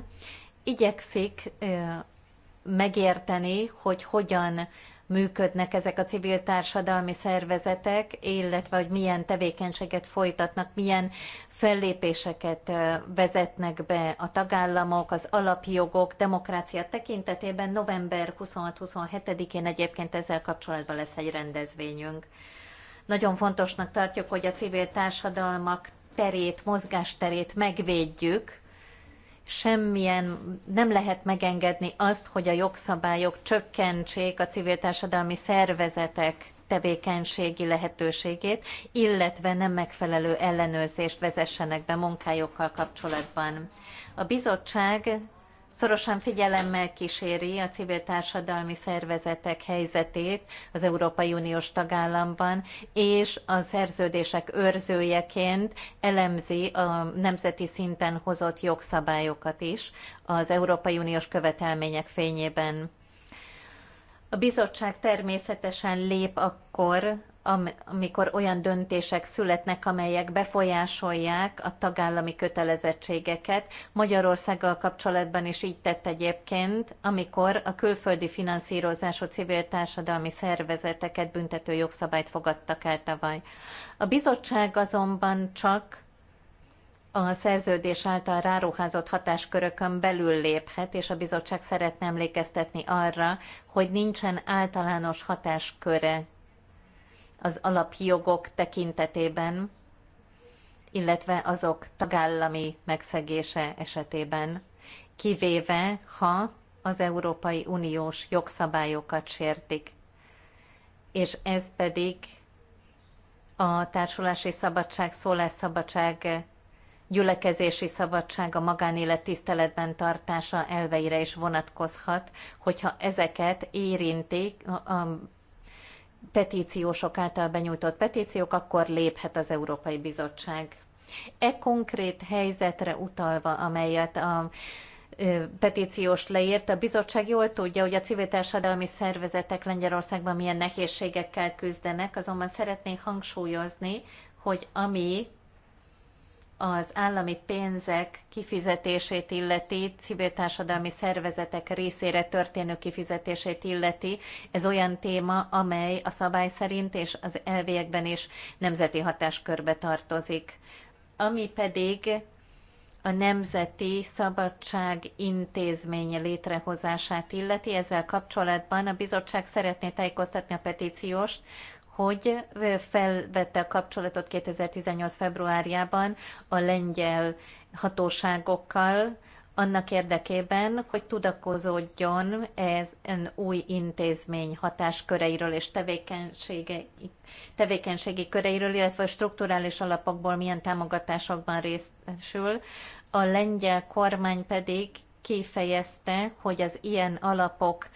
igyekszik megérteni, hogy hogyan működnek ezek a civil társadalmi szervezetek, illetve hogy milyen tevékenységet folytatnak, milyen fellépéseket vezetnek be a tagállamok, az alapjogok, demokrácia tekintetében. November 26-27-én egyébként ezzel kapcsolatban lesz egy rendezvényünk. Nagyon fontosnak tartjuk, hogy a civil társadalmak terét, mozgásterét megvédjük, semmilyen, nem lehet megengedni azt, hogy a jogszabályok csökkentsék a civil társadalmi szervezetek tevékenységi lehetőségét, illetve nem megfelelő ellenőrzést vezessenek be munkájukkal kapcsolatban. A bizottság szorosan figyelemmel kíséri a civil társadalmi szervezetek helyzetét az Európai Uniós tagállamban, és a szerződések őrzőjeként elemzi a nemzeti szinten hozott jogszabályokat is az Európai Uniós követelmények fényében. A bizottság természetesen lép akkor, am, amikor olyan döntések születnek, amelyek befolyásolják a tagállami kötelezettségeket. Magyarországgal kapcsolatban is így tett egyébként, amikor a külföldi finanszírozású civil társadalmi szervezeteket büntető jogszabályt fogadtak el tavaly. A bizottság azonban csak a szerződés által ráruházott hatáskörökön belül léphet, és a bizottság szeretne emlékeztetni arra, hogy nincsen általános hatásköre az alapjogok tekintetében, illetve azok tagállami megszegése esetében, kivéve ha az Európai Uniós jogszabályokat sértik. És ez pedig a társulási szabadság, szólásszabadság, gyülekezési szabadság, a magánélet tiszteletben tartása elveire is vonatkozhat, hogyha ezeket érintik, petíciósok által benyújtott petíciók, akkor léphet az Európai Bizottság. E konkrét helyzetre utalva, amelyet a petíciós leírt. A bizottság jól tudja, hogy a civil társadalmi szervezetek Lengyelországban milyen nehézségekkel küzdenek, azonban szeretnék hangsúlyozni, hogy ami az állami pénzek kifizetését illeti, civil társadalmi szervezetek részére történő kifizetését illeti. Ez olyan téma, amely a szabály szerint és az elviekben is nemzeti hatáskörbe tartozik. Ami pedig a Nemzeti Szabadság Intézmény létrehozását illeti. Ezzel kapcsolatban a bizottság szeretné tájékoztatni a petíciós, hogy felvette a kapcsolatot 2018. februárjában a lengyel hatóságokkal, annak érdekében, hogy tudakozódjon ez egy új intézmény hatásköreiről és tevékenységi, tevékenységi köreiről, illetve a strukturális alapokból milyen támogatásokban részesül. A lengyel kormány pedig kifejezte, hogy az ilyen alapok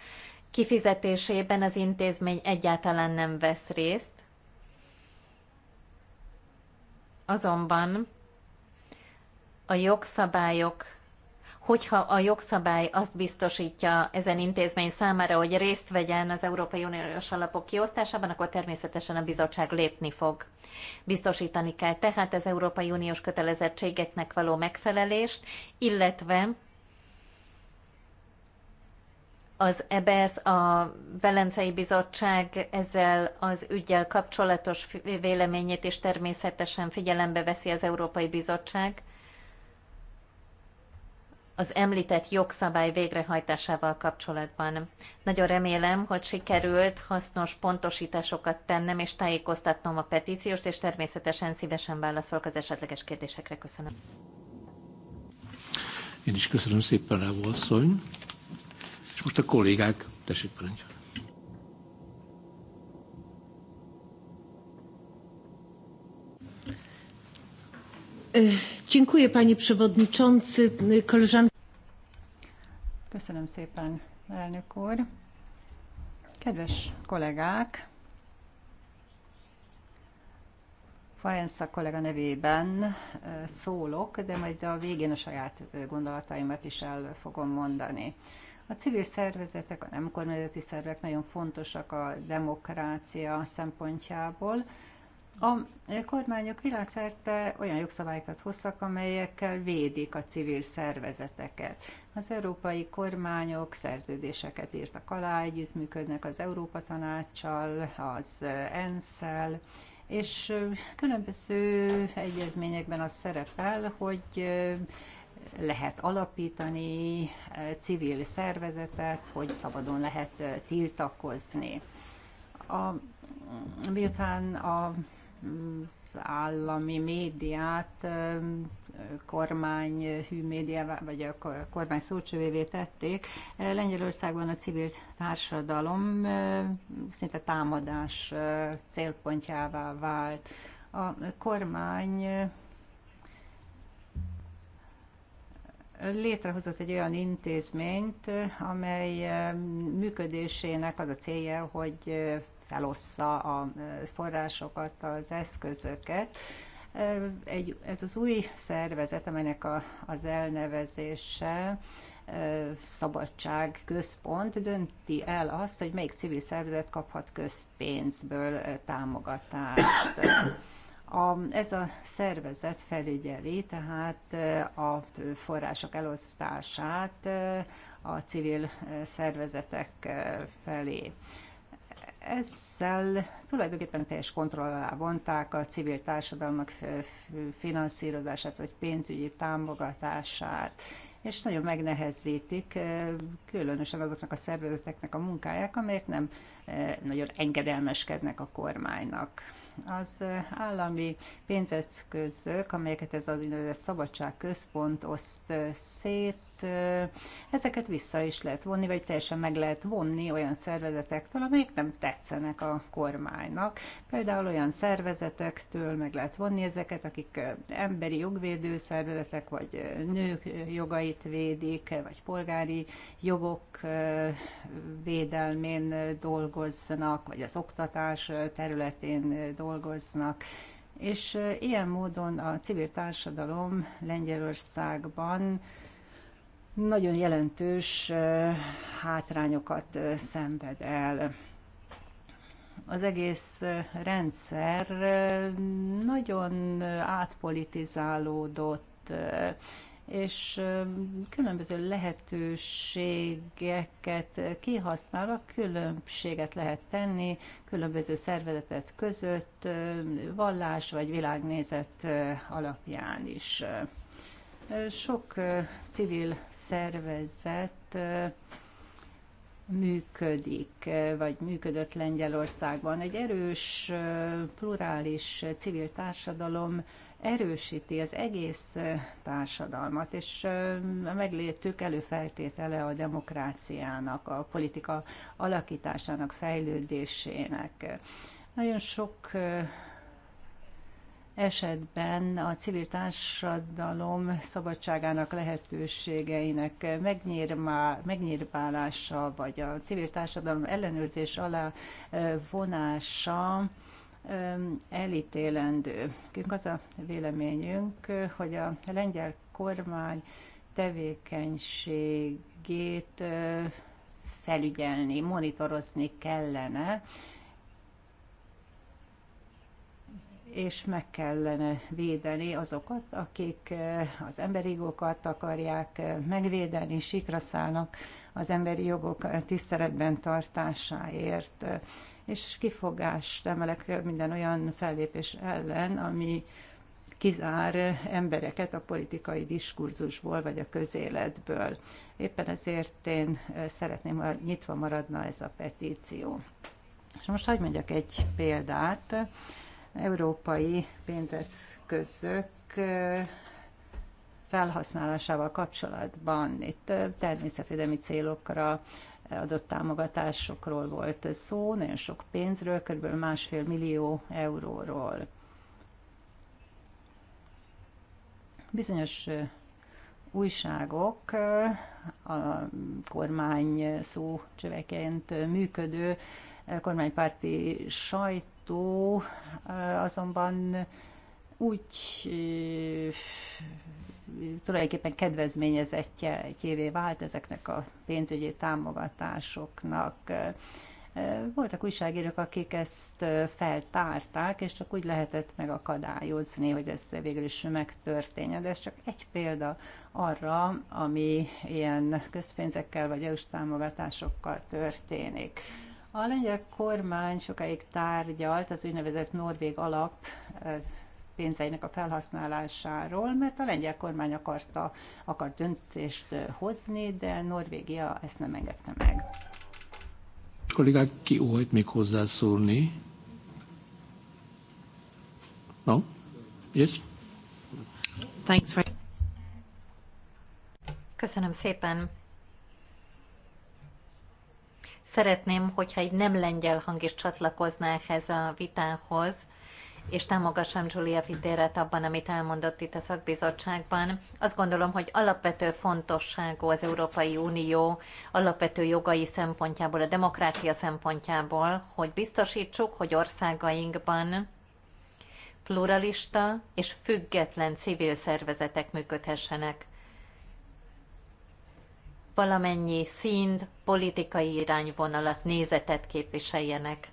kifizetésében az intézmény egyáltalán nem vesz részt, azonban a jogszabályok hogyha a jogszabály azt biztosítja ezen intézmény számára, hogy részt vegyen az Európai Uniós alapok kiosztásában, akkor természetesen a bizottság lépni fog. Biztosítani kell tehát az Európai Uniós kötelezettségeknek való megfelelést, illetve az EBSZ, e a Velencei Bizottság ezzel az ügyel kapcsolatos véleményét is természetesen figyelembe veszi az Európai Bizottság az említett jogszabály végrehajtásával kapcsolatban. Nagyon remélem, hogy sikerült hasznos pontosításokat tennem és tájékoztatnom a petíciót, és természetesen szívesen válaszolok az esetleges kérdésekre. Köszönöm. Én is köszönöm szépen, a asszony. Most a kollégák, tessék parancsolni. Dziękuję panie przewodniczący, koleżanki. Köszönöm szépen, elnök úr. Kedves kollégák, Farenza kollega nevében szólok, de majd a végén a saját gondolataimat is el fogom mondani. A civil szervezetek, a nem kormányzati szervek nagyon fontosak a demokrácia szempontjából. A kormányok világszerte olyan jogszabályokat hoztak, amelyekkel védik a civil szervezeteket. Az európai kormányok szerződéseket írtak alá, együttműködnek az Európa Tanácssal, az ENSZ-el, és különböző egyezményekben az szerepel, hogy lehet alapítani eh, civil szervezetet, hogy szabadon lehet eh, tiltakozni. A, miután a az állami médiát eh, kormány hű média vagy a kormány szócsövévé tették. Lengyelországban a civil társadalom szinte támadás célpontjává vált. A kormány létrehozott egy olyan intézményt, amely eh, működésének az a célja, hogy eh, felossza a eh, forrásokat, az eszközöket. Egy, ez az új szervezet, amelynek a, az elnevezése Szabadság Központ dönti el azt, hogy melyik civil szervezet kaphat közpénzből támogatást. A, ez a szervezet felügyeli tehát a források elosztását a civil szervezetek felé. Ezzel tulajdonképpen teljes kontroll alá vonták a civil társadalmak finanszírozását vagy pénzügyi támogatását, és nagyon megnehezítik különösen azoknak a szervezeteknek a munkáját, amelyek nem nagyon engedelmeskednek a kormánynak az állami pénzeszközök, amelyeket ez az úgynevezett szabadságközpont oszt szét, ezeket vissza is lehet vonni, vagy teljesen meg lehet vonni olyan szervezetektől, amelyek nem tetszenek a kormánynak. Például olyan szervezetektől meg lehet vonni ezeket, akik emberi jogvédő szervezetek, vagy nők jogait védik, vagy polgári jogok védelmén dolgoznak, vagy az oktatás területén dolgoznak. És ilyen módon a civil társadalom Lengyelországban nagyon jelentős hátrányokat szenved el. Az egész rendszer nagyon átpolitizálódott, és különböző lehetőségeket kihasználva különbséget lehet tenni különböző szervezetet között, vallás vagy világnézet alapján is. Sok civil szervezet működik, vagy működött Lengyelországban. Egy erős, plurális civil társadalom erősíti az egész társadalmat, és a meglétük előfeltétele a demokráciának, a politika alakításának, fejlődésének. Nagyon sok esetben a civil társadalom szabadságának lehetőségeinek megnyírválása, vagy a civil társadalom ellenőrzés alá vonása elítélendő. Künk az a véleményünk, hogy a lengyel kormány tevékenységét felügyelni, monitorozni kellene, és meg kellene védeni azokat, akik eh, az emberi jogokat akarják eh, megvédeni, sikra szállnak az emberi jogok eh, tiszteletben tartásáért, és kifogást emelek minden olyan fellépés ellen, ami kizár embereket a politikai diskurzusból vagy a közéletből. Éppen ezért én szeretném, ha nyitva maradna ez a petíció. És most hagyd mondjak egy példát európai pénzeszközök felhasználásával kapcsolatban. Itt természetvédelmi célokra adott támogatásokról volt szó, nagyon sok pénzről, kb. másfél millió euróról. Bizonyos újságok a kormány szócsöveként működő kormánypárti sajt adó azonban úgy tulajdonképpen kedvezményezettjévé vált ezeknek a pénzügyi támogatásoknak. Voltak újságírók, akik ezt feltárták, és csak úgy lehetett megakadályozni, hogy ez végül is megtörténjen. De ez csak egy példa arra, ami ilyen közpénzekkel vagy EU-s támogatásokkal történik. A lengyel kormány sokáig tárgyalt az úgynevezett Norvég alap pénzeinek a felhasználásáról, mert a lengyel kormány akarta, akart döntést hozni, de Norvégia ezt nem engedte meg. Kollégák, ki óhajt még hozzászólni? No? Yes? Thanks for... Köszönöm szépen. Szeretném, hogyha egy nem lengyel hang is csatlakozná ehhez a vitához, és támogassam Julia Fidéret abban, amit elmondott itt a szakbizottságban. Azt gondolom, hogy alapvető fontosságú az Európai Unió alapvető jogai szempontjából, a demokrácia szempontjából, hogy biztosítsuk, hogy országainkban pluralista és független civil szervezetek működhessenek valamennyi színt, politikai irányvonalat, nézetet képviseljenek.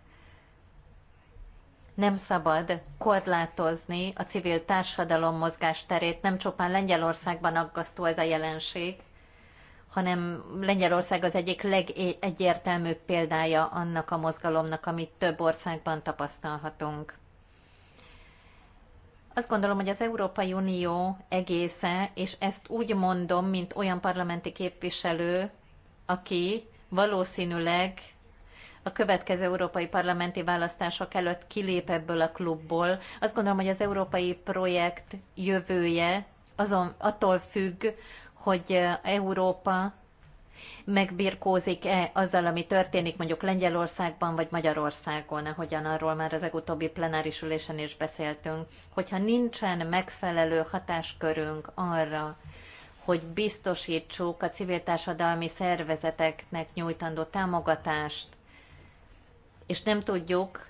Nem szabad korlátozni a civil társadalom terét, nem csupán Lengyelországban aggasztó ez a jelenség, hanem Lengyelország az egyik legegyértelműbb példája annak a mozgalomnak, amit több országban tapasztalhatunk. Azt gondolom, hogy az Európai Unió egésze, és ezt úgy mondom, mint olyan parlamenti képviselő, aki valószínűleg a következő európai parlamenti választások előtt kilép ebből a klubból. Azt gondolom, hogy az európai projekt jövője azon, attól függ, hogy Európa megbirkózik-e azzal, ami történik mondjuk Lengyelországban vagy Magyarországon, ahogyan arról már az legutóbbi plenáris ülésen is beszéltünk, hogyha nincsen megfelelő hatáskörünk arra, hogy biztosítsuk a civil társadalmi szervezeteknek nyújtandó támogatást, és nem tudjuk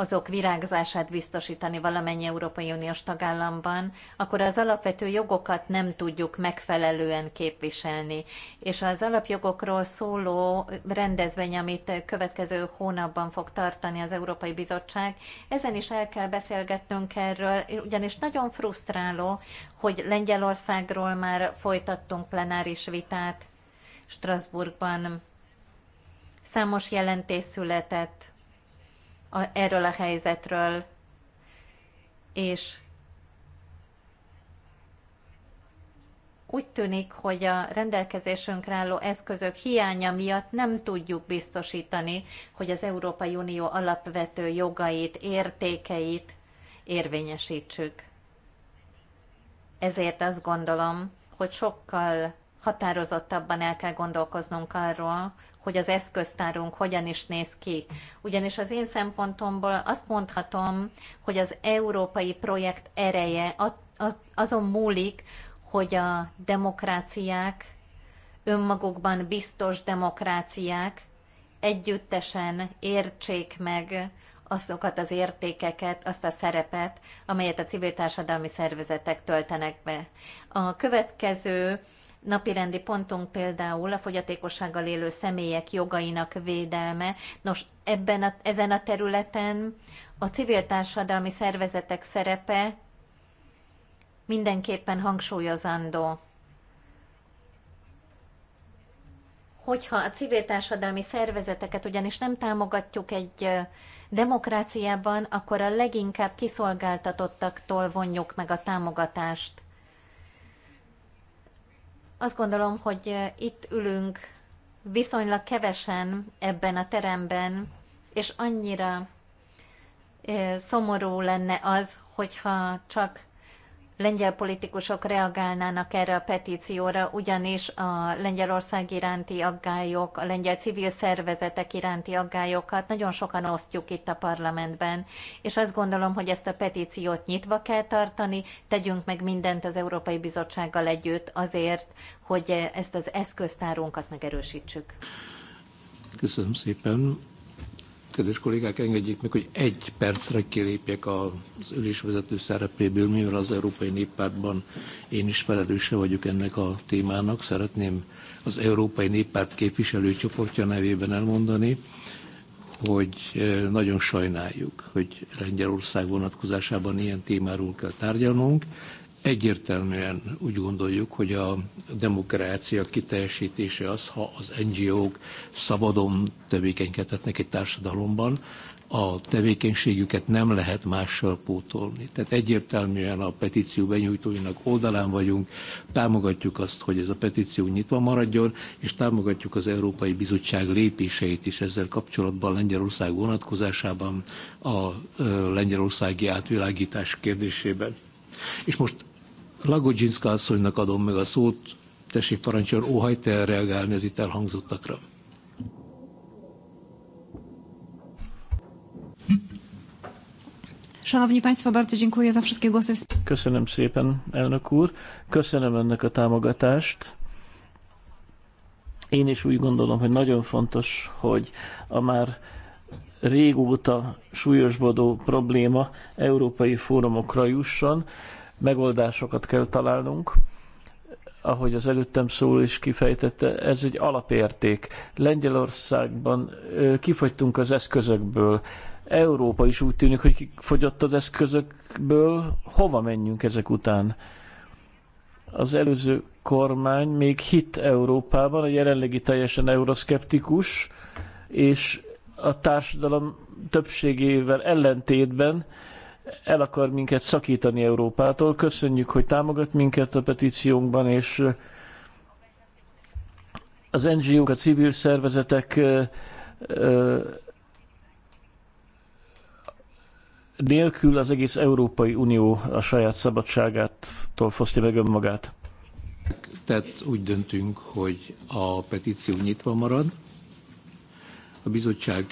azok virágzását biztosítani valamennyi Európai Uniós tagállamban, akkor az alapvető jogokat nem tudjuk megfelelően képviselni. És az alapjogokról szóló rendezvény, amit következő hónapban fog tartani az Európai Bizottság, ezen is el kell beszélgetnünk erről, ugyanis nagyon frusztráló, hogy Lengyelországról már folytattunk plenáris vitát Strasbourgban. Számos jelentés született, a, erről a helyzetről, és úgy tűnik, hogy a rendelkezésünkre álló eszközök hiánya miatt nem tudjuk biztosítani, hogy az Európai Unió alapvető jogait, értékeit érvényesítsük. Ezért azt gondolom, hogy sokkal határozottabban el kell gondolkoznunk arról, hogy az eszköztárunk hogyan is néz ki. Ugyanis az én szempontomból azt mondhatom, hogy az európai projekt ereje azon múlik, hogy a demokráciák, önmagukban biztos demokráciák együttesen értsék meg azokat az értékeket, azt a szerepet, amelyet a civil társadalmi szervezetek töltenek be. A következő napirendi pontunk például a fogyatékossággal élő személyek jogainak védelme. Nos, ebben a, ezen a területen a civil társadalmi szervezetek szerepe mindenképpen hangsúlyozandó. hogyha a civil társadalmi szervezeteket ugyanis nem támogatjuk egy demokráciában, akkor a leginkább kiszolgáltatottaktól vonjuk meg a támogatást. Azt gondolom, hogy eh, itt ülünk viszonylag kevesen ebben a teremben, és annyira eh, szomorú lenne az, hogyha csak lengyel politikusok reagálnának erre a petícióra, ugyanis a Lengyelország iránti aggályok, a lengyel civil szervezetek iránti aggályokat nagyon sokan osztjuk itt a parlamentben, és azt gondolom, hogy ezt a petíciót nyitva kell tartani, tegyünk meg mindent az Európai Bizottsággal együtt azért, hogy ezt az eszköztárunkat megerősítsük. Köszönöm szépen. Kedves kollégák, engedjék meg, hogy egy percre kilépjek az ülésvezető szerepéből, mivel az Európai Néppártban én is felelőse vagyok ennek a témának. Szeretném az Európai Néppárt képviselőcsoportja nevében elmondani, hogy eh, nagyon sajnáljuk, hogy Lengyelország vonatkozásában ilyen témáról kell tárgyalnunk, Egyértelműen úgy gondoljuk, hogy a demokrácia kiteljesítése az, ha az NGO-k szabadon tevékenykedhetnek egy társadalomban, a tevékenységüket nem lehet mással pótolni. Tehát egyértelműen a petíció benyújtóinak oldalán vagyunk, támogatjuk azt, hogy ez a petíció nyitva maradjon, és támogatjuk az Európai Bizottság lépéseit is ezzel kapcsolatban Lengyelország vonatkozásában a lengyelországi átvilágítás kérdésében. És most Lagodzinszka asszonynak adom meg a szót. Tessék parancsol, óhajt -e reagálni az itt elhangzottakra? Szanowni Państwo, bardzo dziękuję za wszystkie głosy. Köszönöm szépen, elnök úr. Köszönöm ennek a támogatást. Én is úgy gondolom, hogy nagyon fontos, hogy a már régóta súlyosbodó probléma európai fórumokra jusson, megoldásokat kell találnunk, ahogy az előttem szól is kifejtette, ez egy alapérték. Lengyelországban kifogytunk az eszközökből. Európa is úgy tűnik, hogy kifogyott az eszközökből. Hova menjünk ezek után? Az előző kormány még hit Európában, a jelenlegi teljesen euroszkeptikus, és a társadalom többségével ellentétben el akar minket szakítani Európától. Köszönjük, hogy támogat minket a petíciónkban, és az NGO-k, a civil szervezetek nélkül az egész Európai Unió a saját szabadságától fosztja meg önmagát. Tehát úgy döntünk, hogy a petíció nyitva marad. A bizottság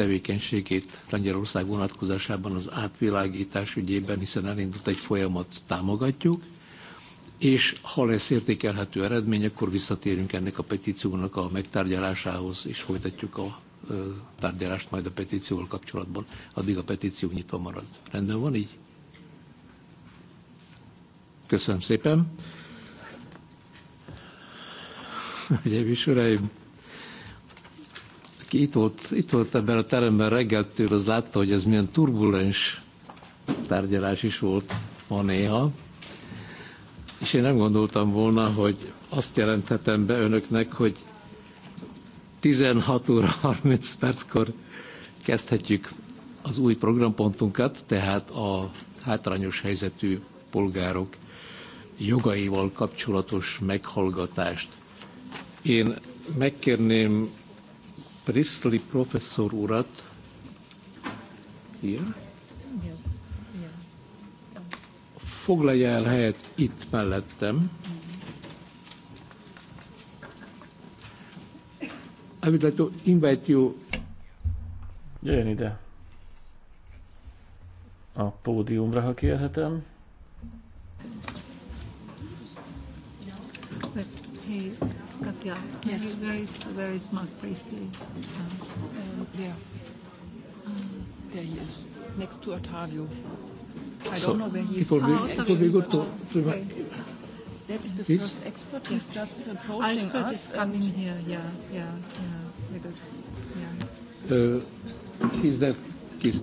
tevékenységét Lengyelország vonatkozásában az átvilágítás ügyében, hiszen elindult egy folyamat, támogatjuk, és ha lesz értékelhető eredmény, akkor visszatérünk ennek a petíciónak a megtárgyalásához, és folytatjuk a tárgyalást majd a petícióval kapcsolatban. Addig a petíció nyitva marad. Rendben van így? Köszönöm szépen. Hölgyeim és aki itt volt, itt volt ebben a teremben reggeltől, az látta, hogy ez milyen turbulens tárgyalás is volt ma néha. És én nem gondoltam volna, hogy azt jelenthetem be önöknek, hogy 16 óra 30 perckor kezdhetjük az új programpontunkat, tehát a hátrányos helyzetű polgárok jogaival kapcsolatos meghallgatást. Én megkérném Priestley professzor urat. Here? Foglalja el helyet itt mellettem. I would like to invite you. Jöjjön ide. A pódiumra, ha kérhetem. But, hey, Katja, yes. where is where is Mark Priestley? Uh, um, there. There he is, next to Ottavio. I so don't know where he is. It would be, oh, it would be good to. to okay. That's the he's, first expert. He's just approaching expert us. Is coming and here. Yeah, yeah, yeah. With us. Yeah. Uh, he's there. He's.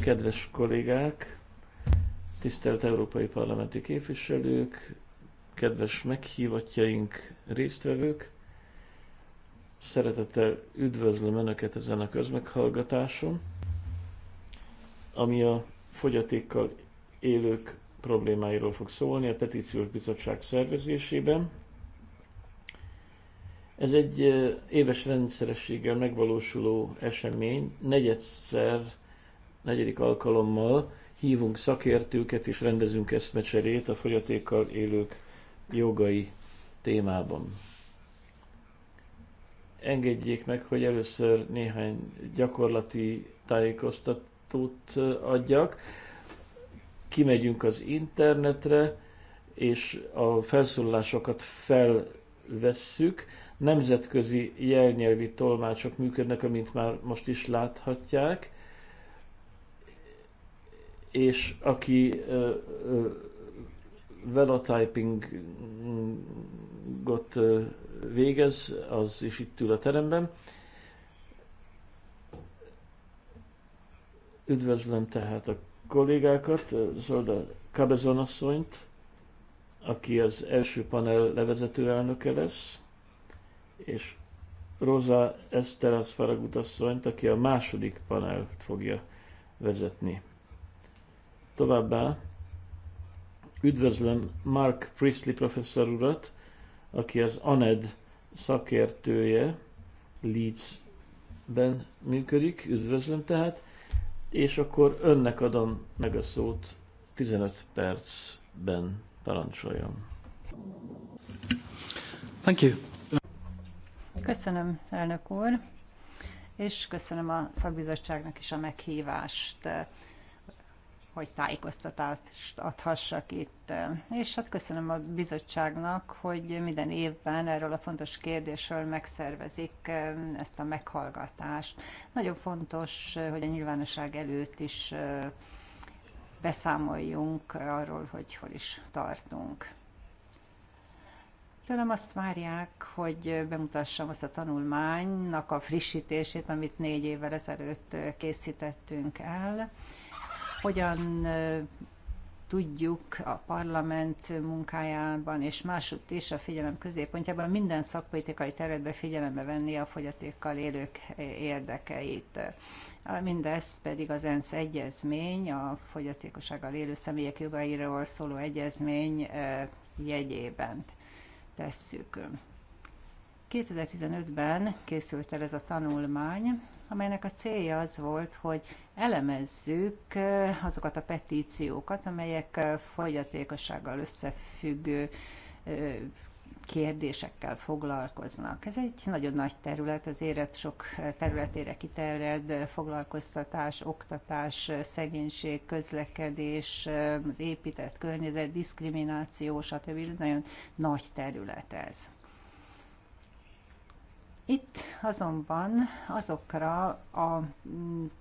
Kedves kollégák, tisztelt európai parlamenti képviselők, kedves meghívatjaink, résztvevők, szeretettel üdvözlöm Önöket ezen a közmeghallgatáson, ami a fogyatékkal élők problémáiról fog szólni a Petíciós Bizottság szervezésében. Ez egy éves rendszerességgel megvalósuló esemény. Negyedszer, negyedik alkalommal hívunk szakértőket és rendezünk eszmecserét a fogyatékkal élők jogai témában. Engedjék meg, hogy először néhány gyakorlati tájékoztatót adjak. Kimegyünk az internetre, és a felszólalásokat felvesszük nemzetközi jelnyelvi tolmácsok működnek, amint már most is láthatják, és aki ö, ö, velotypingot végez, az is itt ül a teremben. Üdvözlöm tehát a kollégákat, Zolda Cabezon asszonyt, aki az első panel levezető elnöke lesz és Rosa Eszterász Faragut asszonyt, aki a második panelt fogja vezetni. Továbbá üdvözlöm Mark Priestley professzor urat, aki az ANED szakértője Leeds-ben működik, üdvözlöm tehát, és akkor önnek adom meg a szót 15 percben parancsoljon. Thank you. Köszönöm, elnök úr, és köszönöm a szakbizottságnak is a meghívást, hogy tájékoztatást adhassak itt. És hát köszönöm a bizottságnak, hogy minden évben erről a fontos kérdésről megszervezik eh, ezt a meghallgatást. Nagyon fontos, eh, hogy a nyilvánosság előtt is eh, beszámoljunk arról, hogy hol is tartunk. Tőlem azt várják, hogy bemutassam azt a tanulmánynak a frissítését, amit négy évvel ezelőtt készítettünk el. Hogyan tudjuk a parlament munkájában és másutt is a figyelem középpontjában minden szakpolitikai területbe figyelembe venni a fogyatékkal élők érdekeit. Mindez pedig az ENSZ egyezmény, a fogyatékossággal élő személyek jogairól szóló egyezmény jegyében tesszük. 2015-ben készült el ez a tanulmány, amelynek a célja az volt, hogy elemezzük azokat a petíciókat, amelyek fogyatékossággal összefüggő kérdésekkel foglalkoznak. Ez egy nagyon nagy terület, az élet sok területére kiterjed, foglalkoztatás, oktatás, szegénység, közlekedés, az épített környezet, diszkrimináció, stb. Nagyon nagy terület ez. Itt azonban azokra a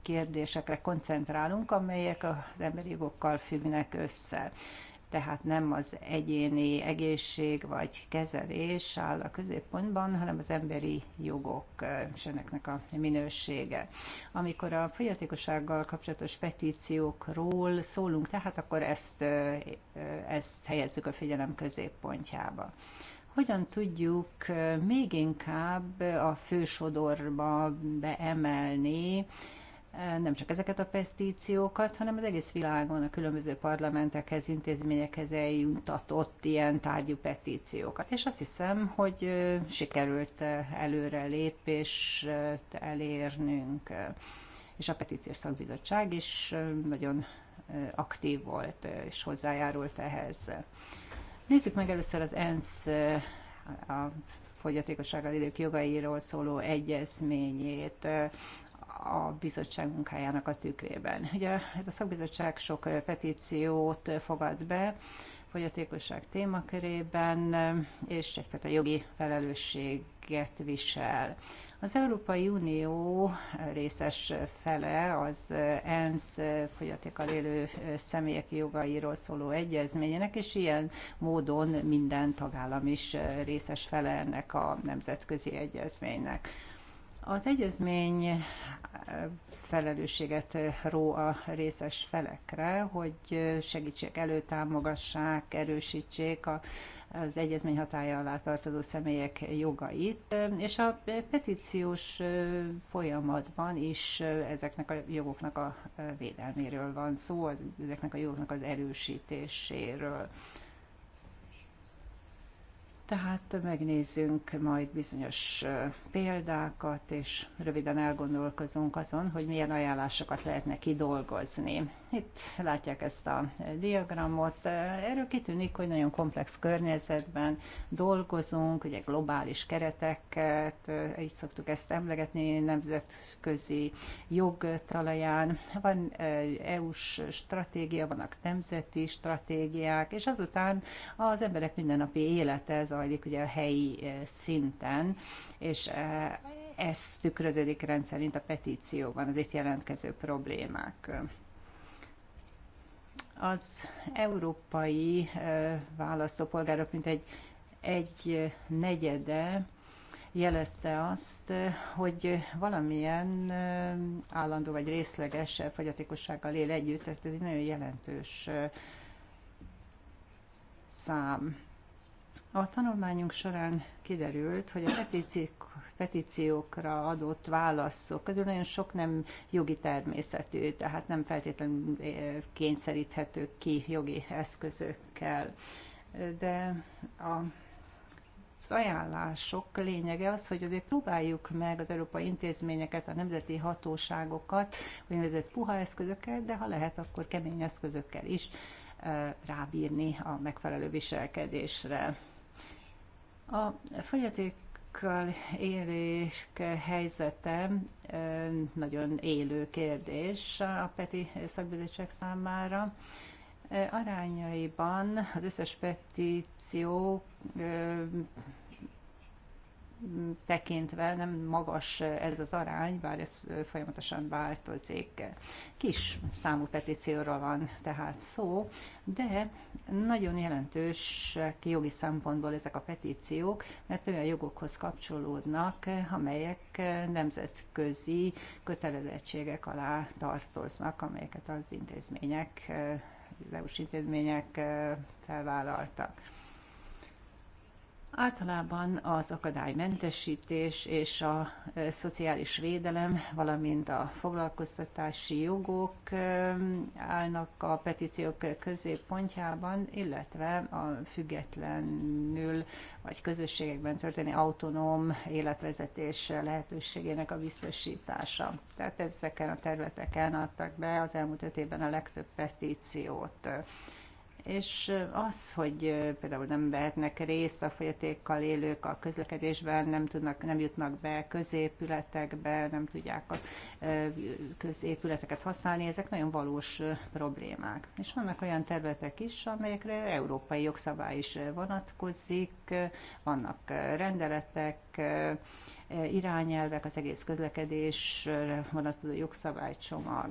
kérdésekre koncentrálunk, amelyek az emberi jogokkal függnek össze tehát nem az egyéni egészség vagy kezelés áll a középpontban, hanem az emberi jogok és ennek a minősége. Amikor a fogyatékossággal kapcsolatos petíciókról szólunk, tehát akkor ezt, ezt helyezzük a figyelem középpontjába. Hogyan tudjuk még inkább a fősodorba beemelni nem csak ezeket a petíciókat, hanem az egész világon a különböző parlamentekhez, intézményekhez eljutatott ilyen tárgyú petíciókat. És azt hiszem, hogy sikerült előre elérnünk, és a petíciós szakbizottság is nagyon aktív volt és hozzájárult ehhez. Nézzük meg először az ENSZ a fogyatékossággal idők jogairól szóló egyezményét a bizottság munkájának a tükrében. Ugye ez a szakbizottság sok petíciót fogad be fogyatékosság témakörében, és egyfajta jogi felelősséget visel. Az Európai Unió részes fele az ENSZ fogyatékkal élő személyek jogairól szóló egyezményének, és ilyen módon minden tagállam is részes fele ennek a nemzetközi egyezménynek. Az egyezmény eh, felelősséget eh, ró a részes felekre, hogy eh, segítsék előtámogassák erősítsék a, az egyezmény hatája alá tartozó személyek jogait, és a petíciós folyamatban is ezeknek a jogoknak a védelméről van szó, ezeknek a jogoknak az erősítéséről. Tehát megnézzünk majd bizonyos példákat, és röviden elgondolkozunk azon, hogy milyen ajánlásokat lehetne kidolgozni. Itt látják ezt a diagramot. Erről kitűnik, hogy nagyon komplex környezetben dolgozunk, ugye globális kereteket, így szoktuk ezt emlegetni, nemzetközi jog talaján. Van EU-s stratégia, vannak nemzeti stratégiák, és azután az emberek mindennapi élete, ez zajlik ugye a helyi szinten, és ez tükröződik rendszerint a petícióban, az itt jelentkező problémák. Az európai választópolgárok mint egy, egy negyede jelezte azt, hogy valamilyen állandó vagy részleges fogyatékossággal él együtt, ez egy nagyon jelentős szám. A tanulmányunk során kiderült, hogy a petíciók, petíciókra adott válaszok közül nagyon sok nem jogi természetű, tehát nem feltétlenül eh, kényszeríthető ki jogi eszközökkel. De a az ajánlások lényege az, hogy azért próbáljuk meg az európai intézményeket, a nemzeti hatóságokat, úgynevezett puha eszközökkel, de ha lehet, akkor kemény eszközökkel is eh, rábírni a megfelelő viselkedésre. A fogyatékkal élők helyzete nagyon élő kérdés a PETI szakbizottság számára. Arányaiban az összes petíció tekintve nem magas ez az arány, bár ez folyamatosan változik. Kis számú petícióról van tehát szó, de nagyon jelentős jogi szempontból ezek a petíciók, mert olyan jogokhoz kapcsolódnak, amelyek nemzetközi kötelezettségek alá tartoznak, amelyeket az intézmények, az EU-s intézmények eh, felvállaltak. Általában az akadálymentesítés és a szociális védelem, valamint a foglalkoztatási jogok állnak a petíciók középpontjában, illetve a függetlenül vagy közösségekben történő autonóm életvezetés lehetőségének a biztosítása. Tehát ezeken a területeken adtak be az elmúlt öt évben a legtöbb petíciót és az, hogy például nem vehetnek részt a folyatékkal élők a közlekedésben, nem, tudnak, nem jutnak be középületekbe, nem tudják a középületeket használni, ezek nagyon valós problémák. És vannak olyan területek is, amelyekre európai jogszabály is vonatkozik, vannak rendeletek, irányelvek, az egész közlekedésre vonatkozó jogszabálycsomag.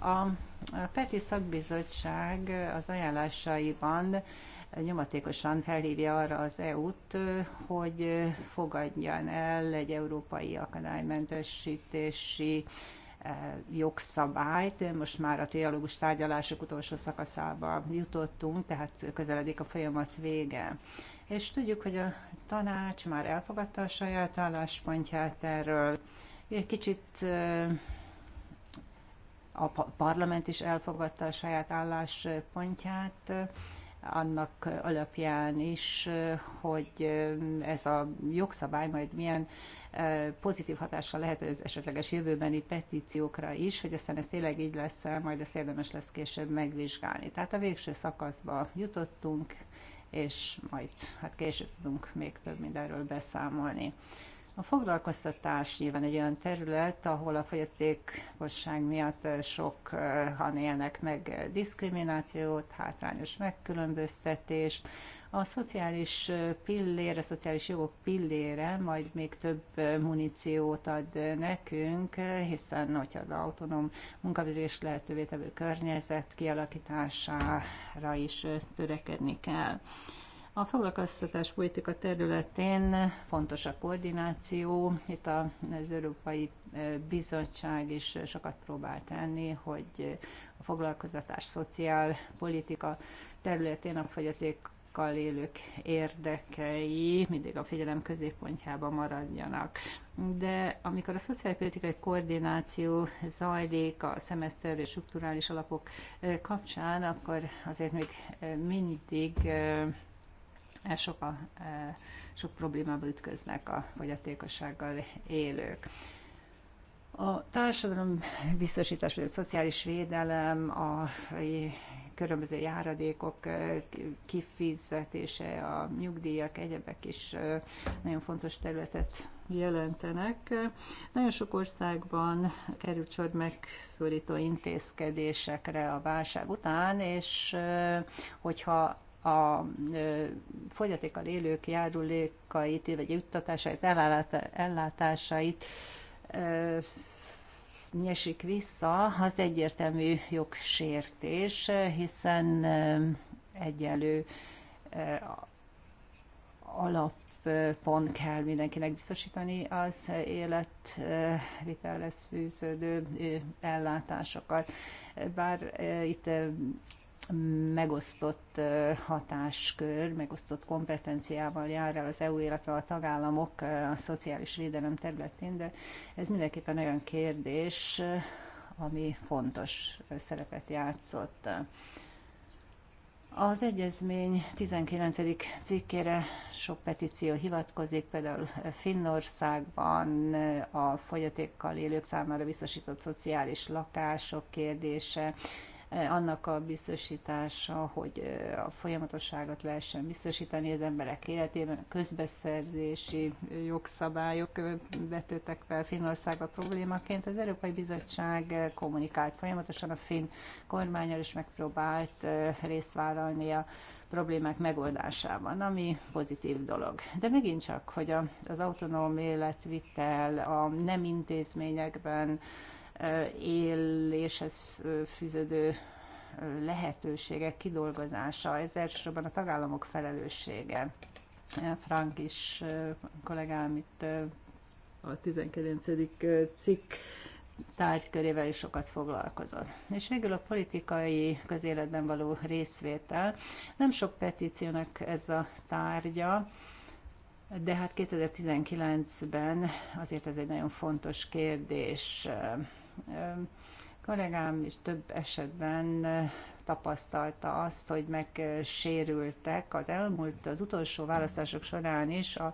A PETI szakbizottság az ajánlásaiban nyomatékosan felhívja arra az EU-t, hogy fogadjan el egy európai akadálymentesítési e, jogszabályt. Most már a trialógus tárgyalások utolsó szakaszába jutottunk, tehát közeledik a folyamat vége. És tudjuk, hogy a tanács már elfogadta a saját álláspontját erről. Kicsit e, a parlament is elfogadta a saját álláspontját, annak alapján is, hogy eh, ez a jogszabály majd milyen eh, pozitív hatással lehet az esetleges jövőbeni petíciókra is, hogy aztán ez tényleg így lesz, eh, majd ezt érdemes lesz később megvizsgálni. Tehát a végső szakaszba jutottunk, és majd hát később tudunk még több mindenről beszámolni. A foglalkoztatás nyilván egy olyan terület, ahol a fogyatékosság miatt eh, sokan eh, élnek meg eh, diszkriminációt, hátrányos megkülönböztetést. A szociális pillér, a szociális jogok pillére majd még több muníciót ad nekünk, hiszen hogyha az autonóm munkavizés lehetővé tevő környezet kialakítására is törekedni kell. A foglalkoztatás politika területén fontos a koordináció. Itt az Európai Bizottság is sokat próbál tenni, hogy a foglalkoztatás politika területén a fogyaték élők érdekei mindig a figyelem középpontjában maradjanak. De amikor a szociálpolitikai koordináció zajlik a szemeszter és strukturális alapok kapcsán, akkor azért még mindig E, sok, a, e, sok problémába ütköznek a fogyatékossággal élők. A társadalom biztosítás, vagy a szociális védelem, a különböző járadékok e, kifizetése, a nyugdíjak, egyebek is nagyon fontos területet jelentenek. Nagyon sok országban került sor megszorító intézkedésekre a válság után, és hogyha a fogyatékkal élők járulékait, vagy juttatásait, ellátásait nyesik vissza, az egyértelmű jogsértés, hiszen alap alappon kell mindenkinek biztosítani az életvitelhez fűződő ellátásokat. Bár itt megosztott hatáskör, megosztott kompetenciával jár el az EU, illetve a tagállamok a szociális védelem területén, de ez mindenképpen olyan kérdés, ami fontos szerepet játszott. Az egyezmény 19. cikkére sok petíció hivatkozik, például Finnországban a fogyatékkal élők számára biztosított szociális lakások kérdése, Eh, annak a biztosítása, hogy eh, a folyamatosságot lehessen biztosítani az emberek életében, a közbeszerzési eh, jogszabályok vetőtek fel Finnországba problémaként. Az Európai Bizottság kommunikált folyamatosan a finn kormányal, és megpróbált részt vállalni a problémák megoldásában, ami pozitív dolog. De megint csak, hogy az autonóm életvitel a nem intézményekben, éléshez fűződő lehetőségek kidolgozása, ez elsősorban a tagállamok felelőssége. Frank is kollégám itt a 19. cikk tárgykörével is sokat foglalkozott. És végül a politikai közéletben való részvétel. Nem sok petíciónak ez a tárgya, de hát 2019-ben azért ez egy nagyon fontos kérdés, kollégám is több esetben tapasztalta azt, hogy megsérültek az elmúlt, az utolsó választások során is a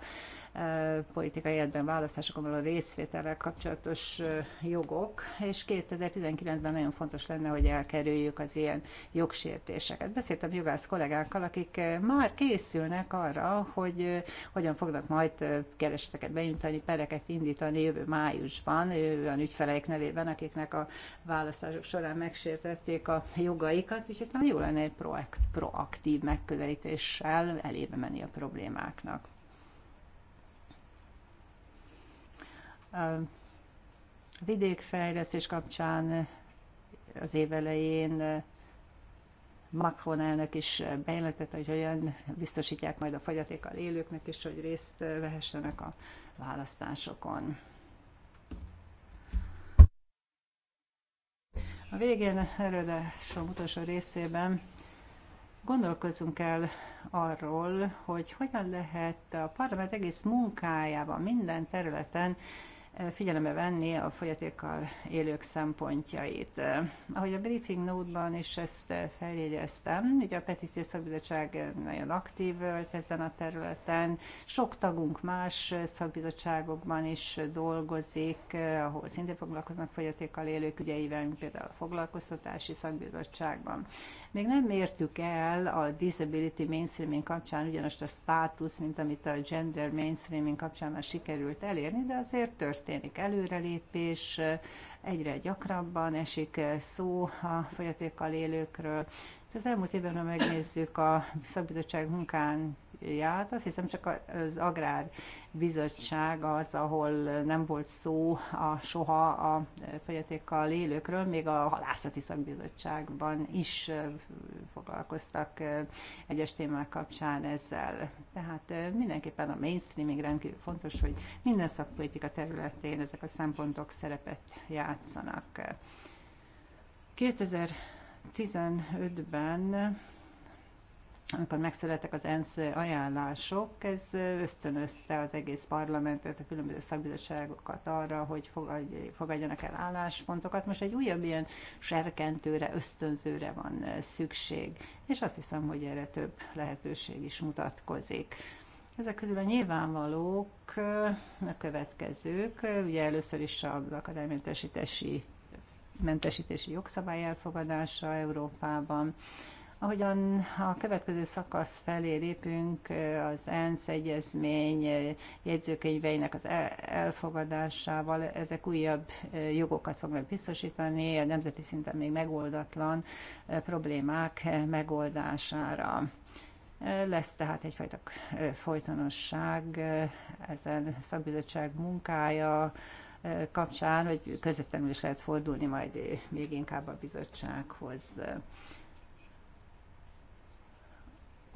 e, politikai életben választásokon a részvételek kapcsolatos e, jogok, és 2019-ben nagyon fontos lenne, hogy elkerüljük az ilyen jogsértéseket. Beszéltem jogász kollégákkal, akik e, már készülnek arra, hogy hogyan fognak majd kereseteket benyújtani, pereket indítani jövő májusban, olyan ügyfeleik nevében, akiknek a választások során megsértették a jogaikat, problémákat, úgyhogy talán jó lenne egy proaktív megközelítéssel elébe menni a problémáknak. A vidékfejlesztés kapcsán az év elején Macron elnök is bejelentett, hogy olyan biztosítják majd a fogyatékkal élőknek is, hogy részt vehessenek a választásokon. A végén a utolsó részében gondolkozunk el arról, hogy hogyan lehet a parlament egész munkájában, minden területen figyelembe venni a fogyatékkal élők szempontjait. Ahogy a briefing note-ban is ezt feljegyeztem, ugye a Petíciós Szakbizottság nagyon aktív volt ezen a területen, sok tagunk más szakbizottságokban is dolgozik, ahol szintén foglalkoznak fogyatékkal élők ügyeivel, mint például a foglalkoztatási szakbizottságban. Még nem értük el a disability mainstreaming kapcsán ugyanazt a státusz, mint amit a gender mainstreaming kapcsán már sikerült elérni, de azért történt történik előrelépés, egyre gyakrabban esik szó a fogyatékkal élőkről. Az elmúlt évben, ha megnézzük a szakbizottság munkán járt. Azt hiszem csak az Agrárbizottság az, ahol nem volt szó a, soha a fogyatékkal élőkről, még a Halászati Szakbizottságban is foglalkoztak egyes témák kapcsán ezzel. Tehát mindenképpen a mainstreaming rendkívül fontos, hogy minden szakpolitika területén ezek a szempontok szerepet játszanak. 2015-ben amikor megszülettek az ENSZ ajánlások, ez ösztönözte az egész parlamentet, a különböző szakbizottságokat arra, hogy fogadjanak el álláspontokat. Most egy újabb ilyen serkentőre, ösztönzőre van szükség, és azt hiszem, hogy erre több lehetőség is mutatkozik. Ezek közül a nyilvánvalók a következők, ugye először is az akadálymentesítési mentesítési jogszabály elfogadása Európában, Ahogyan a következő szakasz felé lépünk, az ENSZ egyezmény jegyzőkönyveinek az elfogadásával ezek újabb jogokat fognak biztosítani a nemzeti szinten még megoldatlan problémák megoldására. Lesz tehát egyfajta folytonosság ezen szakbizottság munkája kapcsán, hogy közvetlenül is lehet fordulni majd még inkább a bizottsághoz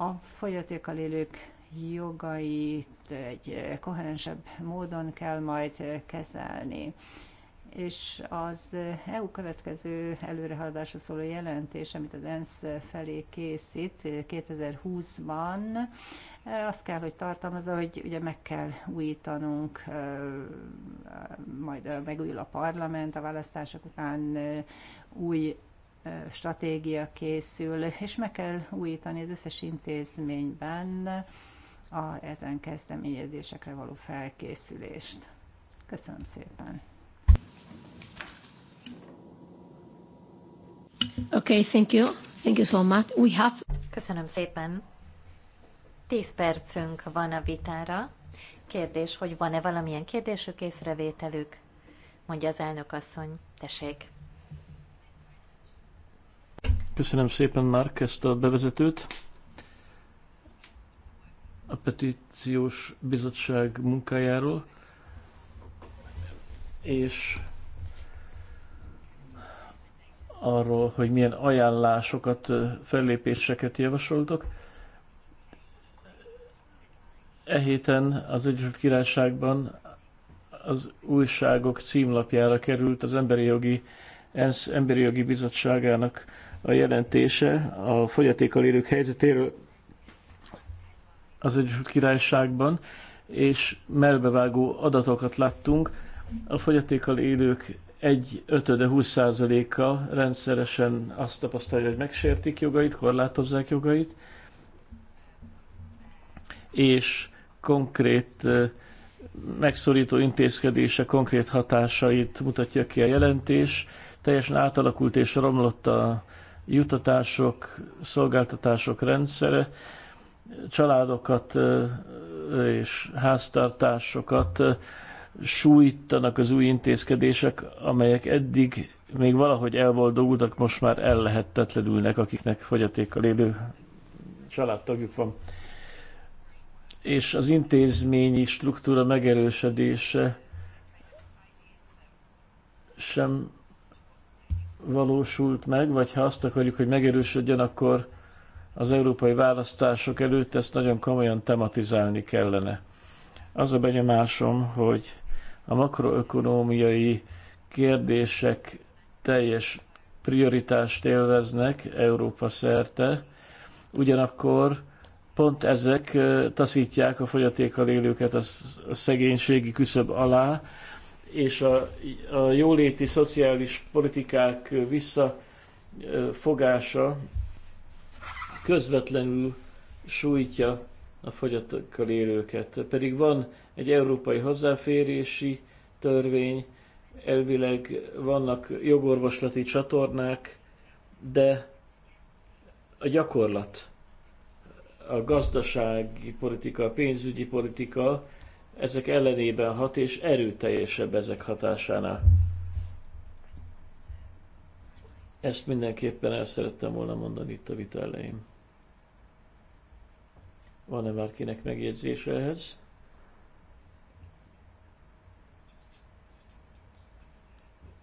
a fogyatékkal élők jogait egy koherensebb módon kell majd kezelni. És az EU következő előrehaladásra szóló jelentés, amit az ENSZ felé készít 2020-ban, azt kell, hogy tartalmazza, hogy ugye meg kell újítanunk, majd megújul a parlament a választások után új stratégia készül, és meg kell újítani az összes intézményben a ezen kezdeményezésekre való felkészülést. Köszönöm szépen! Okay, thank you. Thank you so much. We have... Köszönöm szépen. Tíz percünk van a vitára. Kérdés, hogy van-e valamilyen kérdésük, észrevételük? Mondja az elnök asszony. Tessék. Köszönöm szépen, Mark, ezt a bevezetőt. A petíciós bizottság munkájáról. És arról, hogy milyen ajánlásokat, fellépéseket javasoltok. E héten az Egyesült Királyságban az újságok címlapjára került az Emberi Jogi ENSZ Emberi Jogi Bizottságának a jelentése a fogyatékkal élők helyzetéről az Egyesült Királyságban, és melbevágó adatokat láttunk. A fogyatékkal élők egy ötöde 20%-a rendszeresen azt tapasztalja, hogy megsértik jogait, korlátozzák jogait, és konkrét megszorító intézkedése konkrét hatásait mutatja ki a jelentés. Teljesen átalakult és romlott a jutatások, szolgáltatások rendszere családokat és háztartásokat sújtanak az új intézkedések, amelyek eddig még valahogy elboldogultak, most már ellehetetlenülnek, akiknek fogyatékkal élő családtagjuk van. És az intézményi struktúra megerősödése sem valósult meg, vagy ha azt akarjuk, hogy megerősödjön, akkor az európai választások előtt ezt nagyon komolyan tematizálni kellene. Az a benyomásom, hogy a makroökonómiai kérdések teljes prioritást élveznek Európa szerte, ugyanakkor pont ezek taszítják a fogyatékkal élőket a szegénységi küszöb alá, és a, a jóléti szociális politikák visszafogása közvetlenül sújtja a fogyatokkal élőket. Pedig van egy európai hozzáférési törvény, elvileg vannak jogorvoslati csatornák, de a gyakorlat, a gazdasági politika, a pénzügyi politika ezek ellenében hat, és erőteljesebb ezek hatásánál. Ezt mindenképpen el szerettem volna mondani itt a vita elején. Van-e már kinek megjegyzése ehhez?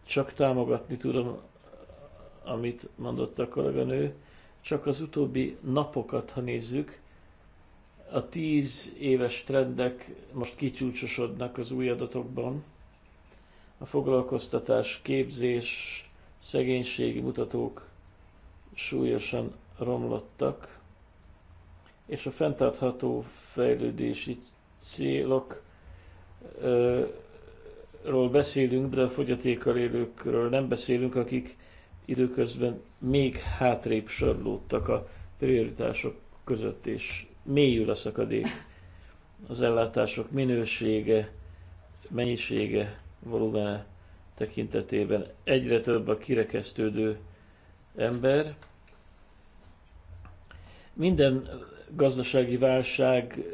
Csak támogatni tudom, amit mondott a kolléganő, csak az utóbbi napokat, ha nézzük, a tíz éves trendek most kicsúcsosodnak az új adatokban. A foglalkoztatás, képzés, szegénységi mutatók súlyosan romlottak, és a fenntartható fejlődési célok ról beszélünk, de a fogyatékkal élőkről nem beszélünk, akik időközben még hátrébb sorlódtak a prioritások között, és mélyül a szakadék. Az ellátások minősége, mennyisége, volumene tekintetében egyre több a kirekesztődő ember. Minden gazdasági válság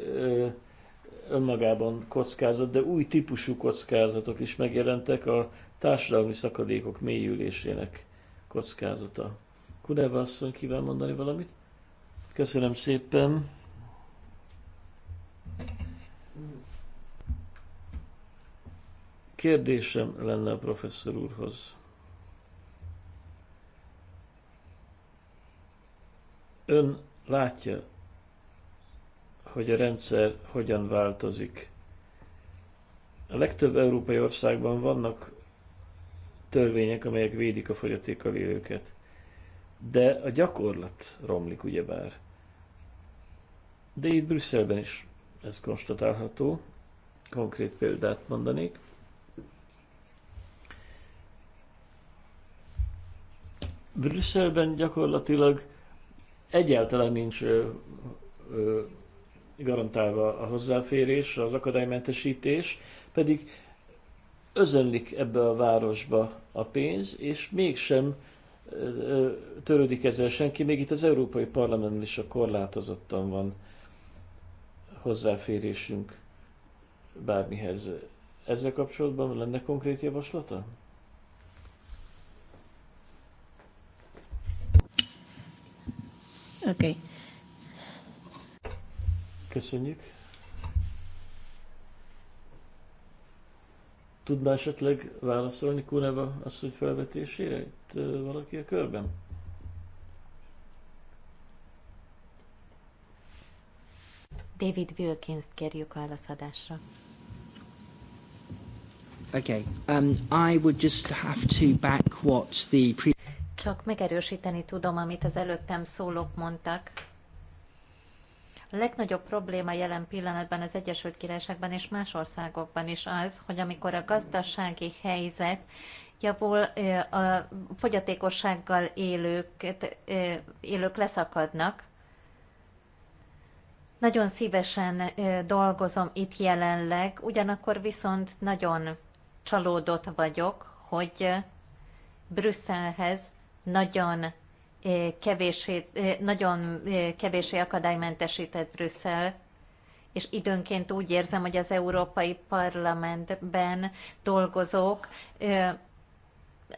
önmagában kockázat, de új típusú kockázatok is megjelentek a társadalmi szakadékok mélyülésének kockázata. Kuneva asszony kíván mondani valamit? Köszönöm szépen! Kérdésem lenne a professzor úrhoz. Ön látja, hogy a rendszer hogyan változik. A legtöbb európai országban vannak törvények, amelyek védik a fogyatékkal élőket. De a gyakorlat romlik ugyebár. De itt Brüsszelben is ez konstatálható. Konkrét példát mondanék. Brüsszelben gyakorlatilag egyáltalán nincs ö, ö, garantálva a hozzáférés, az akadálymentesítés, pedig özenlik ebbe a városba a pénz, és mégsem ö, törődik ezzel senki, még itt az Európai Parlament is a korlátozottan van hozzáférésünk bármihez. Ezzel kapcsolatban lenne konkrét javaslata? Oké. Okay. Köszönjük. Tudná esetleg válaszolni Kuneva hogy felvetésére? Itt valaki a körben? David Wilkins-t kérjük válaszadásra. Okay. Um, I would just have to back what the pre csak megerősíteni tudom, amit az előttem szólók mondtak. A legnagyobb probléma jelen pillanatban az Egyesült Királyságban és más országokban is az, hogy amikor a gazdasági helyzet javul, a fogyatékossággal élők, élők leszakadnak. Nagyon szívesen dolgozom itt jelenleg, ugyanakkor viszont nagyon csalódott vagyok, hogy Brüsszelhez nagyon kevésé, nagyon kevésé akadálymentesített Brüsszel, és időnként úgy érzem, hogy az Európai Parlamentben dolgozók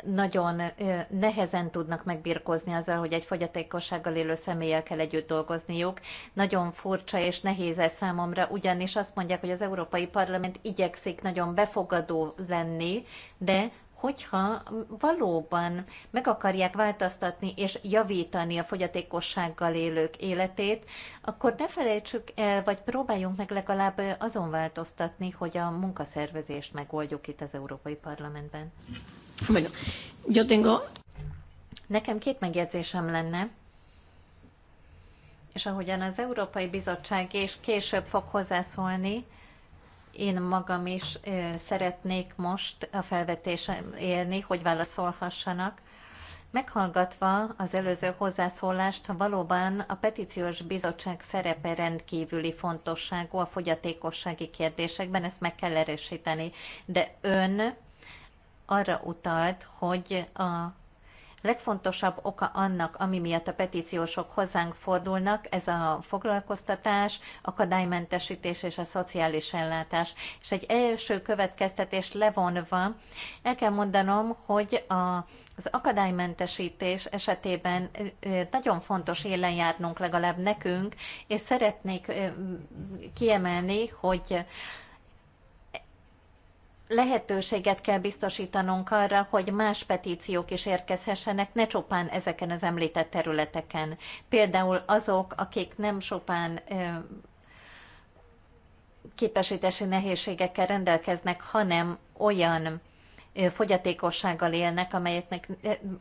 nagyon nehezen tudnak megbirkózni azzal, hogy egy fogyatékossággal élő személlyel kell együtt dolgozniuk. Nagyon furcsa és nehéz ez számomra, ugyanis azt mondják, hogy az Európai Parlament igyekszik nagyon befogadó lenni, de hogyha valóban meg akarják változtatni és javítani a fogyatékossággal élők életét, akkor ne felejtsük el, vagy próbáljunk meg legalább azon változtatni, hogy a munkaszervezést megoldjuk itt az Európai Parlamentben. Nekem két megjegyzésem lenne, és ahogyan az Európai Bizottság és később fog hozzászólni, én magam is szeretnék most a felvetésen élni, hogy válaszolhassanak. Meghallgatva az előző hozzászólást, valóban a petíciós bizottság szerepe rendkívüli fontosságú a fogyatékossági kérdésekben, ezt meg kell erősíteni. De ön arra utalt, hogy a legfontosabb oka annak, ami miatt a petíciósok hozzánk fordulnak, ez a foglalkoztatás, akadálymentesítés és a szociális ellátás. És egy első következtetés levonva, el kell mondanom, hogy a, az akadálymentesítés esetében nagyon fontos élen járnunk legalább nekünk, és szeretnék kiemelni, hogy lehetőséget kell biztosítanunk arra, hogy más petíciók is érkezhessenek, ne csupán ezeken az említett területeken. Például azok, akik nem csupán képesítési nehézségekkel rendelkeznek, hanem olyan fogyatékossággal élnek, amelyeknek,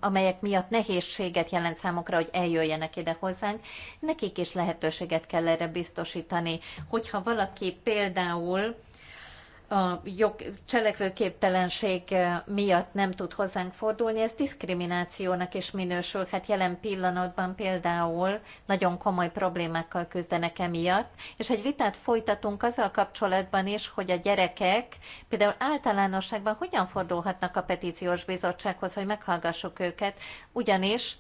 amelyek miatt nehézséget jelent számukra, hogy eljöjjenek ide hozzánk. Nekik is lehetőséget kell erre biztosítani. Hogyha valaki például a jog cselekvőképtelenség eh, miatt nem tud hozzánk fordulni, ez diszkriminációnak is minősül. Hát jelen pillanatban például nagyon komoly problémákkal küzdenek emiatt, és egy vitát folytatunk azzal kapcsolatban is, hogy a gyerekek például általánosságban hogyan fordulhatnak a petíciós bizottsághoz, hogy meghallgassuk őket, ugyanis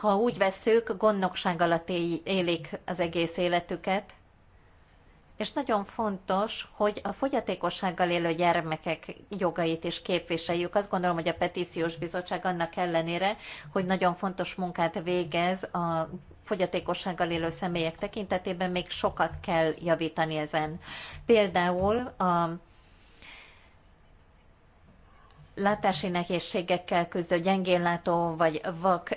ha úgy veszük, gondnokság alatt élik az egész életüket, és nagyon fontos, hogy a fogyatékossággal élő gyermekek jogait is képviseljük. Azt gondolom, hogy a petíciós bizottság annak ellenére, hogy nagyon fontos munkát végez a fogyatékossággal élő személyek tekintetében, még sokat kell javítani ezen. Például a látási nehézségekkel küzdő gyengénlátó vagy vak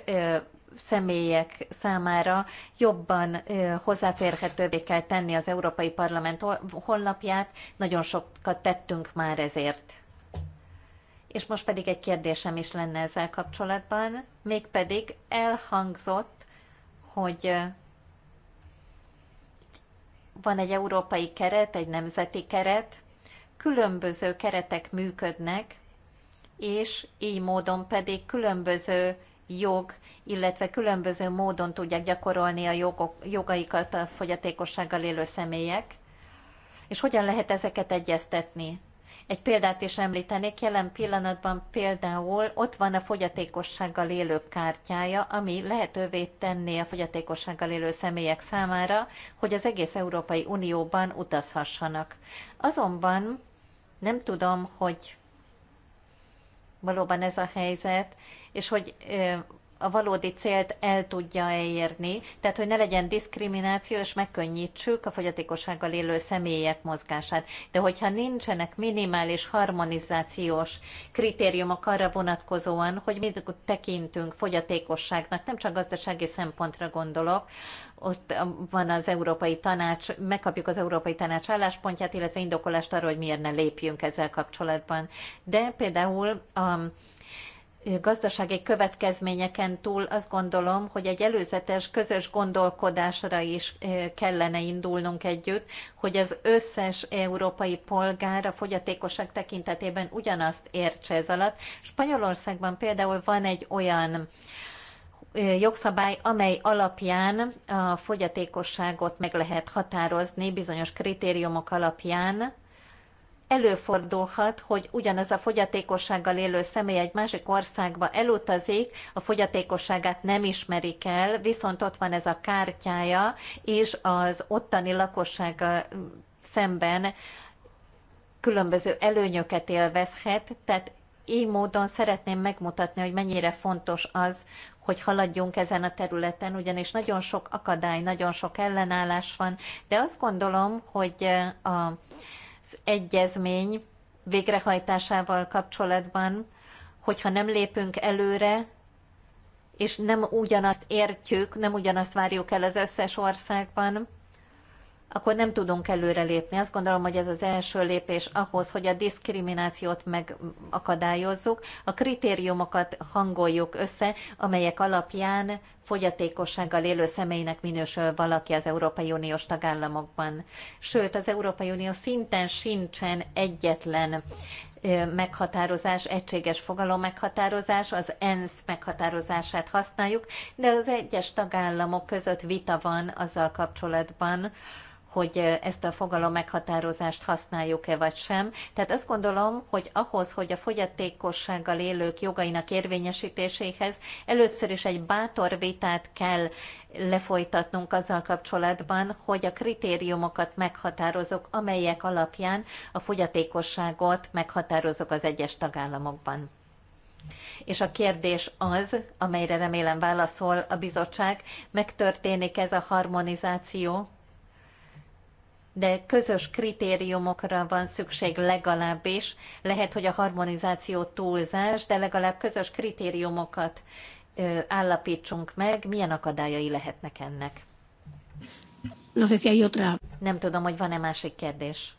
személyek számára jobban hozzáférhetővé kell tenni az Európai Parlament honlapját. Nagyon sokat tettünk már ezért. És most pedig egy kérdésem is lenne ezzel kapcsolatban, mégpedig elhangzott, hogy van egy európai keret, egy nemzeti keret, különböző keretek működnek, és így módon pedig különböző jog, illetve különböző módon tudják gyakorolni a jogok, jogaikat a fogyatékossággal élő személyek, és hogyan lehet ezeket egyeztetni. Egy példát is említenék, jelen pillanatban például ott van a fogyatékossággal élők kártyája, ami lehetővé tenné a fogyatékossággal élő személyek számára, hogy az egész Európai Unióban utazhassanak. Azonban nem tudom, hogy valóban ez a helyzet, és hogy a valódi célt el tudja elérni, tehát hogy ne legyen diszkrimináció, és megkönnyítsük a fogyatékossággal élő személyek mozgását. De hogyha nincsenek minimális harmonizációs kritériumok arra vonatkozóan, hogy mit tekintünk fogyatékosságnak, nem csak gazdasági szempontra gondolok, ott van az Európai Tanács, megkapjuk az Európai Tanács álláspontját, illetve indokolást arra, hogy miért ne lépjünk ezzel kapcsolatban. De például a gazdasági következményeken túl azt gondolom, hogy egy előzetes közös gondolkodásra is kellene indulnunk együtt, hogy az összes európai polgár a fogyatékosság tekintetében ugyanazt értse ez alatt. Spanyolországban például van egy olyan jogszabály, amely alapján a fogyatékosságot meg lehet határozni bizonyos kritériumok alapján, Előfordulhat, hogy ugyanaz a fogyatékossággal élő személy egy másik országba elutazik, a fogyatékosságát nem ismerik el, viszont ott van ez a kártyája, és az ottani lakossággal szemben különböző előnyöket élvezhet, tehát így módon szeretném megmutatni, hogy mennyire fontos az, hogy haladjunk ezen a területen, ugyanis nagyon sok akadály, nagyon sok ellenállás van, de azt gondolom, hogy a egyezmény végrehajtásával kapcsolatban, hogyha nem lépünk előre, és nem ugyanazt értjük, nem ugyanazt várjuk el az összes országban, akkor nem tudunk előrelépni. Azt gondolom, hogy ez az első lépés ahhoz, hogy a diszkriminációt megakadályozzuk, a kritériumokat hangoljuk össze, amelyek alapján fogyatékossággal élő személynek minősül valaki az Európai Uniós tagállamokban. Sőt, az Európai Unió szinten sincsen egyetlen meghatározás, egységes fogalom meghatározás, az ENSZ meghatározását használjuk, de az egyes tagállamok között vita van azzal kapcsolatban, hogy ezt a fogalom meghatározást használjuk-e vagy sem. Tehát azt gondolom, hogy ahhoz, hogy a fogyatékossággal élők jogainak érvényesítéséhez először is egy bátor vitát kell lefolytatnunk azzal kapcsolatban, hogy a kritériumokat meghatározok, amelyek alapján a fogyatékosságot meghatározok az egyes tagállamokban. És a kérdés az, amelyre remélem válaszol a bizottság, megtörténik ez a harmonizáció, de közös kritériumokra van szükség legalábbis. Lehet, hogy a harmonizáció túlzás, de legalább közös kritériumokat ö, állapítsunk meg, milyen akadályai lehetnek ennek. No sé si hay otra. Nem tudom, hogy van-e másik kérdés.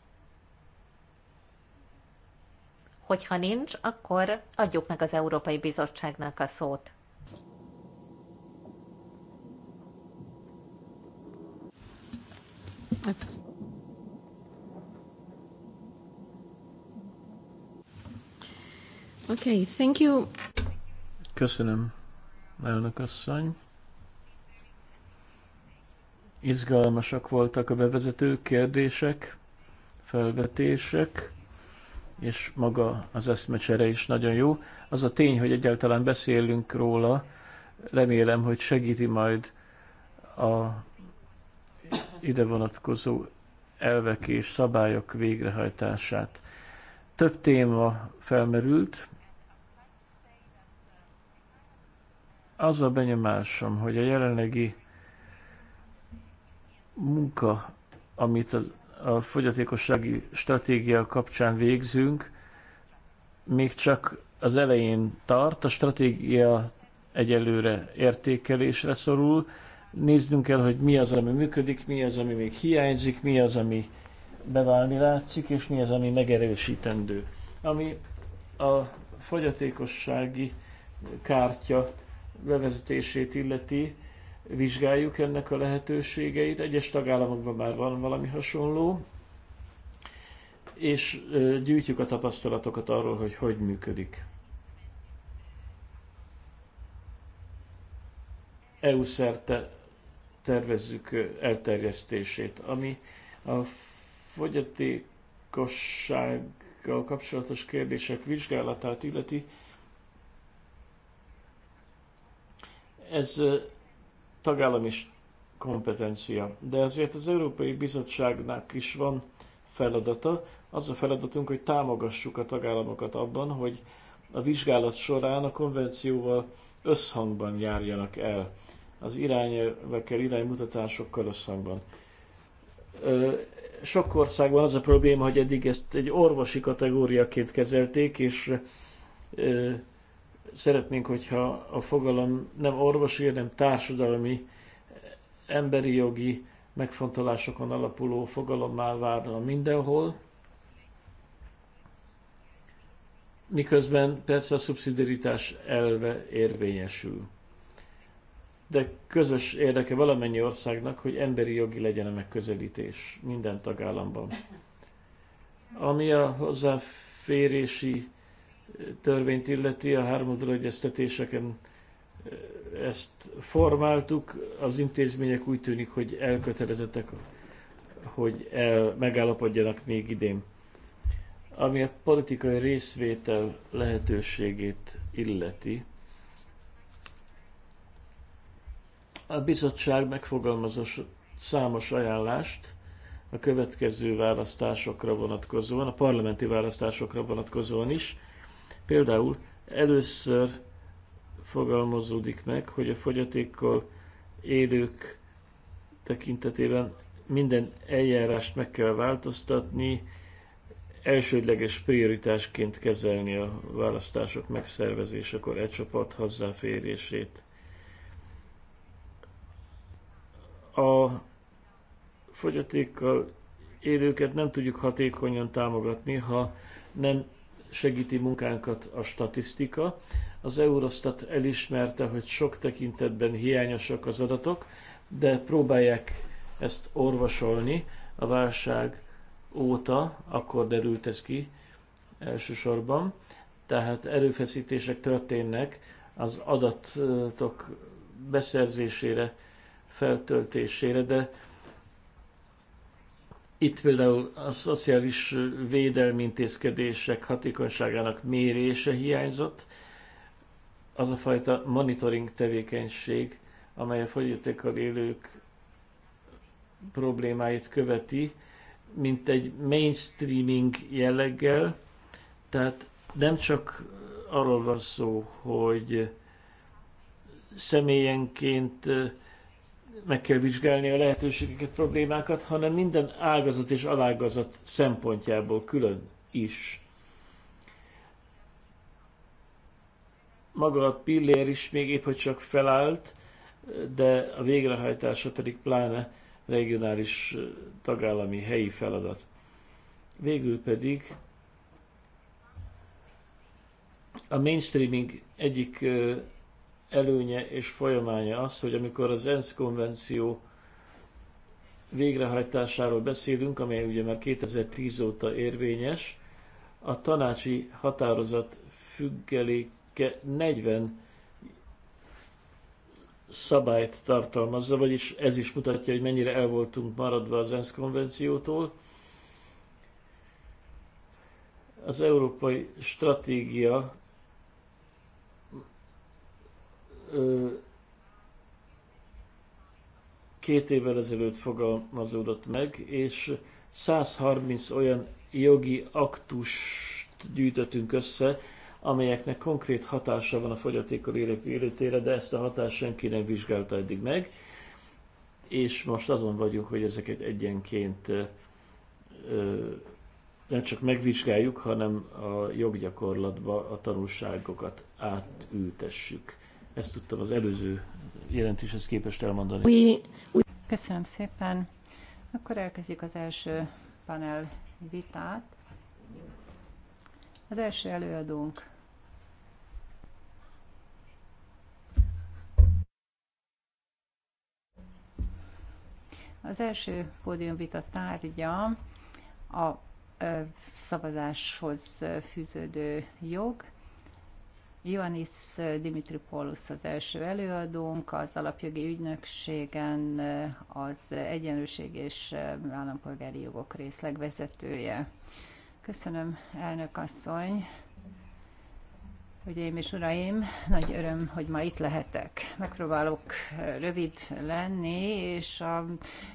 Hogyha nincs, akkor adjuk meg az Európai Bizottságnak a szót. Hát, Okay, thank you. Köszönöm, elnök asszony. Izgalmasak voltak a bevezető kérdések, felvetések, és maga az eszmecsere is nagyon jó. Az a tény, hogy egyáltalán beszélünk róla, remélem, hogy segíti majd a ide vonatkozó elvek és szabályok végrehajtását. Több téma felmerült, Az a benyomásom, hogy a jelenlegi munka, amit a, a fogyatékossági stratégia kapcsán végzünk, még csak az elején tart, a stratégia egyelőre értékelésre szorul. Néznünk kell, hogy mi az, ami működik, mi az, ami még hiányzik, mi az, ami beválni látszik, és mi az, ami megerősítendő. Ami a fogyatékossági kártya bevezetését illeti, vizsgáljuk ennek a lehetőségeit. Egyes tagállamokban már van valami hasonló, és gyűjtjük a tapasztalatokat arról, hogy hogy működik. EU szerte tervezzük elterjesztését, ami a fogyatékossággal kapcsolatos kérdések vizsgálatát illeti, ez tagállam is kompetencia. De azért az Európai Bizottságnak is van feladata. Az a feladatunk, hogy támogassuk a tagállamokat abban, hogy a vizsgálat során a konvencióval összhangban járjanak el. Az irányelvekkel, iránymutatásokkal összhangban. Sok országban az a probléma, hogy eddig ezt egy orvosi kategóriaként kezelték, és Szeretnénk, hogyha a fogalom nem orvosi, hanem társadalmi, emberi jogi megfontolásokon alapuló fogalommá várna mindenhol, miközben persze a szubszidiaritás elve érvényesül. De közös érdeke valamennyi országnak, hogy emberi jogi legyen a megközelítés minden tagállamban. Ami a hozzáférési törvényt illeti, a háromoldalú egyeztetéseken eh, ezt formáltuk, az intézmények úgy tűnik, hogy elkötelezettek, hogy el, megállapodjanak még idén. Ami a politikai részvétel lehetőségét illeti, a bizottság megfogalmazott számos ajánlást a következő választásokra vonatkozóan, a parlamenti választásokra vonatkozóan is, Például először fogalmazódik meg, hogy a fogyatékkal élők tekintetében minden eljárást meg kell változtatni, elsődleges prioritásként kezelni a választások megszervezésekor egy csapat hozzáférését. A fogyatékkal élőket nem tudjuk hatékonyan támogatni, ha nem segíti munkánkat a statisztika. Az Eurostat elismerte, hogy sok tekintetben hiányosak az adatok, de próbálják ezt orvosolni. A válság óta, akkor derült ez ki elsősorban, tehát erőfeszítések történnek az adatok beszerzésére, feltöltésére, de itt például a szociális védelmi intézkedések hatékonyságának mérése hiányzott, az a fajta monitoring tevékenység, amely a fogyatékkal élők problémáit követi, mint egy mainstreaming jelleggel, tehát nem csak arról van szó, hogy személyenként meg kell vizsgálni a lehetőségeket, problémákat, hanem minden ágazat és alágazat szempontjából külön is. Maga a pillér is még épp, hogy csak felállt, de a végrehajtása pedig pláne regionális, tagállami, helyi feladat. Végül pedig a mainstreaming egyik előnye és folyamánya az, hogy amikor az ENSZ konvenció végrehajtásáról beszélünk, amely ugye már 2010 óta érvényes, a tanácsi határozat függeléke 40 szabályt tartalmazza, vagyis ez is mutatja, hogy mennyire el voltunk maradva az ENSZ konvenciótól. Az európai stratégia két évvel ezelőtt fogalmazódott meg, és 130 olyan jogi aktust gyűjtöttünk össze, amelyeknek konkrét hatása van a fogyatékkal élők életére, de ezt a hatást senki nem vizsgálta eddig meg, és most azon vagyunk, hogy ezeket egyenként nem csak megvizsgáljuk, hanem a joggyakorlatba a tanulságokat átültessük. Ezt tudtam az előző jelentéshez képest elmondani. Köszönöm szépen. Akkor elkezdjük az első panel vitát. Az első előadónk Az első pódiumvita tárgya a szavazáshoz fűződő jog, Ioannis Dimitripoulos az első előadónk, az alapjogi ügynökségen eh, az egyenlőség és eh, állampolgári jogok részlegvezetője. Köszönöm, elnök asszony! Hölgyeim és uraim, nagy öröm, hogy ma itt lehetek. Megpróbálok rövid lenni, és a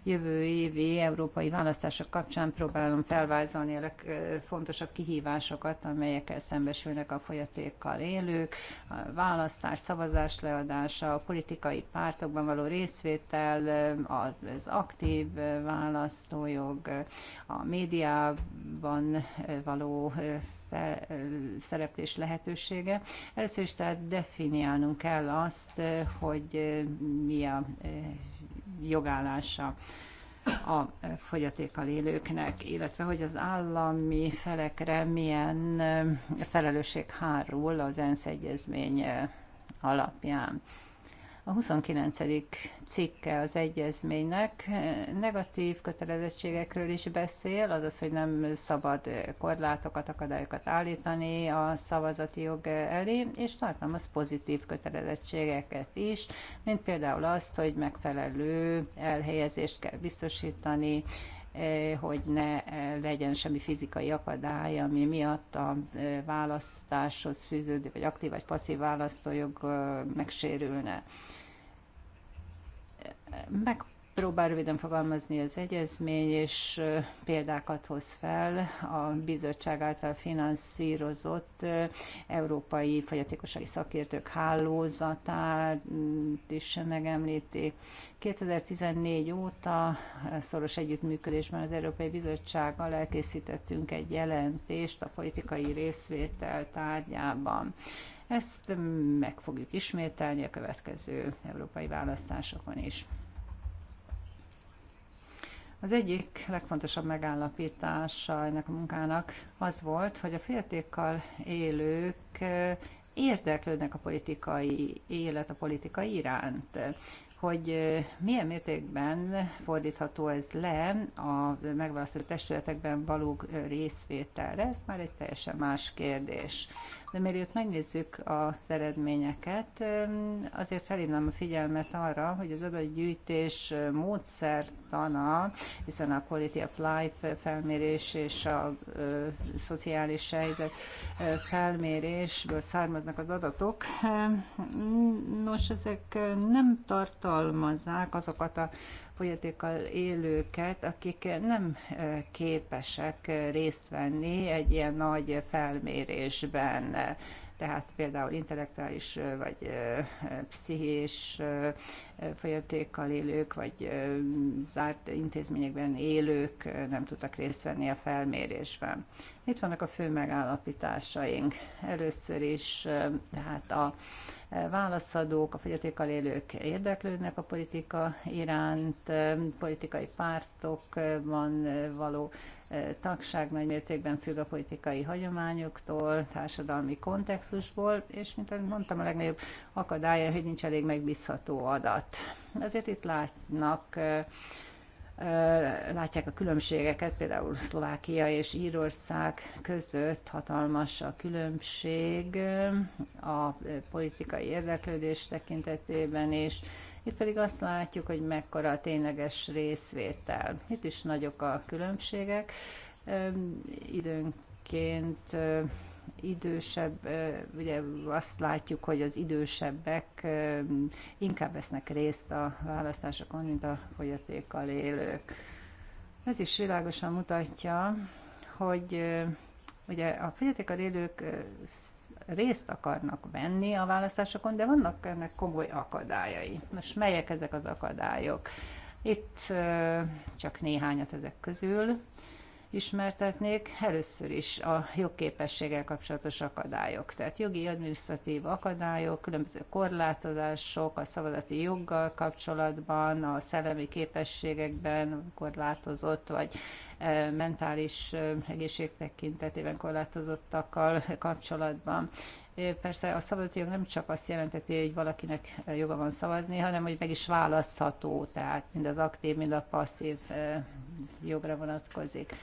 jövő évi európai választások kapcsán próbálom felvázolni a legfontosabb kihívásokat, amelyekkel szembesülnek a folyatékkal élők, a választás, szavazás leadása, a politikai pártokban való részvétel, az aktív választójog, a médiában való fel, szereplés lehetősége. Először is tehát definiálnunk kell azt, hogy mi a jogállása a fogyatékkal élőknek, illetve hogy az állami felekre milyen felelősség hárul az ENSZ egyezmény alapján. A 29. cikke az egyezménynek negatív kötelezettségekről is beszél, azaz, hogy nem szabad korlátokat, akadályokat állítani a szavazati jog elé, és tartalmaz pozitív kötelezettségeket is, mint például azt, hogy megfelelő elhelyezést kell biztosítani, eh, hogy ne eh, legyen semmi fizikai akadály, ami miatt a eh, választáshoz fűződő, vagy aktív vagy passzív választójog megsérülne meg röviden fogalmazni az egyezmény, és példákat hoz fel a bizottság által finanszírozott európai fogyatékossági szakértők hálózatát mm, is megemlíti. 2014 óta szoros együttműködésben az Európai Bizottsággal elkészítettünk egy jelentést a politikai részvétel tárgyában. Ezt mm, meg fogjuk ismételni a következő európai választásokon is. Az egyik legfontosabb megállapítása ennek a munkának az volt, hogy a féltékkal élők érdeklődnek a politikai élet, a politika iránt hogy milyen mértékben fordítható ez le a megválasztott testületekben való részvételre, ez már egy teljesen más kérdés de mielőtt megnézzük az eredményeket, azért felhívnám a figyelmet arra, hogy az adatgyűjtés módszertana, hiszen a Quality of Life felmérés és a szociális helyzet felmérésből származnak az adatok. Nos, ezek nem tartalmazzák azokat a fogyatékkal élőket, akik nem képesek részt venni egy ilyen nagy felmérésben, tehát például intellektuális vagy pszichés fogyatékkal élők, vagy zárt intézményekben élők nem tudtak részt venni a felmérésben. Itt vannak a fő megállapításaink. Először is tehát a válaszadók, a fogyatékkal élők érdeklődnek a politika iránt, politikai pártok van való tagság nagy mértékben függ a politikai hagyományoktól, társadalmi kontextusból, és mint mondtam, a legnagyobb akadálya, hogy nincs elég megbízható adat hát Azért itt látnak látják a különbségeket, például Szlovákia és Írország között hatalmas a különbség a politikai érdeklődés tekintetében is. Itt pedig azt látjuk, hogy mekkora a tényleges részvétel. Itt is nagyok a különbségek. Időnként idősebb, ugye azt látjuk, hogy az idősebbek inkább vesznek részt a választásokon, mint a fogyatékkal élők. Ez is világosan mutatja, hogy ugye a fogyatékkal élők részt akarnak venni a választásokon, de vannak ennek komoly akadályai. Most melyek ezek az akadályok? Itt csak néhányat ezek közül ismertetnék. Először is a jogképességgel kapcsolatos akadályok, tehát jogi, administratív akadályok, különböző korlátozások a szavazati joggal kapcsolatban, a szellemi képességekben korlátozott, vagy e, mentális e, egészség tekintetében korlátozottakkal kapcsolatban. E, persze a szavazati jog nem csak azt jelenteti, hogy valakinek joga van szavazni, hanem hogy meg is választható, tehát mind az aktív, mind a passzív jogra vonatkozik.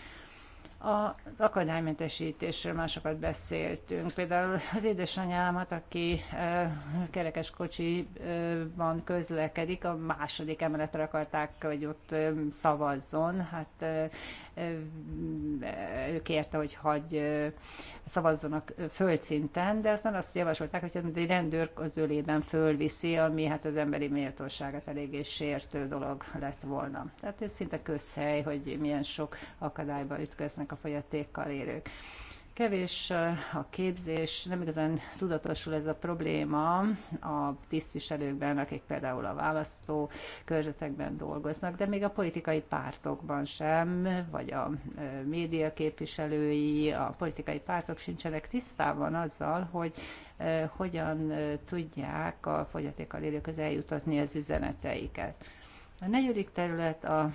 Az akadálymentesítésről már sokat beszéltünk. Például az édesanyámat, aki kerekes kocsiban közlekedik, a második emeletre akarták, hogy ott szavazzon. Hát ő kérte, hogy hagy szavazzanak földszinten, de aztán azt javasolták, hogy hát egy rendőr az ölében fölviszi, ami hát az emberi méltóságát eléggé sértő dolog lett volna. Tehát ez szinte közhely, hogy milyen sok akadályba ütköznek a fogyatékkal érők. Kevés a képzés, nem igazán tudatosul ez a probléma a tisztviselőkben, akik például a választó körzetekben dolgoznak, de még a politikai pártokban sem, vagy a média képviselői, a politikai pártok sincsenek tisztában azzal, hogy hogyan tudják a fogyatékkal élőkhöz eljutatni az üzeneteiket. A negyedik terület a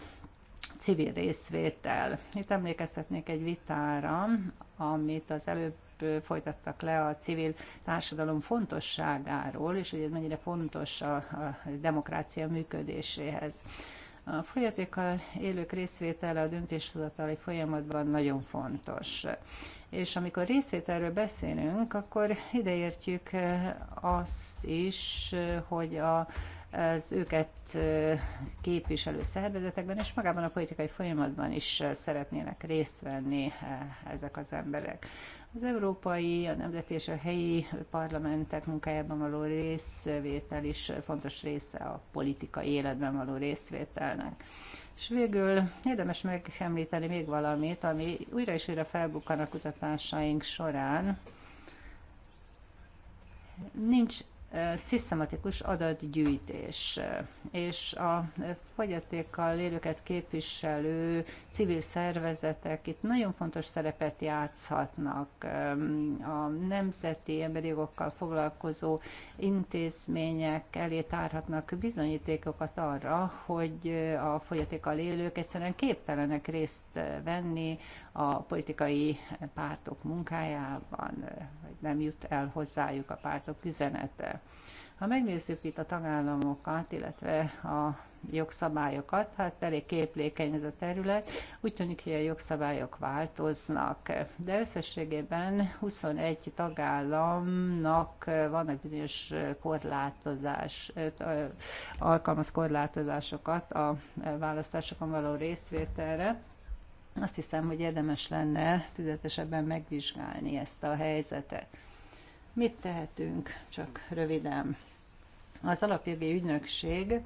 civil részvétel. Itt emlékeztetnék egy vitára, amit az előbb folytattak le a civil társadalom fontosságáról, és hogy ez mennyire fontos a, a demokrácia működéséhez. A folyatékkal élők részvétele a döntéshozatali folyamatban nagyon fontos. És amikor részvételről beszélünk, akkor ideértjük azt is, hogy a az őket képviselő szervezetekben és magában a politikai folyamatban is szeretnének részt venni e, ezek az emberek. Az európai, a nemzeti és a helyi parlamentek munkájában való részvétel is fontos része a politikai életben való részvételnek. És végül érdemes megemlíteni még valamit, ami újra és újra felbukkan a kutatásaink során. Nincs szisztematikus adatgyűjtés, és a fogyatékkal élőket képviselő civil szervezetek itt nagyon fontos szerepet játszhatnak. A nemzeti emberi jogokkal foglalkozó intézmények elé tárhatnak bizonyítékokat arra, hogy a fogyatékkal élők egyszerűen képtelenek részt venni a politikai pártok munkájában, vagy nem jut el hozzájuk a pártok üzenete. Ha megnézzük itt a tagállamokat, illetve a jogszabályokat, hát elég képlékeny ez a terület, úgy tűnik, hogy a jogszabályok változnak, de összességében 21 tagállamnak vannak bizonyos korlátozás, alkalmaz korlátozásokat a választásokon való részvételre. Azt hiszem, hogy érdemes lenne tüzetesebben megvizsgálni ezt a helyzetet. Mit tehetünk, csak röviden? Az alapjogi ügynökség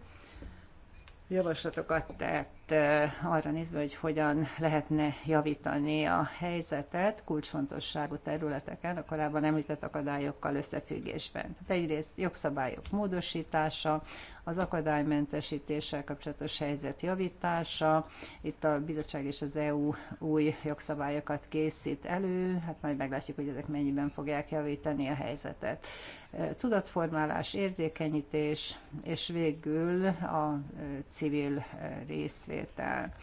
javaslatokat tett arra nézve, hogy hogyan lehetne javítani a helyzetet kulcsfontosságú területeken, a korábban említett akadályokkal összefüggésben. Tehát egyrészt jogszabályok módosítása, az akadálymentesítéssel kapcsolatos helyzet javítása, itt a bizottság és az EU új jogszabályokat készít elő, hát majd meglátjuk, hogy ezek mennyiben fogják javítani a helyzetet tudatformálás, érzékenyítés, és végül a e, civil e, részvétel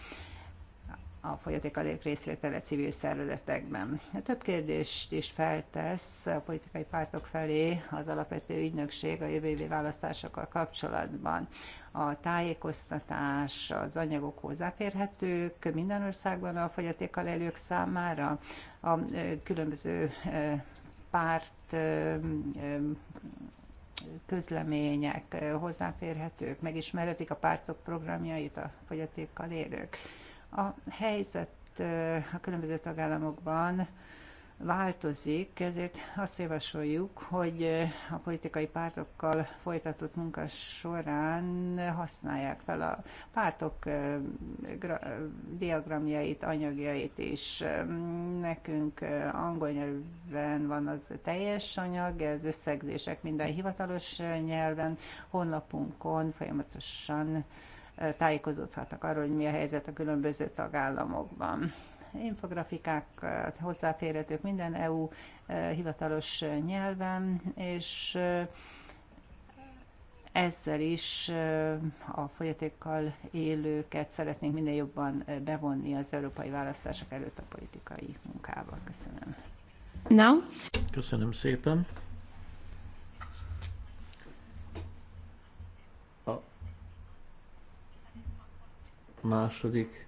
a fogyatékadék részvétele civil szervezetekben. Több kérdést is feltesz a politikai pártok felé az alapvető ügynökség a jövő évi választásokkal kapcsolatban. A tájékoztatás, az anyagok hozzáférhetők minden országban a fogyatékkal élők számára, a e, különböző párt közlemények hozzáférhetők, megismerhetik a pártok programjait a fogyatékkal élők. A helyzet a különböző tagállamokban változik, ezért azt javasoljuk, hogy a politikai pártokkal folytatott munka során használják fel a pártok diagramjait, anyagjait is. Nekünk angol nyelven van az teljes anyag, az összegzések minden hivatalos nyelven, honlapunkon folyamatosan tájékozódhatnak arról, hogy mi a helyzet a különböző tagállamokban infografikák eh, hozzáférhetők minden EU eh, hivatalos nyelven, és eh, ezzel is a folyatékkal élőket szeretnénk minél jobban bevonni az európai választások előtt a politikai munkába. Köszönöm. Na? Köszönöm szépen. A második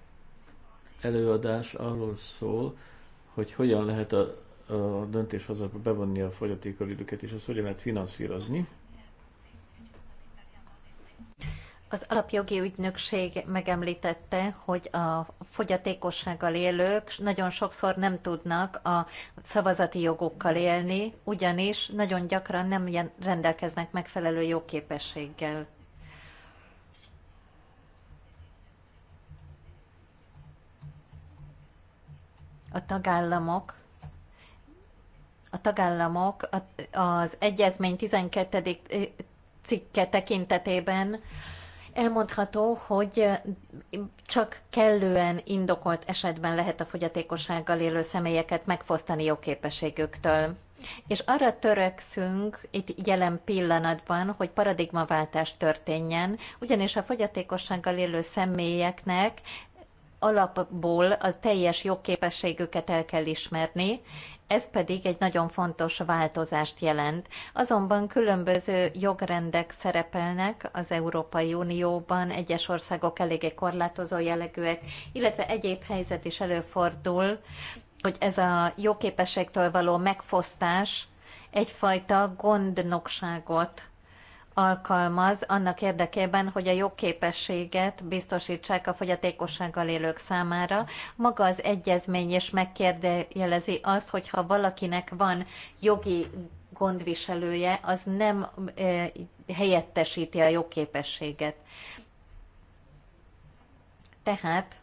előadás arról szól, hogy hogyan lehet a, a döntéshozatba bevonni a fogyatékkal időket, és ezt hogyan lehet finanszírozni. Az alapjogi ügynökség megemlítette, hogy a fogyatékossággal élők nagyon sokszor nem tudnak a szavazati jogokkal élni, ugyanis nagyon gyakran nem rendelkeznek megfelelő jogképességgel. a tagállamok a tagállamok az egyezmény 12. cikke tekintetében elmondható, hogy csak kellően indokolt esetben lehet a fogyatékossággal élő személyeket megfosztani jogképességüktől. És arra törekszünk itt jelen pillanatban, hogy paradigmaváltás történjen, ugyanis a fogyatékossággal élő személyeknek alapból a teljes jogképességüket el kell ismerni, ez pedig egy nagyon fontos változást jelent. Azonban különböző jogrendek szerepelnek az Európai Unióban, egyes országok eléggé korlátozó jellegűek, illetve egyéb helyzet is előfordul, hogy ez a jogképességtől való megfosztás egyfajta gondnokságot alkalmaz annak érdekében, hogy a jogképességet biztosítsák a fogyatékossággal élők számára. Maga az egyezmény is megkérdejelezi azt, hogyha valakinek van jogi gondviselője, az nem helyettesíti a jogképességet. Tehát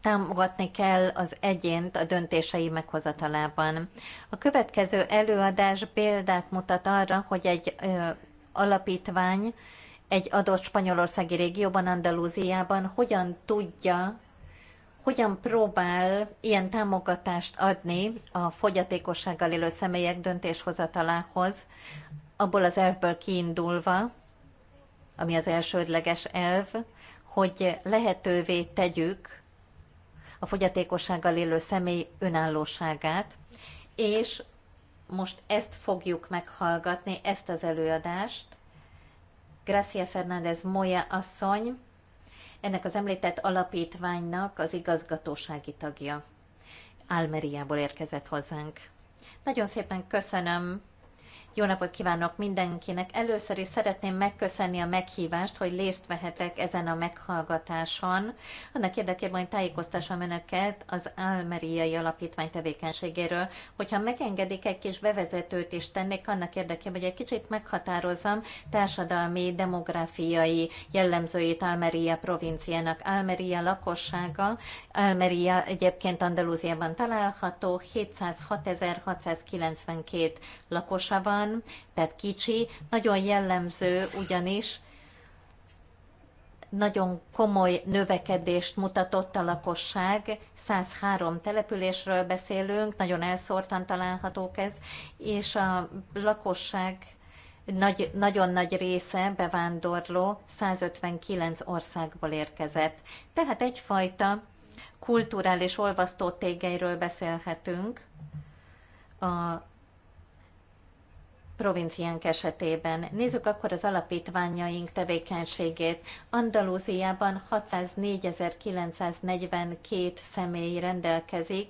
támogatni kell az egyént a döntései meghozatalában. A következő előadás példát mutat arra, hogy egy alapítvány egy adott spanyolországi régióban, Andalúziában hogyan tudja, hogyan próbál ilyen támogatást adni a fogyatékossággal élő személyek döntéshozatalához, abból az elvből kiindulva, ami az elsődleges elv, hogy lehetővé tegyük a fogyatékossággal élő személy önállóságát, és most ezt fogjuk meghallgatni, ezt az előadást. Gracia Fernández Moya asszony, ennek az említett alapítványnak az igazgatósági tagja. Almeriából érkezett hozzánk. Nagyon szépen köszönöm jó napot kívánok mindenkinek! Először is szeretném megköszönni a meghívást, hogy részt vehetek ezen a meghallgatáson. Annak érdekében, hogy tájékoztassam Önöket az Almeriai Alapítvány tevékenységéről. Hogyha megengedik, egy kis bevezetőt is tennék annak érdekében, hogy egy kicsit meghatározom társadalmi, demográfiai jellemzőit Almeria provinciának. Almeria lakossága, Almeria egyébként Andalúziában található, 706.692 lakosa van, van, tehát kicsi, nagyon jellemző ugyanis, nagyon komoly növekedést mutatott a lakosság, 103 településről beszélünk, nagyon elszórtan találhatók ez, és a lakosság nagy, nagyon nagy része bevándorló 159 országból érkezett. Tehát egyfajta kulturális olvasztó tégeiről beszélhetünk a provinciánk esetében. Nézzük akkor az alapítványaink tevékenységét. Andalúziában 604.942 személy rendelkezik,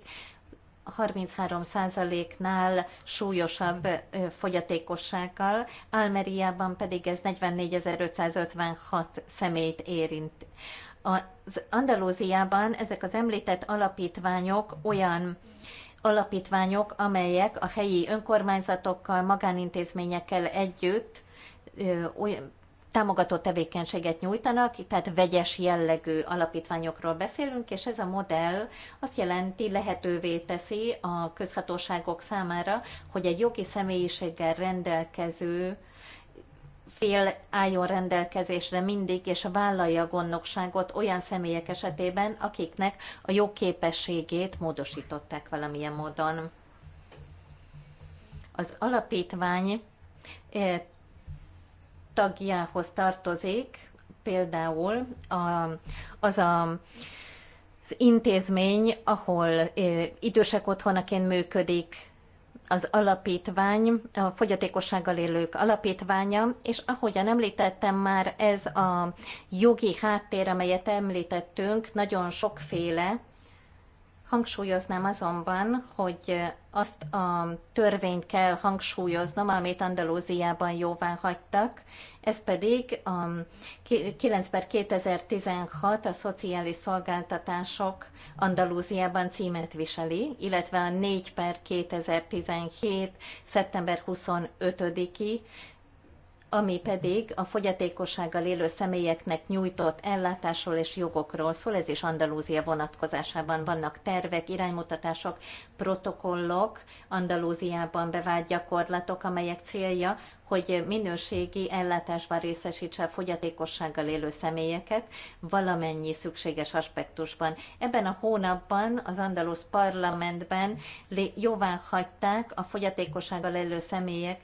33%-nál súlyosabb fogyatékossággal, Almeriában pedig ez 44.556 személyt érint. Az Andalúziában ezek az említett alapítványok olyan alapítványok, amelyek a helyi önkormányzatokkal, magánintézményekkel együtt olyan támogató tevékenységet nyújtanak, tehát vegyes jellegű alapítványokról beszélünk, és ez a modell azt jelenti, lehetővé teszi a közhatóságok számára, hogy egy jogi személyiséggel rendelkező fél álljon rendelkezésre mindig, és vállalja a gondnokságot olyan személyek esetében, akiknek a jogképességét módosították valamilyen módon. Az alapítvány e, tagjához tartozik például a, az a az intézmény, ahol e, idősek otthonaként működik az alapítvány, a fogyatékossággal élők alapítványa, és ahogyan említettem már, ez a jogi háttér, amelyet említettünk, nagyon sokféle, Hangsúlyoznám azonban, hogy azt a törvényt kell hangsúlyoznom, amit Andalúziában jóvá hagytak, ez pedig a um, 9 per 2016 a szociális szolgáltatások Andalúziában címet viseli, illetve a 4 per 2017 szeptember 25-i ami pedig a fogyatékossággal élő személyeknek nyújtott ellátásról és jogokról szól, ez is Andalúzia vonatkozásában vannak tervek, iránymutatások, protokollok, Andalúziában bevált gyakorlatok, amelyek célja, hogy minőségi ellátásban részesítse a fogyatékossággal élő személyeket valamennyi szükséges aspektusban. Ebben a hónapban az Andalusz parlamentben jóvá hagyták a fogyatékossággal élő személyek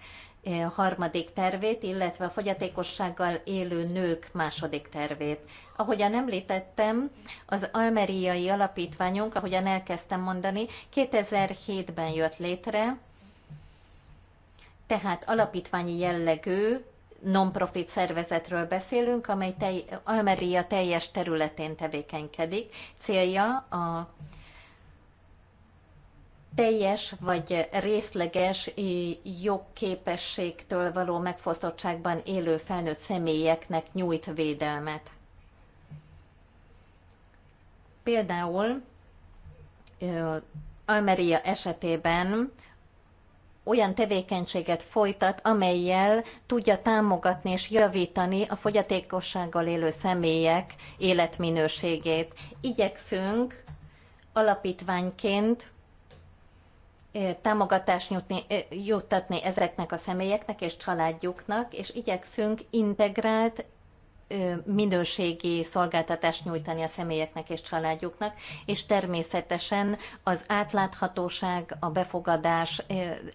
harmadik tervét, illetve a fogyatékossággal élő nők második tervét. Ahogyan említettem, az Almeriai Alapítványunk, ahogyan elkezdtem mondani, 2007-ben jött létre, tehát alapítványi jellegű non-profit szervezetről beszélünk, amely tej, Almeria teljes területén tevékenykedik. Célja a teljes vagy részleges jogképességtől való megfosztottságban élő felnőtt személyeknek nyújt védelmet. Például Almeria esetében olyan tevékenységet folytat, amelyel tudja támogatni és javítani a fogyatékossággal élő személyek életminőségét. Igyekszünk alapítványként támogatást nyújtni, juttatni ezeknek a személyeknek és családjuknak, és igyekszünk integrált minőségi szolgáltatást nyújtani a személyeknek és családjuknak, és természetesen az átláthatóság, a befogadás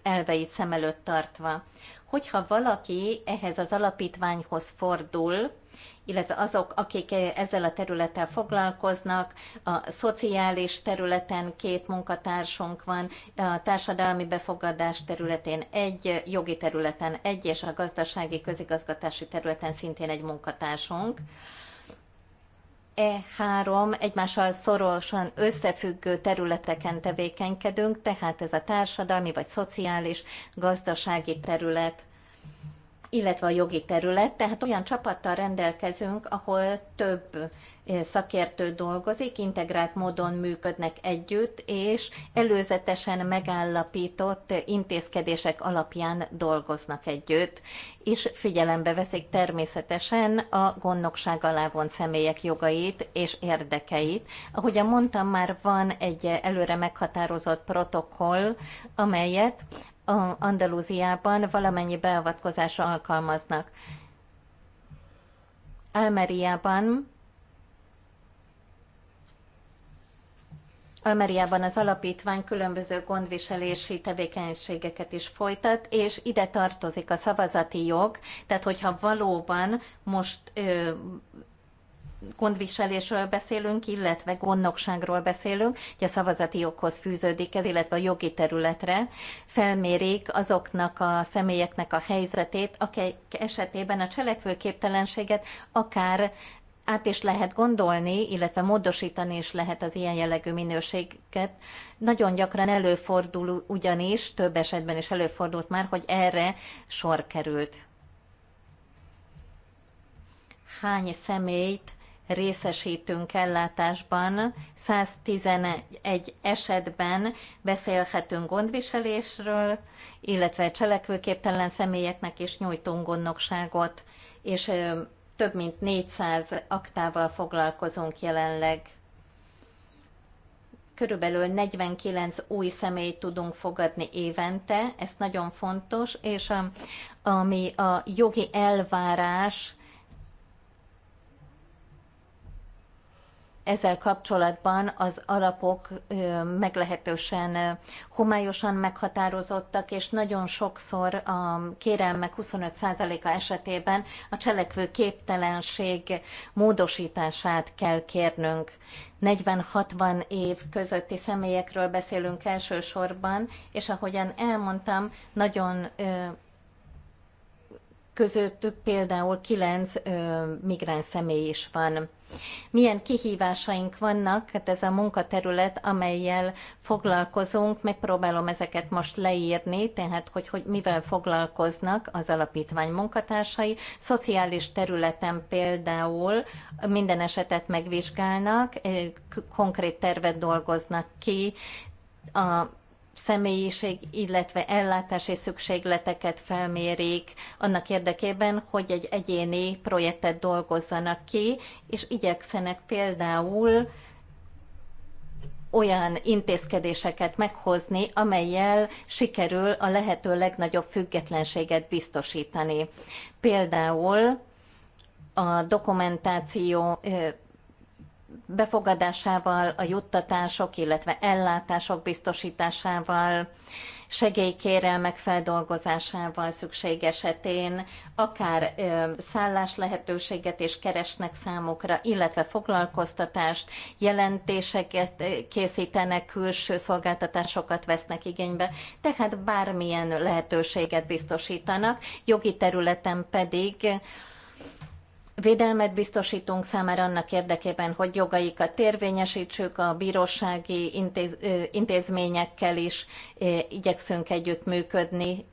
elveit szem előtt tartva. Hogyha valaki ehhez az alapítványhoz fordul, illetve azok, akik ezzel a területtel foglalkoznak, a szociális területen két munkatársunk van, a társadalmi befogadás területén egy, jogi területen egy, és a gazdasági közigazgatási területen szintén egy munkatársunk. E három egymással szorosan összefüggő területeken tevékenykedünk, tehát ez a társadalmi vagy szociális, gazdasági terület illetve a jogi terület, tehát olyan csapattal rendelkezünk, ahol több szakértő dolgozik, integrált módon működnek együtt, és előzetesen megállapított intézkedések alapján dolgoznak együtt, és figyelembe veszik természetesen a gondnokság alá vont személyek jogait és érdekeit. Ahogy mondtam, már van egy előre meghatározott protokoll, amelyet Andalúziában valamennyi beavatkozásra alkalmaznak. Almeriában Almeriában az alapítvány különböző gondviselési tevékenységeket is folytat, és ide tartozik a szavazati jog, tehát hogyha valóban most ö, gondviselésről beszélünk, illetve gondnokságról beszélünk, ugye a szavazati joghoz fűződik ez, illetve a jogi területre felmérik azoknak a személyeknek a helyzetét, akik esetében a cselekvőképtelenséget akár át is lehet gondolni, illetve módosítani is lehet az ilyen jellegű minőséget. Nagyon gyakran előfordul ugyanis, több esetben is előfordult már, hogy erre sor került. Hány személyt részesítünk ellátásban, 111 esetben beszélhetünk gondviselésről, illetve cselekvőképtelen személyeknek is nyújtunk gondnokságot, és több mint 400 aktával foglalkozunk jelenleg. Körülbelül 49 új személyt tudunk fogadni évente, ez nagyon fontos, és a, ami a jogi elvárás, ezzel kapcsolatban az alapok meglehetősen homályosan meghatározottak, és nagyon sokszor a kérelmek 25%-a esetében a cselekvő képtelenség módosítását kell kérnünk. 40-60 év közötti személyekről beszélünk elsősorban, és ahogyan elmondtam, nagyon közöttük például 9 migráns személy is van. Milyen kihívásaink vannak, hát ez a munkaterület, amelyel foglalkozunk, megpróbálom ezeket most leírni, tehát hogy, hogy mivel foglalkoznak az alapítvány munkatársai. Szociális területen például minden esetet megvizsgálnak, konkrét tervet dolgoznak ki, a személyiség, illetve ellátási szükségleteket felmérik annak érdekében, hogy egy egyéni projektet dolgozzanak ki, és igyekszenek például olyan intézkedéseket meghozni, amelyel sikerül a lehető legnagyobb függetlenséget biztosítani. Például a dokumentáció befogadásával, a juttatások, illetve ellátások biztosításával, segélykérelmek feldolgozásával szükség esetén, akár szállás lehetőséget is keresnek számukra, illetve foglalkoztatást, jelentéseket készítenek, külső szolgáltatásokat vesznek igénybe, tehát bármilyen lehetőséget biztosítanak, jogi területen pedig Védelmet biztosítunk számára annak érdekében, hogy jogaikat érvényesítsük, a bírósági intéz, intézményekkel is igyekszünk együttműködni.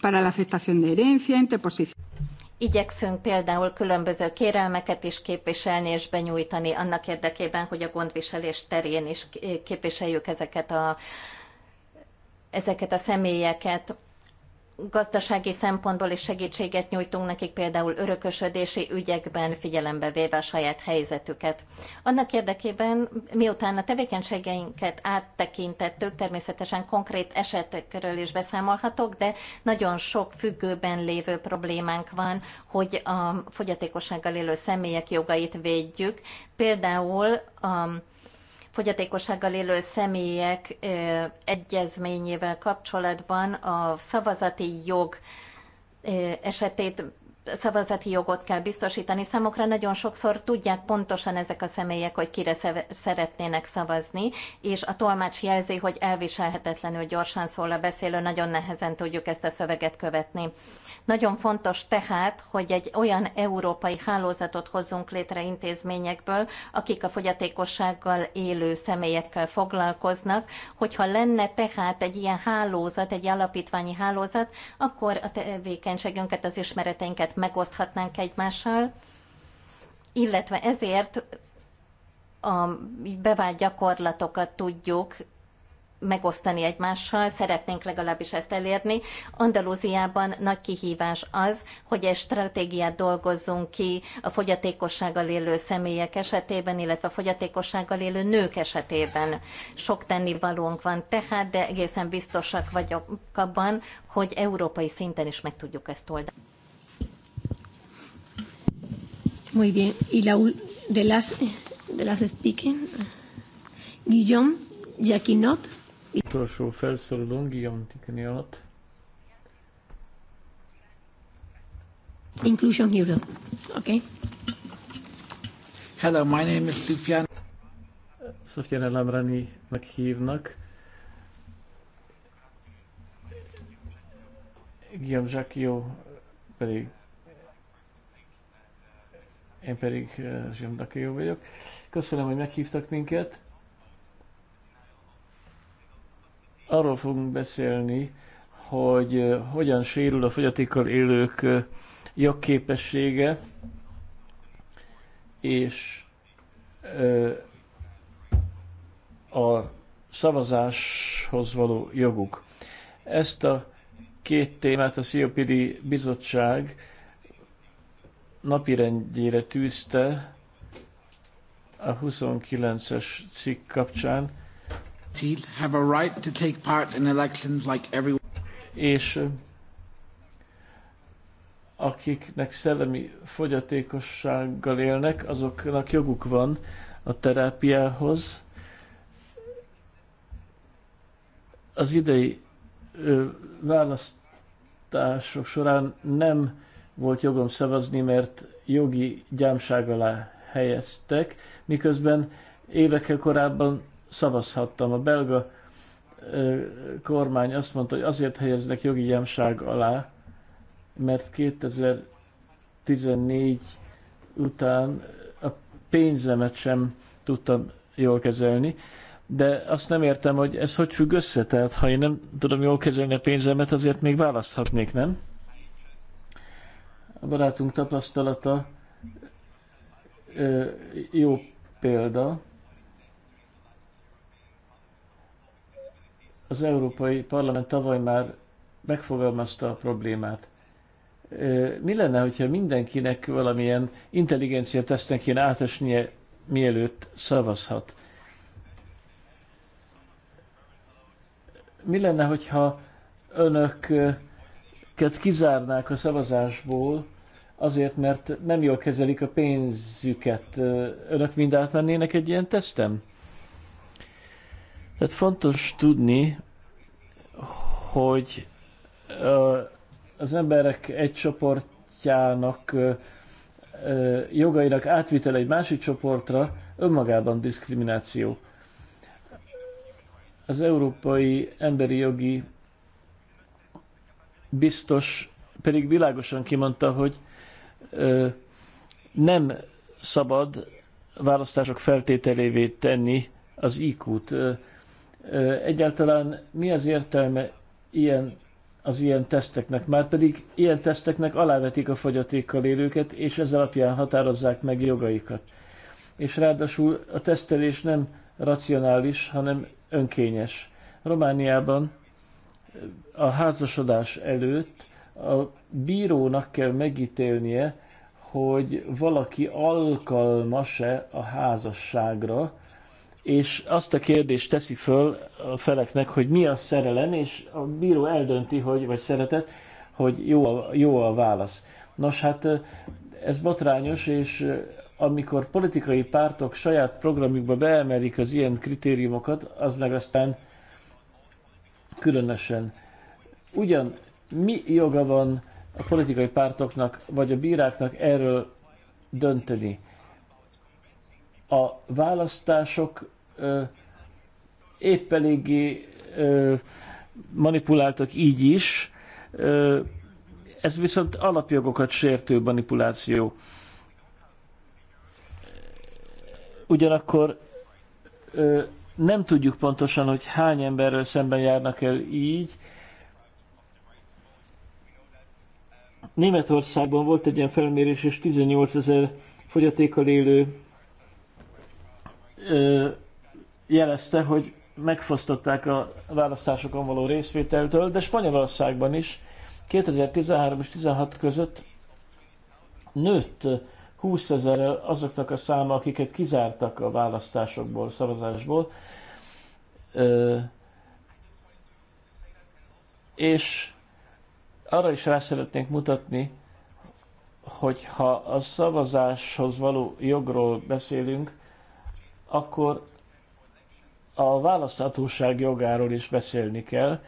Para la de herencia, interposición. Igyekszünk például különböző kérelmeket is képviselni és benyújtani annak érdekében, hogy a gondviselés terén is képviseljük ezeket a, ezeket a személyeket gazdasági szempontból is segítséget nyújtunk nekik, például örökösödési ügyekben figyelembe véve a saját helyzetüket. Annak érdekében, miután a tevékenységeinket áttekintettük, természetesen konkrét esetekről is beszámolhatok, de nagyon sok függőben lévő problémánk van, hogy a fogyatékossággal élő személyek jogait védjük. Például a fogyatékossággal élő személyek egyezményével kapcsolatban a szavazati jog esetét szavazati jogot kell biztosítani. számukra. nagyon sokszor tudják pontosan ezek a személyek, hogy kire szeretnének szavazni, és a tolmács jelzi, hogy elviselhetetlenül gyorsan szól a beszélő, nagyon nehezen tudjuk ezt a szöveget követni. Nagyon fontos tehát, hogy egy olyan európai hálózatot hozzunk létre intézményekből, akik a fogyatékossággal élő személyekkel foglalkoznak. Hogyha lenne tehát egy ilyen hálózat, egy alapítványi hálózat, akkor a tevékenységünket, az ismereteinket megoszthatnánk egymással, illetve ezért a bevált gyakorlatokat tudjuk megosztani egymással, szeretnénk legalábbis ezt elérni. Andalúziában nagy kihívás az, hogy egy stratégiát dolgozzunk ki a fogyatékossággal élő személyek esetében, illetve a fogyatékossággal élő nők esetében. Sok tennivalónk van tehát, de egészen biztosak vagyok abban, hogy európai szinten is meg tudjuk ezt oldani. Muy bien. Y la de las, de las speaking, Guillaume Jacquinot. Utolsó felszólalón Guillaume Jacquinot. Inclusion Europe. Okay. Hello, my name is Sufyan. Sufyan Elamrani meghívnak. Guillaume Jacquio pedig én pedig eh, Zsimdakió vagyok. Köszönöm, hogy meghívtak minket. Arról fogunk beszélni, hogy eh, hogyan sérül a fogyatékkal élők eh, jogképessége, és a szavazáshoz való joguk. Ezt a két témát a COPD bizottság napirendjére tűzte a 29-es cikk kapcsán. Have a right to take part in elections like everyone. És akiknek szellemi fogyatékossággal élnek, azoknak joguk van a terápiához. Az idei választások során nem volt jogom szavazni, mert jogi gyámság alá helyeztek, miközben évekkel korábban szavazhattam. A belga kormány azt mondta, hogy azért helyeznek jogi gyámság alá, mert 2014 után a pénzemet sem tudtam jól kezelni, de azt nem értem, hogy ez hogy függ össze, tehát ha én nem tudom jól kezelni a pénzemet, azért még választhatnék, nem? A barátunk tapasztalata jó példa. Az Európai Parlament tavaly már megfogalmazta a problémát. Mi lenne, hogyha mindenkinek valamilyen intelligencia teszten kéne átesnie, mielőtt szavazhat? Mi lenne, hogyha önöket kizárnák a szavazásból, azért, mert nem jól kezelik a pénzüket. Önök mind átmennének egy ilyen tesztem? Tehát fontos tudni, hogy az emberek egy csoportjának jogainak átvitele egy másik csoportra önmagában diszkrimináció. Az Európai Emberi Jogi Biztos pedig világosan kimondta, hogy nem szabad választások feltételévé tenni az IQ-t. Egyáltalán mi az értelme ilyen, az ilyen teszteknek? Már pedig ilyen teszteknek alávetik a fogyatékkal élőket, és ez alapján határozzák meg jogaikat. És ráadásul a tesztelés nem racionális, hanem önkényes. Romániában a házasodás előtt a bírónak kell megítélnie, hogy valaki alkalmas-e a házasságra, és azt a kérdést teszi föl a feleknek, hogy mi a szerelem, és a bíró eldönti, hogy, vagy szeretet, hogy jó a, jó a válasz. Nos, hát ez botrányos, és amikor politikai pártok saját programjukba beemelik az ilyen kritériumokat, az meg aztán különösen. Ugyan mi joga van a politikai pártoknak vagy a bíráknak erről dönteni. A választások ö, épp eléggé ö, manipuláltak így is, ö, ez viszont alapjogokat sértő manipuláció. Ugyanakkor ö, nem tudjuk pontosan, hogy hány emberrel szemben járnak el így, Németországban volt egy ilyen felmérés, és 18 ezer fogyatékkal élő ö, jelezte, hogy megfosztották a választásokon való részvételtől, de Spanyolországban is 2013 és 16 között nőtt 20 ezerrel azoknak a száma, akiket kizártak a választásokból, szavazásból. Ö, és arra is rá szeretnénk mutatni, hogy ha a szavazáshoz való jogról beszélünk, akkor a választhatóság jogáról is beszélni kell.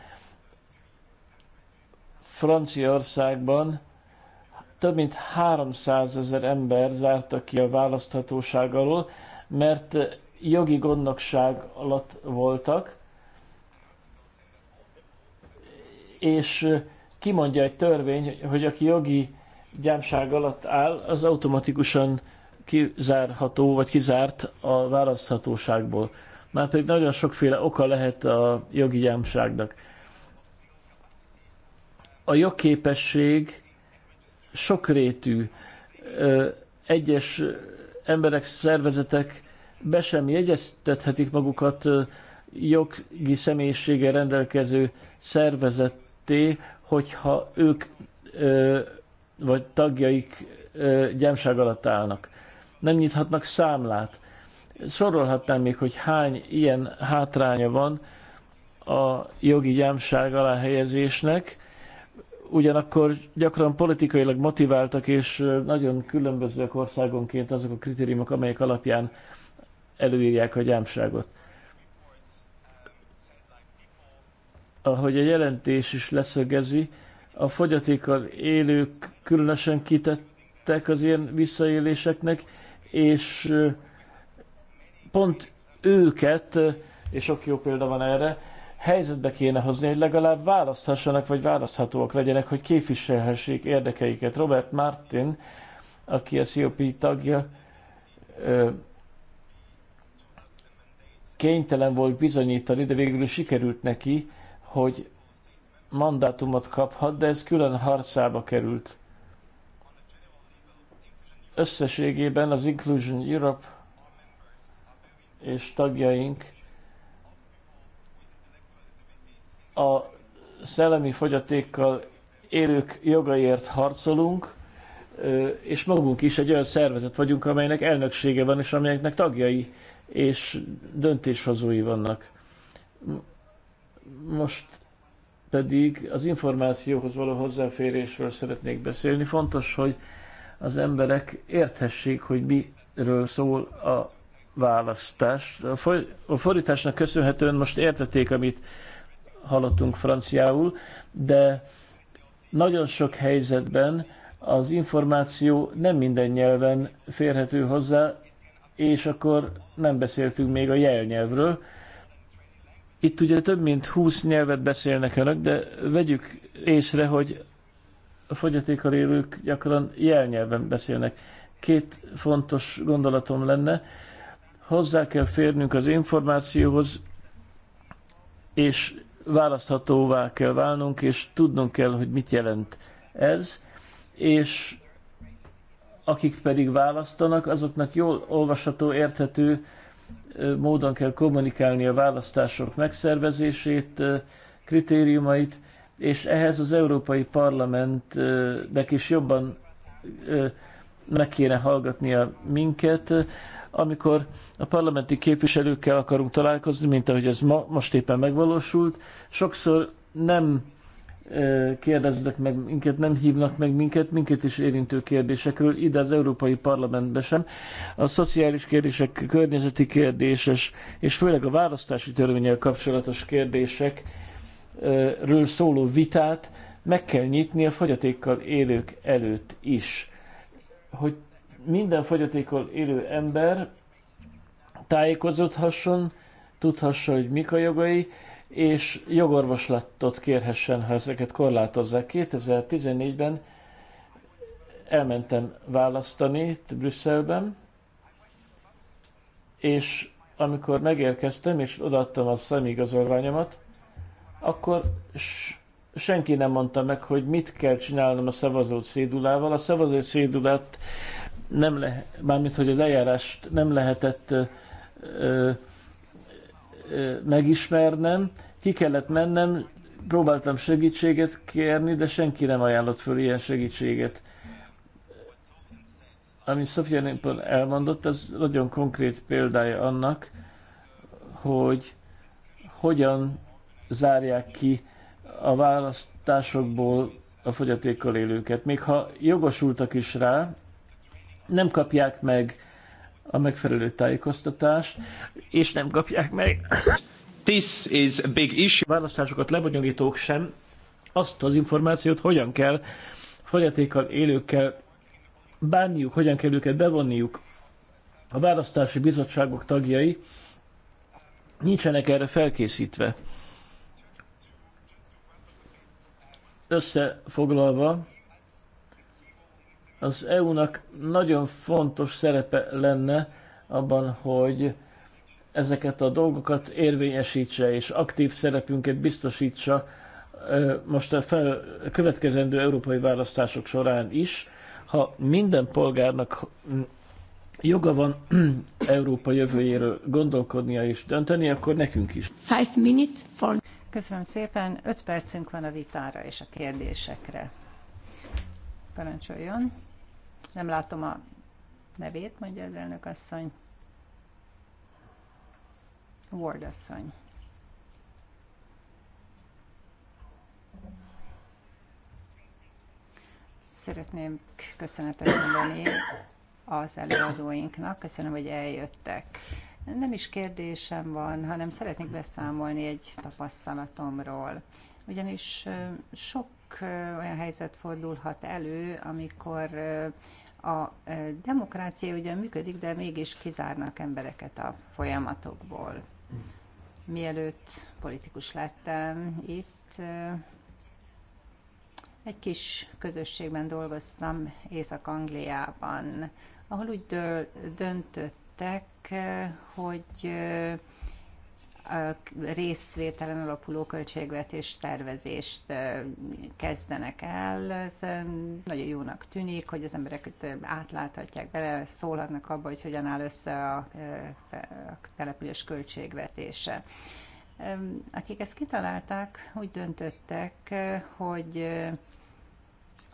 Franciaországban több mint 300 ezer ember zárta ki a választhatóság alól, mert jogi gondnokság alatt voltak, és kimondja egy törvény, hogy aki jogi gyámság alatt áll, az automatikusan kizárható, vagy kizárt a választhatóságból. Már pedig nagyon sokféle oka lehet a jogi gyámságnak. A jogképesség sokrétű. Egyes emberek, szervezetek be sem jegyeztethetik magukat jogi személyiséggel rendelkező szervezetté, hogyha ők ö, vagy tagjaik ö, gyemság alatt állnak. Nem nyithatnak számlát. Sorolhatnám még, hogy hány ilyen hátránya van a jogi gyámság alá helyezésnek, ugyanakkor gyakran politikailag motiváltak, és nagyon különbözőek országonként azok a kritériumok, amelyek alapján előírják a gyámságot. ahogy a jelentés is leszögezi, a fogyatékkal élők különösen kitettek az ilyen visszaéléseknek, és pont őket, és sok jó példa van erre, helyzetbe kéne hozni, hogy legalább választhassanak, vagy választhatóak legyenek, hogy képviselhessék érdekeiket. Robert Martin, aki a COP tagja, kénytelen volt bizonyítani, de végül sikerült neki, hogy mandátumot kaphat, de ez külön harcába került. Összességében az Inclusion Europe és tagjaink a szellemi fogyatékkal élők jogaiért harcolunk, és magunk is egy olyan szervezet vagyunk, amelynek elnöksége van, és amelyeknek tagjai és döntéshozói vannak. Most pedig az információhoz való hozzáférésről szeretnék beszélni. Fontos, hogy az emberek érthessék, hogy miről szól a választás. A fordításnak köszönhetően most értették, amit hallottunk franciául, de nagyon sok helyzetben az információ nem minden nyelven férhető hozzá, és akkor nem beszéltünk még a jelnyelvről, itt ugye több mint 20 nyelvet beszélnek önök, de vegyük észre, hogy a fogyatékkal élők gyakran jelnyelven beszélnek. Két fontos gondolatom lenne, hozzá kell férnünk az információhoz, és választhatóvá kell válnunk, és tudnunk kell, hogy mit jelent ez, és akik pedig választanak, azoknak jól olvasható, érthető módon kell kommunikálni a választások megszervezését, kritériumait, és ehhez az Európai Parlamentnek is jobban meg kéne hallgatnia minket, amikor a parlamenti képviselőkkel akarunk találkozni, mint ahogy ez ma, most éppen megvalósult, sokszor nem kérdeznek meg minket, nem hívnak meg minket, minket is érintő kérdésekről, ide az Európai Parlamentbe sem. A szociális kérdések, környezeti kérdéses, és főleg a választási törvényel kapcsolatos kérdésekről szóló vitát meg kell nyitni a fogyatékkal élők előtt is. Hogy minden fogyatékkal élő ember tájékozódhasson, tudhassa, hogy mik a jogai, és jogorvoslatot kérhessen, ha ezeket korlátozzák. 2014-ben elmentem választani itt Brüsszelben, és amikor megérkeztem, és odaadtam a szemigazolványomat, akkor senki nem mondta meg, hogy mit kell csinálnom a szavazó cédulával. A szavazó cédulát nem lehet mármint hogy az eljárást nem lehetett ö, ö, megismernem, ki kellett mennem, próbáltam segítséget kérni, de senki nem ajánlott föl ilyen segítséget. Ami Sofia Népon elmondott, az nagyon konkrét példája annak, hogy hogyan zárják ki a választásokból a fogyatékkal élőket. Még ha jogosultak is rá, nem kapják meg a megfelelő tájékoztatást, és nem kapják meg. This is a big issue. A választásokat lebonyolítók sem azt az információt, hogyan kell fogyatékkal élőkkel bánniuk, hogyan kell őket bevonniuk. A választási bizottságok tagjai nincsenek erre felkészítve. Összefoglalva, az EU-nak nagyon fontos szerepe lenne abban, hogy ezeket a dolgokat érvényesítse és aktív szerepünket biztosítsa most a fel, következendő európai választások során is, ha minden polgárnak joga van Európa jövőjéről gondolkodnia és dönteni, akkor nekünk is. Five minutes for... Köszönöm szépen, öt percünk van a vitára és a kérdésekre. Parancsoljon! Nem látom a nevét, mondja az elnök asszony. Ward asszony. Szeretném köszönetet mondani az előadóinknak. Köszönöm, hogy eljöttek. Nem is kérdésem van, hanem szeretnék beszámolni egy tapasztalatomról. Ugyanis sok olyan helyzet fordulhat elő, amikor a demokrácia ugye működik, de mégis kizárnak embereket a folyamatokból. Mielőtt politikus lettem itt, egy kis közösségben dolgoztam Észak-Angliában, ahol úgy döntöttek, hogy részvételen alapuló költségvetés tervezést kezdenek el. Ez nagyon jónak tűnik, hogy az emberek itt átláthatják bele, szólhatnak abba, hogy hogyan áll össze a, a település költségvetése. Akik ezt kitalálták, úgy döntöttek, hogy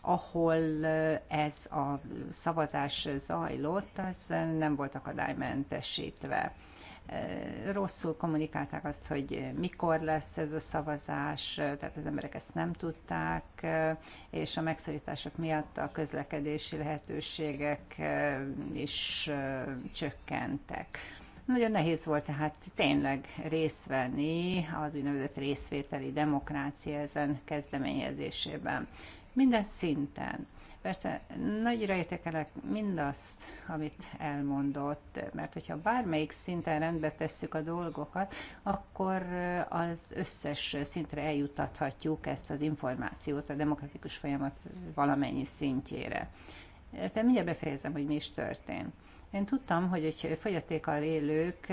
ahol ez a szavazás zajlott, az nem volt akadálymentesítve rosszul kommunikálták azt, hogy mikor lesz ez a szavazás, tehát az emberek ezt nem tudták, és a megszorítások miatt a közlekedési lehetőségek is csökkentek. Nagyon nehéz volt tehát tényleg részt venni az úgynevezett részvételi demokrácia ezen kezdeményezésében. Minden szinten Persze nagyra értékelek mindazt, amit elmondott, mert hogyha bármelyik szinten rendbe tesszük a dolgokat, akkor az összes szintre eljutathatjuk ezt az információt a demokratikus folyamat valamennyi szintjére. Te mindjárt befejezem, hogy mi is történt. Én tudtam, hogy egy fogyatékkal élők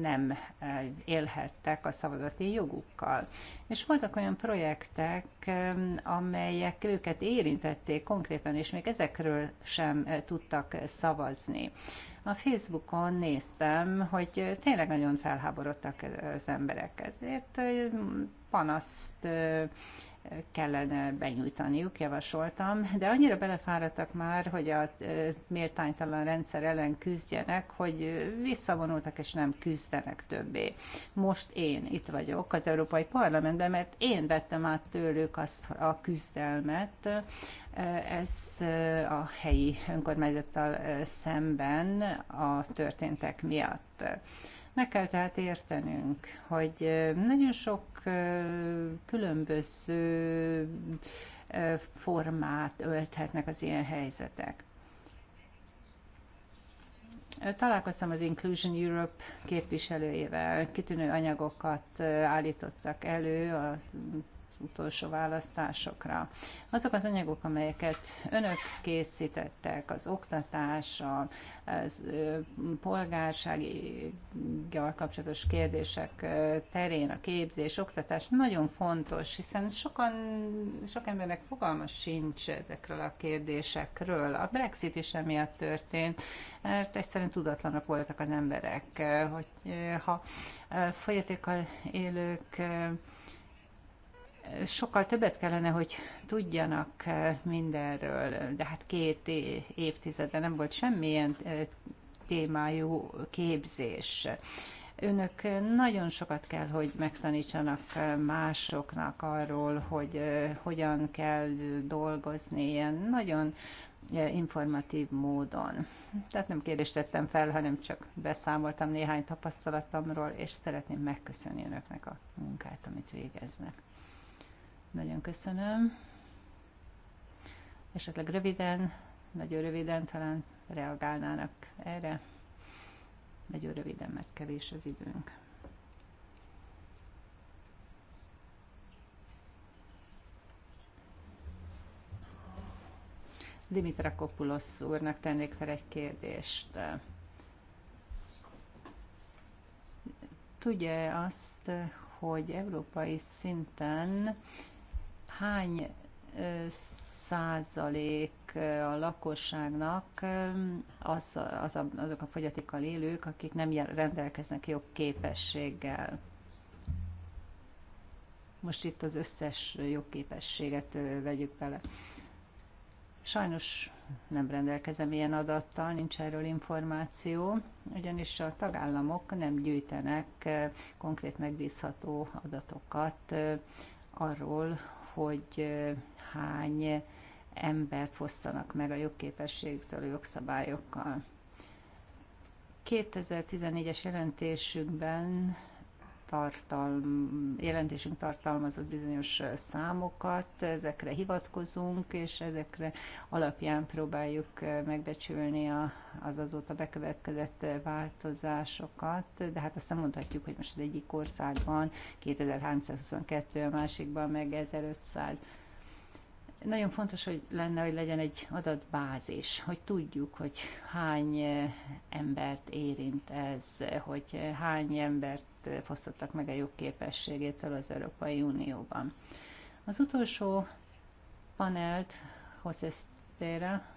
nem eh, élhettek a szavazati jogukkal. És voltak olyan projektek, eh, amelyek őket érintették konkrétan, és még ezekről sem eh, tudtak szavazni. A Facebookon néztem, hogy tényleg nagyon felháborodtak az emberek ezért, panaszt kellene benyújtaniuk, javasoltam, de annyira belefáradtak már, hogy a méltánytalan rendszer ellen küzdjenek, hogy visszavonultak és nem küzdenek többé. Most én itt vagyok az Európai Parlamentben, mert én vettem át tőlük azt a küzdelmet, ez a helyi önkormányzattal szemben a történtek miatt. Meg kell tehát értenünk, hogy nagyon sok különböző formát ölthetnek az ilyen helyzetek. Találkoztam az Inclusion Europe képviselőjével, kitűnő anyagokat állítottak elő a utolsó választásokra. Azok az anyagok, amelyeket önök készítettek, az oktatás, a polgársági kapcsolatos kérdések terén, a képzés, oktatás nagyon fontos, hiszen sokan, sok embernek fogalma sincs ezekről a kérdésekről. A Brexit is emiatt történt, mert egyszerűen tudatlanok voltak az emberek, hogy ha folyatékkal élők sokkal többet kellene, hogy tudjanak mindenről, de hát két évtizeden nem volt semmilyen témájú képzés. Önök nagyon sokat kell, hogy megtanítsanak másoknak arról, hogy hogyan kell dolgozni ilyen nagyon informatív módon. Tehát nem kérdést tettem fel, hanem csak beszámoltam néhány tapasztalatomról, és szeretném megköszönni önöknek a munkát, amit végeznek. Nagyon köszönöm. Esetleg röviden, nagyon röviden talán reagálnának erre. Nagyon röviden, mert kevés az időnk. Dimitra Kopulosz úrnak tennék fel egy kérdést. Tudja azt, hogy európai szinten hány százalék a lakosságnak az, az a, azok a fogyatékkal élők, akik nem rendelkeznek jobb képességgel. Most itt az összes jogképességet vegyük bele. Sajnos nem rendelkezem ilyen adattal, nincs erről információ, ugyanis a tagállamok nem gyűjtenek konkrét megbízható adatokat arról, hogy hány embert fosztanak meg a jogképességtől a jogszabályokkal. 2014-es jelentésükben tartalm, jelentésünk tartalmazott bizonyos számokat, ezekre hivatkozunk, és ezekre alapján próbáljuk megbecsülni a, az azóta bekövetkezett változásokat, de hát azt nem mondhatjuk, hogy most az egyik országban 2322, a másikban meg 1500 nagyon fontos, hogy lenne, hogy legyen egy adatbázis, hogy tudjuk, hogy hány eh, embert érint ez, hogy eh, hány embert eh, fosztottak meg a jogképességétől az Európai Unióban. Az utolsó panelt Hosszesztére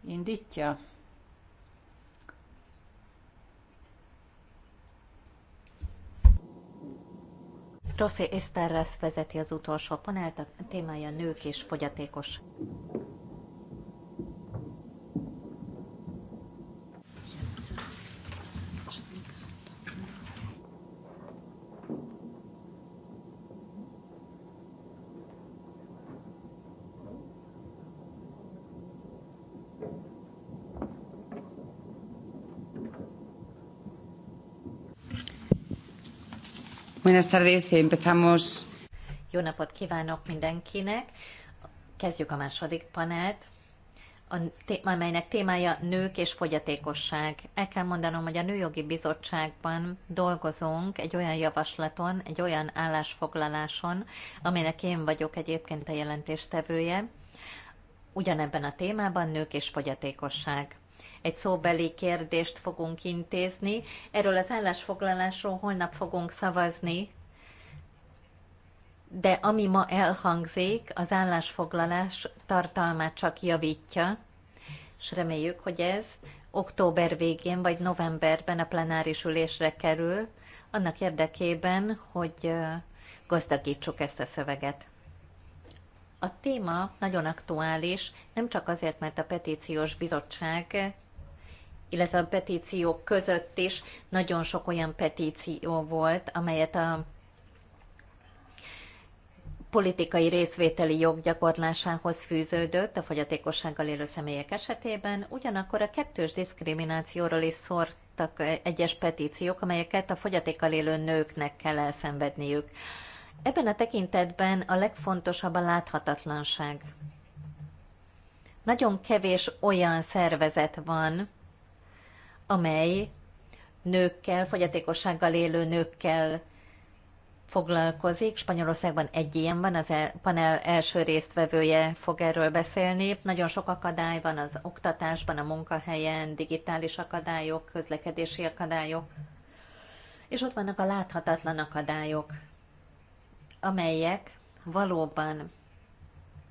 indítja. Rossi Esterres vezeti az utolsó panelt, a témája nők és fogyatékos. Buenas tardes, empezamos. Jó napot kívánok mindenkinek! Kezdjük a második panelt, a té- amelynek témája nők és fogyatékosság. El kell mondanom, hogy a Nőjogi Bizottságban dolgozunk egy olyan javaslaton, egy olyan állásfoglaláson, aminek én vagyok egyébként a jelentéstevője, ugyanebben a témában nők és fogyatékosság egy szóbeli kérdést fogunk intézni. Erről az állásfoglalásról holnap fogunk szavazni, de ami ma elhangzik, az állásfoglalás tartalmát csak javítja, és reméljük, hogy ez október végén vagy novemberben a plenáris ülésre kerül, annak érdekében, hogy gazdagítsuk ezt a szöveget. A téma nagyon aktuális, nem csak azért, mert a petíciós bizottság illetve a petíciók között is nagyon sok olyan petíció volt, amelyet a politikai részvételi jog gyakorlásához fűződött a fogyatékossággal élő személyek esetében, ugyanakkor a kettős diszkriminációról is szortak egyes petíciók, amelyeket a fogyatékkal élő nőknek kell elszenvedniük. Ebben a tekintetben a legfontosabb a láthatatlanság. Nagyon kevés olyan szervezet van, amely nőkkel, fogyatékossággal élő nőkkel foglalkozik. Spanyolországban egy ilyen van, az el, panel első résztvevője fog erről beszélni. Nagyon sok akadály van az oktatásban, a munkahelyen, digitális akadályok, közlekedési akadályok, és ott vannak a láthatatlan akadályok, amelyek valóban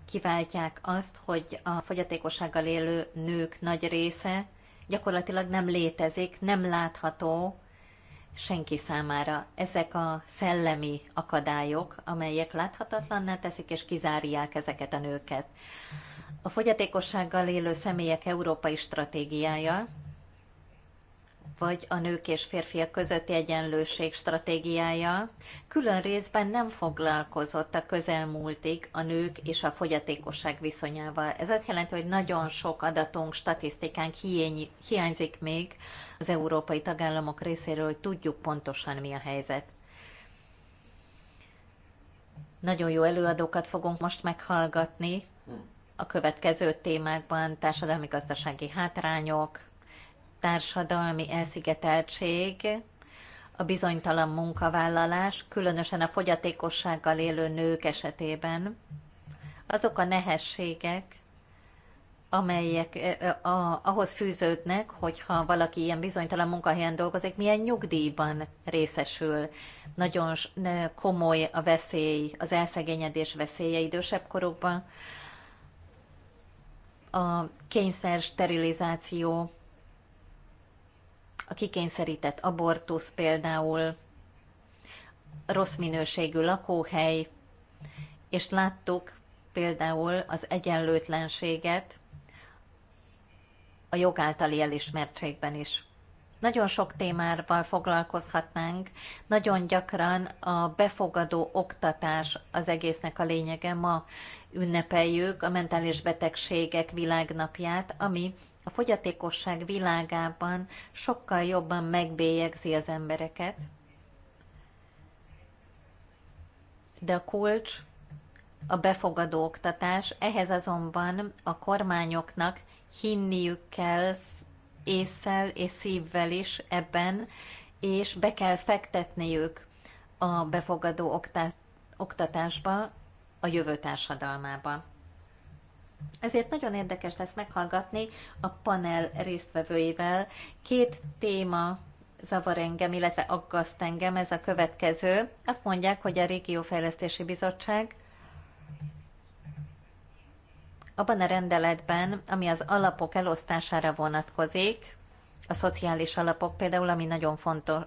kiváltják azt, hogy a fogyatékossággal élő nők nagy része gyakorlatilag nem létezik, nem látható senki számára. Ezek a szellemi akadályok, amelyek láthatatlanná teszik és kizárják ezeket a nőket. A fogyatékossággal élő személyek európai stratégiája vagy a nők és férfiak közötti egyenlőség stratégiája külön részben nem foglalkozott a közelmúltig a nők és a fogyatékosság viszonyával. Ez azt jelenti, hogy nagyon sok adatunk, statisztikánk hiányzik még az európai tagállamok részéről, hogy tudjuk pontosan mi a helyzet. Nagyon jó előadókat fogunk most meghallgatni a következő témákban, társadalmi-gazdasági hátrányok, társadalmi elszigeteltség, a bizonytalan munkavállalás, különösen a fogyatékossággal élő nők esetében, azok a nehézségek, amelyek a, ahhoz fűződnek, hogyha valaki ilyen bizonytalan munkahelyen dolgozik, milyen nyugdíjban részesül. Nagyon komoly a veszély, az elszegényedés veszélye idősebb korokban. A kényszer sterilizáció a kikényszerített abortusz például, rossz minőségű lakóhely, és láttuk például az egyenlőtlenséget a jog általi elismertségben is. Nagyon sok témával foglalkozhatnánk, nagyon gyakran a befogadó oktatás az egésznek a lényege. Ma ünnepeljük a mentális betegségek világnapját, ami a fogyatékosság világában sokkal jobban megbélyegzi az embereket, de a kulcs a befogadó oktatás, ehhez azonban a kormányoknak hinniük kell észsel és szívvel is ebben, és be kell fektetniük a befogadó oktatásba, a jövő társadalmába. Ezért nagyon érdekes lesz meghallgatni a panel résztvevőivel. Két téma zavar engem, illetve aggaszt engem, ez a következő. Azt mondják, hogy a Régiófejlesztési Bizottság abban a rendeletben, ami az alapok elosztására vonatkozik, a szociális alapok például, ami nagyon fontos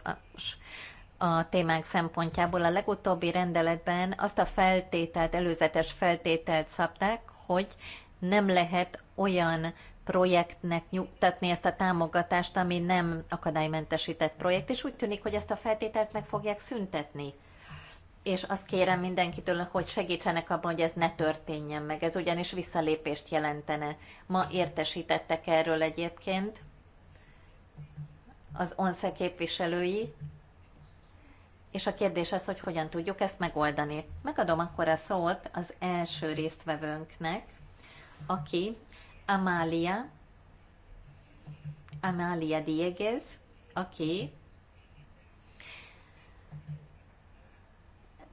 a témánk szempontjából, a legutóbbi rendeletben azt a feltételt, előzetes feltételt szabták, hogy nem lehet olyan projektnek nyugtatni ezt a támogatást, ami nem akadálymentesített projekt, és úgy tűnik, hogy ezt a feltételt meg fogják szüntetni. És azt kérem mindenkitől, hogy segítsenek abban, hogy ez ne történjen meg. Ez ugyanis visszalépést jelentene. Ma értesítettek erről egyébként az ONSZE képviselői, és a kérdés az, hogy hogyan tudjuk ezt megoldani. Megadom akkor a szót az első résztvevőnknek, aki Amália, Amália Diegues, aki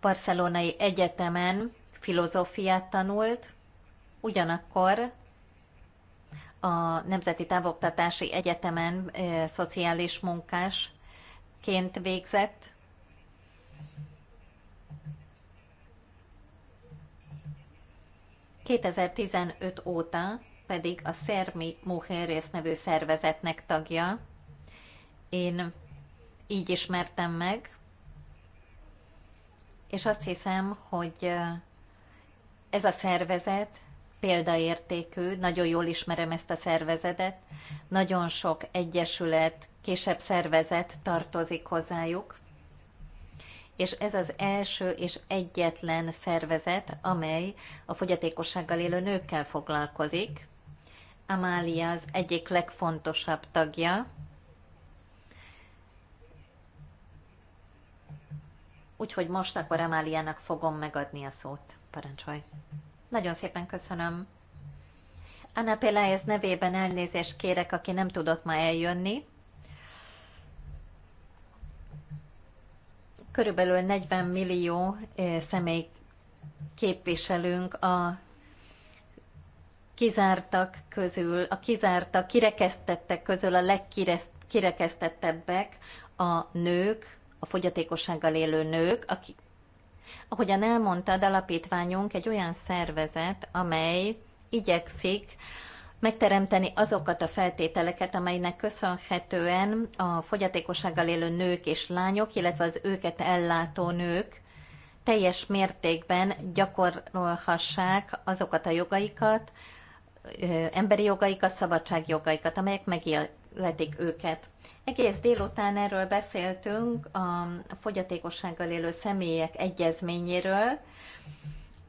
Barcelonai Egyetemen filozófiát tanult, ugyanakkor a Nemzeti Távoktatási Egyetemen e, szociális munkásként végzett, 2015 óta pedig a Szermi Mujeres nevű szervezetnek tagja. Én így ismertem meg, és azt hiszem, hogy ez a szervezet példaértékű, nagyon jól ismerem ezt a szervezetet, nagyon sok egyesület, kisebb szervezet tartozik hozzájuk, és ez az első és egyetlen szervezet, amely a fogyatékossággal élő nőkkel foglalkozik. Amália az egyik legfontosabb tagja, Úgyhogy most akkor Amáliának fogom megadni a szót. Parancsolj. Nagyon szépen köszönöm. Anna Peláez nevében elnézést kérek, aki nem tudott ma eljönni. Körülbelül 40 millió eh, személy képviselünk a kizártak közül, a kizártak, kirekesztettek közül a legkirekesztettebbek a nők, a fogyatékossággal élő nők, akik, ahogyan elmondtad, alapítványunk egy olyan szervezet, amely igyekszik megteremteni azokat a feltételeket, amelynek köszönhetően a fogyatékossággal élő nők és lányok, illetve az őket ellátó nők teljes mértékben gyakorolhassák azokat a jogaikat, emberi jogaikat, jogaikat, amelyek megilletik őket. Egész délután erről beszéltünk a fogyatékossággal élő személyek egyezményéről,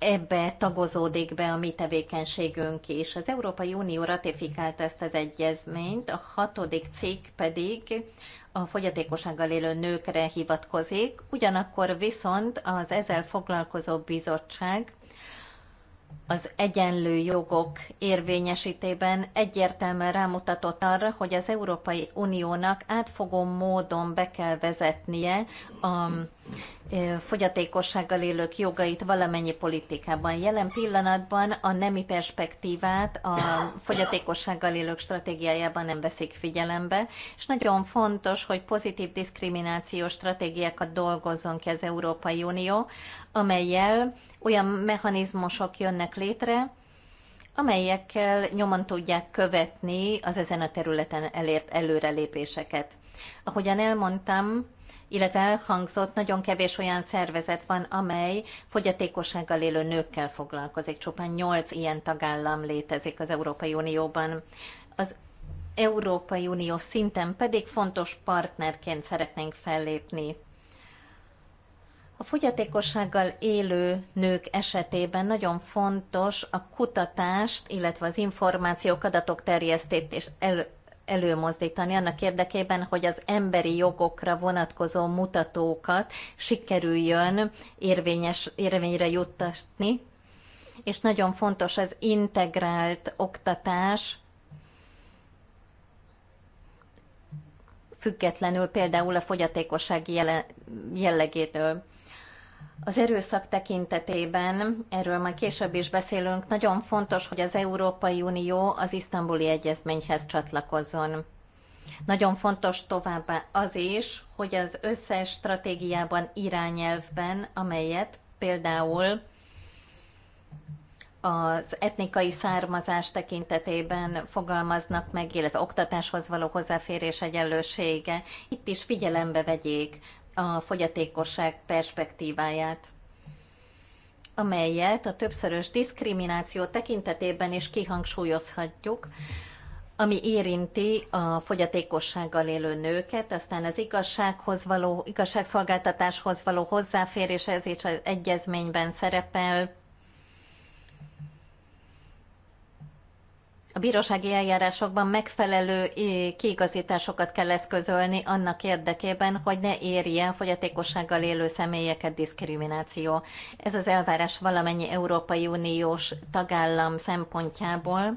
ebbe tagozódik be a mi tevékenységünk is. Az Európai Unió ratifikálta ezt az egyezményt, a hatodik cikk pedig a fogyatékossággal élő nőkre hivatkozik, ugyanakkor viszont az ezzel foglalkozó bizottság az egyenlő jogok érvényesítében egyértelműen rámutatott arra, hogy az Európai Uniónak átfogó módon be kell vezetnie a fogyatékossággal élők jogait valamennyi politikában. Jelen pillanatban a nemi perspektívát a fogyatékossággal élők stratégiájában nem veszik figyelembe, és nagyon fontos, hogy pozitív diszkriminációs stratégiákat dolgozzon ki az Európai Unió, amelyel olyan mechanizmusok jönnek létre, amelyekkel nyomon tudják követni az ezen a területen elért előrelépéseket. Ahogyan elmondtam, illetve elhangzott, nagyon kevés olyan szervezet van, amely fogyatékossággal élő nőkkel foglalkozik. Csupán nyolc ilyen tagállam létezik az Európai Unióban. Az Európai Unió szinten pedig fontos partnerként szeretnénk fellépni. A fogyatékossággal élő nők esetében nagyon fontos a kutatást, illetve az információk, adatok terjesztést előmozdítani annak érdekében, hogy az emberi jogokra vonatkozó mutatókat sikerüljön érvényes, érvényre juttatni, és nagyon fontos az integrált oktatás, függetlenül például a fogyatékossági jellegétől. Az erőszak tekintetében, erről majd később is beszélünk, nagyon fontos, hogy az Európai Unió az isztambuli egyezményhez csatlakozzon. Nagyon fontos továbbá az is, hogy az összes stratégiában, irányelvben, amelyet például az etnikai származás tekintetében fogalmaznak meg, illetve oktatáshoz való hozzáférés egyenlősége, itt is figyelembe vegyék a fogyatékosság perspektíváját amelyet a többszörös diszkrimináció tekintetében is kihangsúlyozhatjuk, ami érinti a fogyatékossággal élő nőket, aztán az igazsághoz való, igazságszolgáltatáshoz való hozzáférés, ez is az egyezményben szerepel, bírósági eljárásokban megfelelő kiigazításokat kell eszközölni annak érdekében, hogy ne a fogyatékossággal élő személyeket diszkrimináció. Ez az elvárás valamennyi Európai Uniós tagállam szempontjából.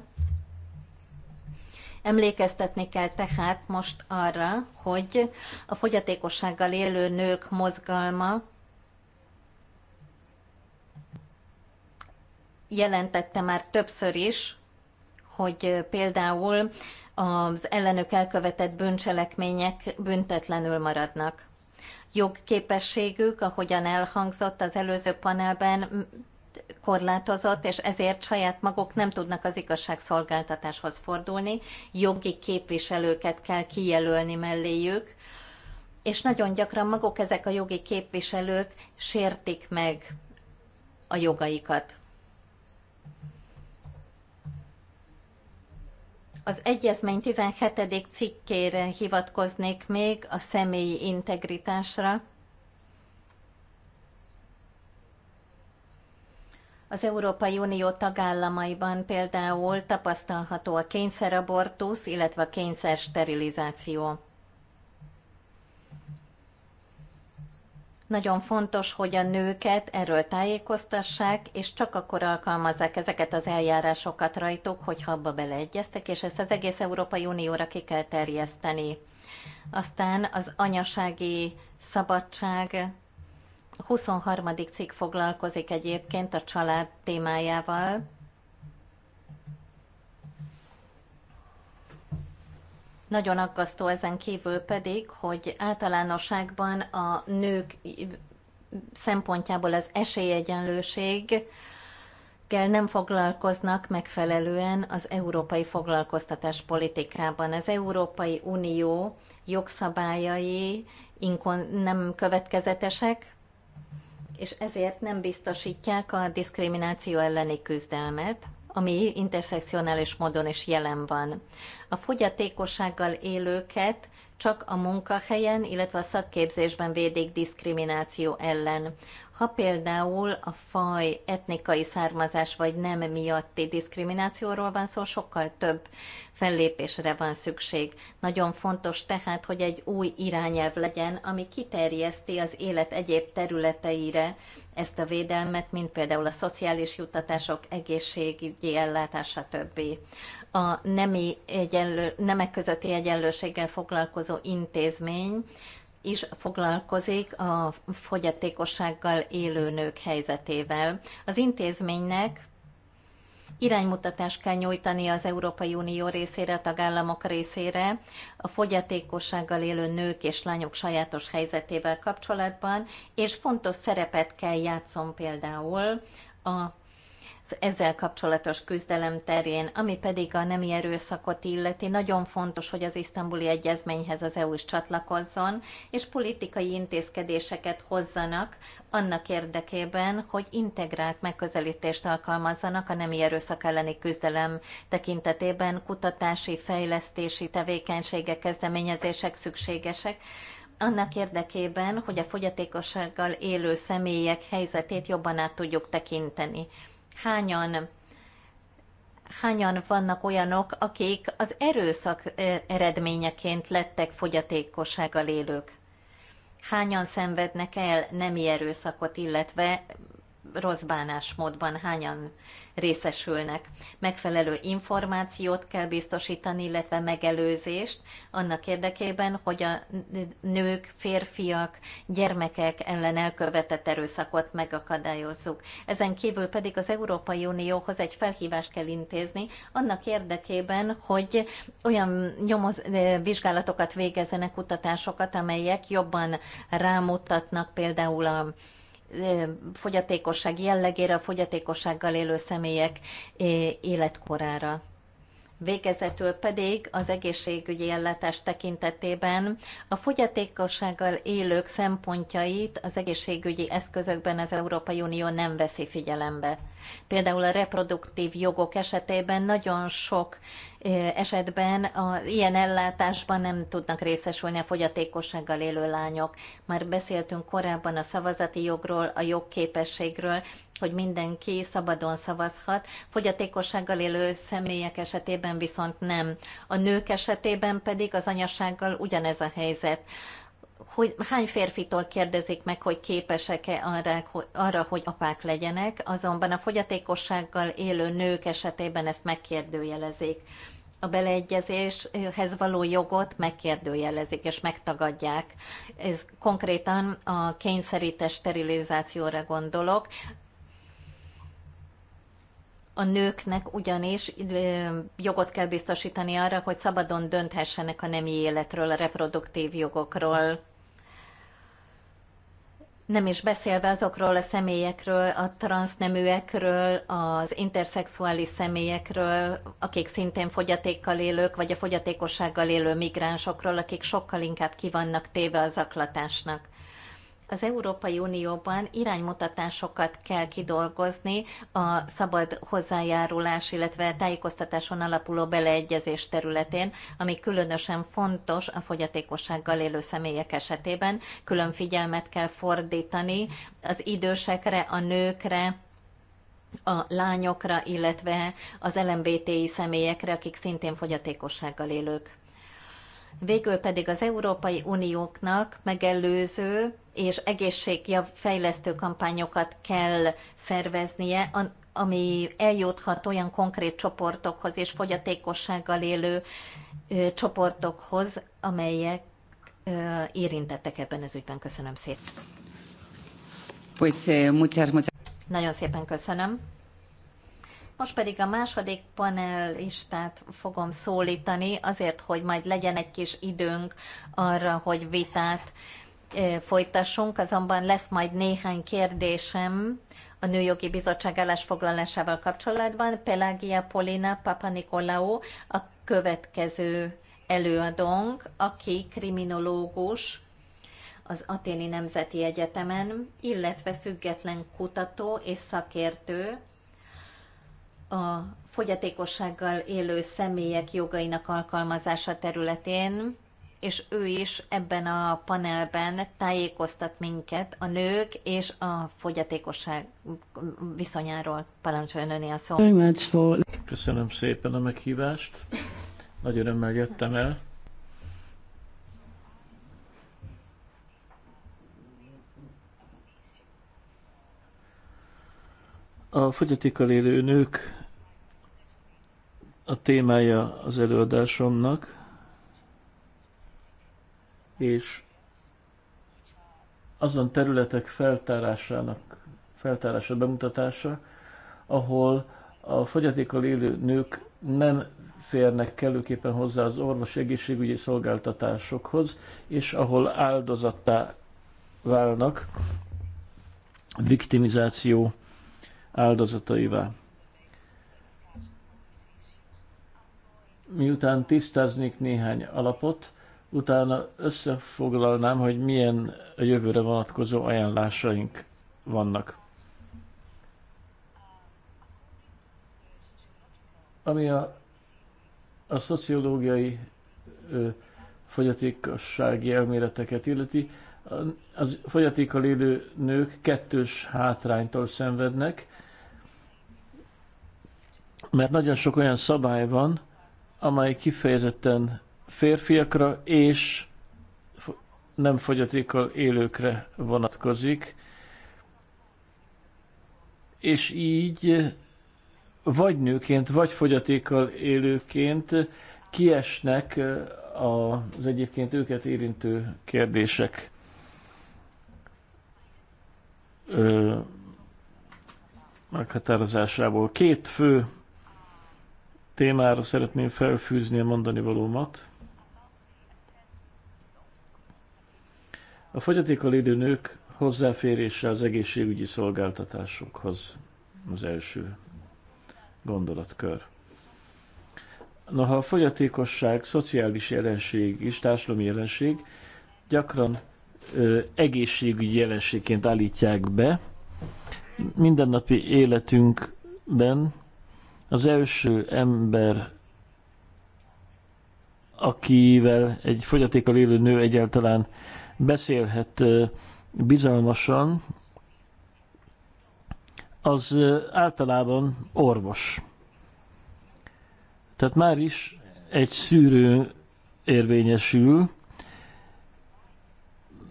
Emlékeztetni kell tehát most arra, hogy a fogyatékossággal élő nők mozgalma jelentette már többször is, hogy például az ellenük elkövetett bűncselekmények büntetlenül maradnak. Jogképességük, ahogyan elhangzott az előző panelben, korlátozott, és ezért saját maguk nem tudnak az igazságszolgáltatáshoz fordulni, jogi képviselőket kell kijelölni melléjük, és nagyon gyakran maguk ezek a jogi képviselők sértik meg a jogaikat. Az egyezmény 17. cikkére hivatkoznék még a személyi integritásra. Az Európai Unió tagállamaiban például tapasztalható a kényszerabortusz, illetve a sterilizáció. Nagyon fontos, hogy a nőket erről tájékoztassák, és csak akkor alkalmazzák ezeket az eljárásokat rajtuk, hogyha abba beleegyeztek, és ezt az egész Európai Unióra ki kell terjeszteni. Aztán az anyasági szabadság 23. cikk foglalkozik egyébként a család témájával, Nagyon aggasztó ezen kívül pedig, hogy általánosságban a nők szempontjából az esélyegyenlőség kell nem foglalkoznak megfelelően az európai foglalkoztatás politikában. Az Európai Unió jogszabályai nem következetesek, és ezért nem biztosítják a diszkrimináció elleni küzdelmet ami interszekcionális módon is jelen van. A fogyatékossággal élőket csak a munkahelyen, illetve a szakképzésben védik diszkrimináció ellen. Ha például a faj etnikai származás vagy nem miatti diszkriminációról van szó, sokkal több fellépésre van szükség. Nagyon fontos tehát, hogy egy új irányelv legyen, ami kiterjeszti az élet egyéb területeire ezt a védelmet, mint például a szociális juttatások, egészségügyi ellátása többi. A nemi egyenlő, nemek közötti egyenlőséggel foglalkozó intézmény is foglalkozik a fogyatékossággal élő nők helyzetével. Az intézménynek iránymutatást kell nyújtani az Európai Unió részére, a tagállamok részére a fogyatékossággal élő nők és lányok sajátos helyzetével kapcsolatban, és fontos szerepet kell játszon például a ezzel kapcsolatos küzdelem terén, ami pedig a nemi erőszakot illeti, nagyon fontos, hogy az isztambuli egyezményhez az EU is csatlakozzon, és politikai intézkedéseket hozzanak annak érdekében, hogy integrált megközelítést alkalmazzanak a nemi erőszak elleni küzdelem tekintetében, kutatási, fejlesztési tevékenységek, kezdeményezések szükségesek, annak érdekében, hogy a fogyatékossággal élő személyek helyzetét jobban át tudjuk tekinteni hányan hányan vannak olyanok, akik az erőszak eh, eredményeként lettek fogyatékossággal élők? Hányan szenvednek el nemi erőszakot, illetve rossz bánásmódban hányan részesülnek. Megfelelő információt kell biztosítani, illetve megelőzést annak érdekében, hogy a nők, férfiak, gyermekek ellen elkövetett erőszakot megakadályozzuk. Ezen kívül pedig az Európai Unióhoz egy felhívást kell intézni annak érdekében, hogy olyan nyomoz, vizsgálatokat végezzenek, kutatásokat, amelyek jobban rámutatnak például a fogyatékosság jellegére, a fogyatékossággal élő személyek életkorára. Végezetül pedig az egészségügyi ellátás tekintetében a fogyatékossággal élők szempontjait az egészségügyi eszközökben az Európai Unió nem veszi figyelembe. Például a reproduktív jogok esetében nagyon sok esetben a, ilyen ellátásban nem tudnak részesülni a fogyatékossággal élő lányok. Már beszéltünk korábban a szavazati jogról, a jogképességről, hogy mindenki szabadon szavazhat, fogyatékossággal élő személyek esetében viszont nem. A nők esetében pedig az anyasággal ugyanez a helyzet hogy hány férfitól kérdezik meg, hogy képesek-e arra, arra, hogy apák legyenek, azonban a fogyatékossággal élő nők esetében ezt megkérdőjelezik. A beleegyezéshez való jogot megkérdőjelezik és megtagadják. Ez konkrétan a kényszerítés sterilizációra gondolok. A nőknek ugyanis jogot kell biztosítani arra, hogy szabadon dönthessenek a nemi életről, a reproduktív jogokról. Nem is beszélve azokról a személyekről, a transzneműekről, az interszexuális személyekről, akik szintén fogyatékkal élők, vagy a fogyatékossággal élő migránsokról, akik sokkal inkább kivannak téve a zaklatásnak. Az Európai Unióban iránymutatásokat kell kidolgozni a szabad hozzájárulás, illetve tájékoztatáson alapuló beleegyezés területén, ami különösen fontos a fogyatékossággal élő személyek esetében. Külön figyelmet kell fordítani az idősekre, a nőkre, a lányokra, illetve az LMBTI személyekre, akik szintén fogyatékossággal élők végül pedig az Európai Unióknak megelőző és egészségfejlesztő kampányokat kell szerveznie, ami eljuthat olyan konkrét csoportokhoz és fogyatékossággal élő csoportokhoz, amelyek érintettek ebben az ügyben. Köszönöm szépen. Pues, eh, muchas, muchas. Nagyon szépen köszönöm. Most pedig a második panelistát fogom szólítani, azért, hogy majd legyen egy kis időnk arra, hogy vitát folytassunk, azonban lesz majd néhány kérdésem a Nőjogi Bizottság állásfoglalásával kapcsolatban. Pelagia Polina Papa Nikolaou a következő előadónk, aki kriminológus az Aténi Nemzeti Egyetemen, illetve független kutató és szakértő a fogyatékossággal élő személyek jogainak alkalmazása területén, és ő is ebben a panelben tájékoztat minket a nők és a fogyatékosság viszonyáról. Parancsoljon öné a szó. Köszönöm szépen a meghívást. Nagy örömmel jöttem el. A fogyatékkal élő nők a témája az előadásomnak, és azon területek feltárásának, feltárása, bemutatása, ahol a fogyatékkal élő nők nem férnek kellőképpen hozzá az orvos egészségügyi szolgáltatásokhoz, és ahol áldozattá válnak, viktimizáció áldozataivá. miután tisztáznék néhány alapot, utána összefoglalnám, hogy milyen a jövőre vonatkozó ajánlásaink vannak. Ami a, a szociológiai ö, fogyatékossági elméleteket illeti, az fogyatékkal élő nők kettős hátránytól szenvednek, mert nagyon sok olyan szabály van, amely kifejezetten férfiakra és nem fogyatékkal élőkre vonatkozik, és így vagy nőként, vagy fogyatékkal élőként kiesnek az egyébként őket érintő kérdések meghatározásából. Két fő témára szeretném felfűzni a mondani valómat. A fogyatékkal élő nők hozzáférése az egészségügyi szolgáltatásokhoz az első gondolatkör. Noha a fogyatékosság szociális jelenség és társadalmi jelenség, gyakran ö, egészségügyi jelenségként állítják be. Mindennapi életünkben az első ember, akivel egy fogyatékkal élő nő egyáltalán beszélhet bizalmasan, az általában orvos. Tehát már is egy szűrő érvényesül,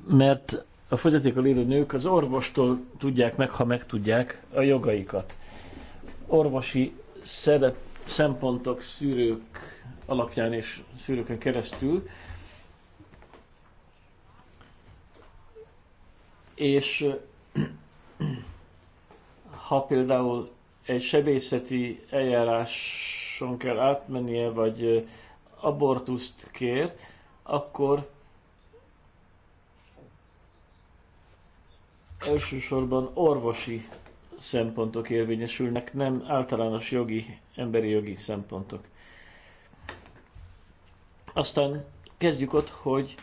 mert a fogyatékkal élő nők az orvostól tudják meg, ha megtudják a jogaikat. Orvosi szerep, szempontok, szűrők alapján és szűrőkön keresztül. És ha például egy sebészeti eljáráson kell átmennie, vagy abortuszt kér, akkor elsősorban orvosi szempontok érvényesülnek, nem általános jogi, emberi jogi szempontok. Aztán kezdjük ott, hogy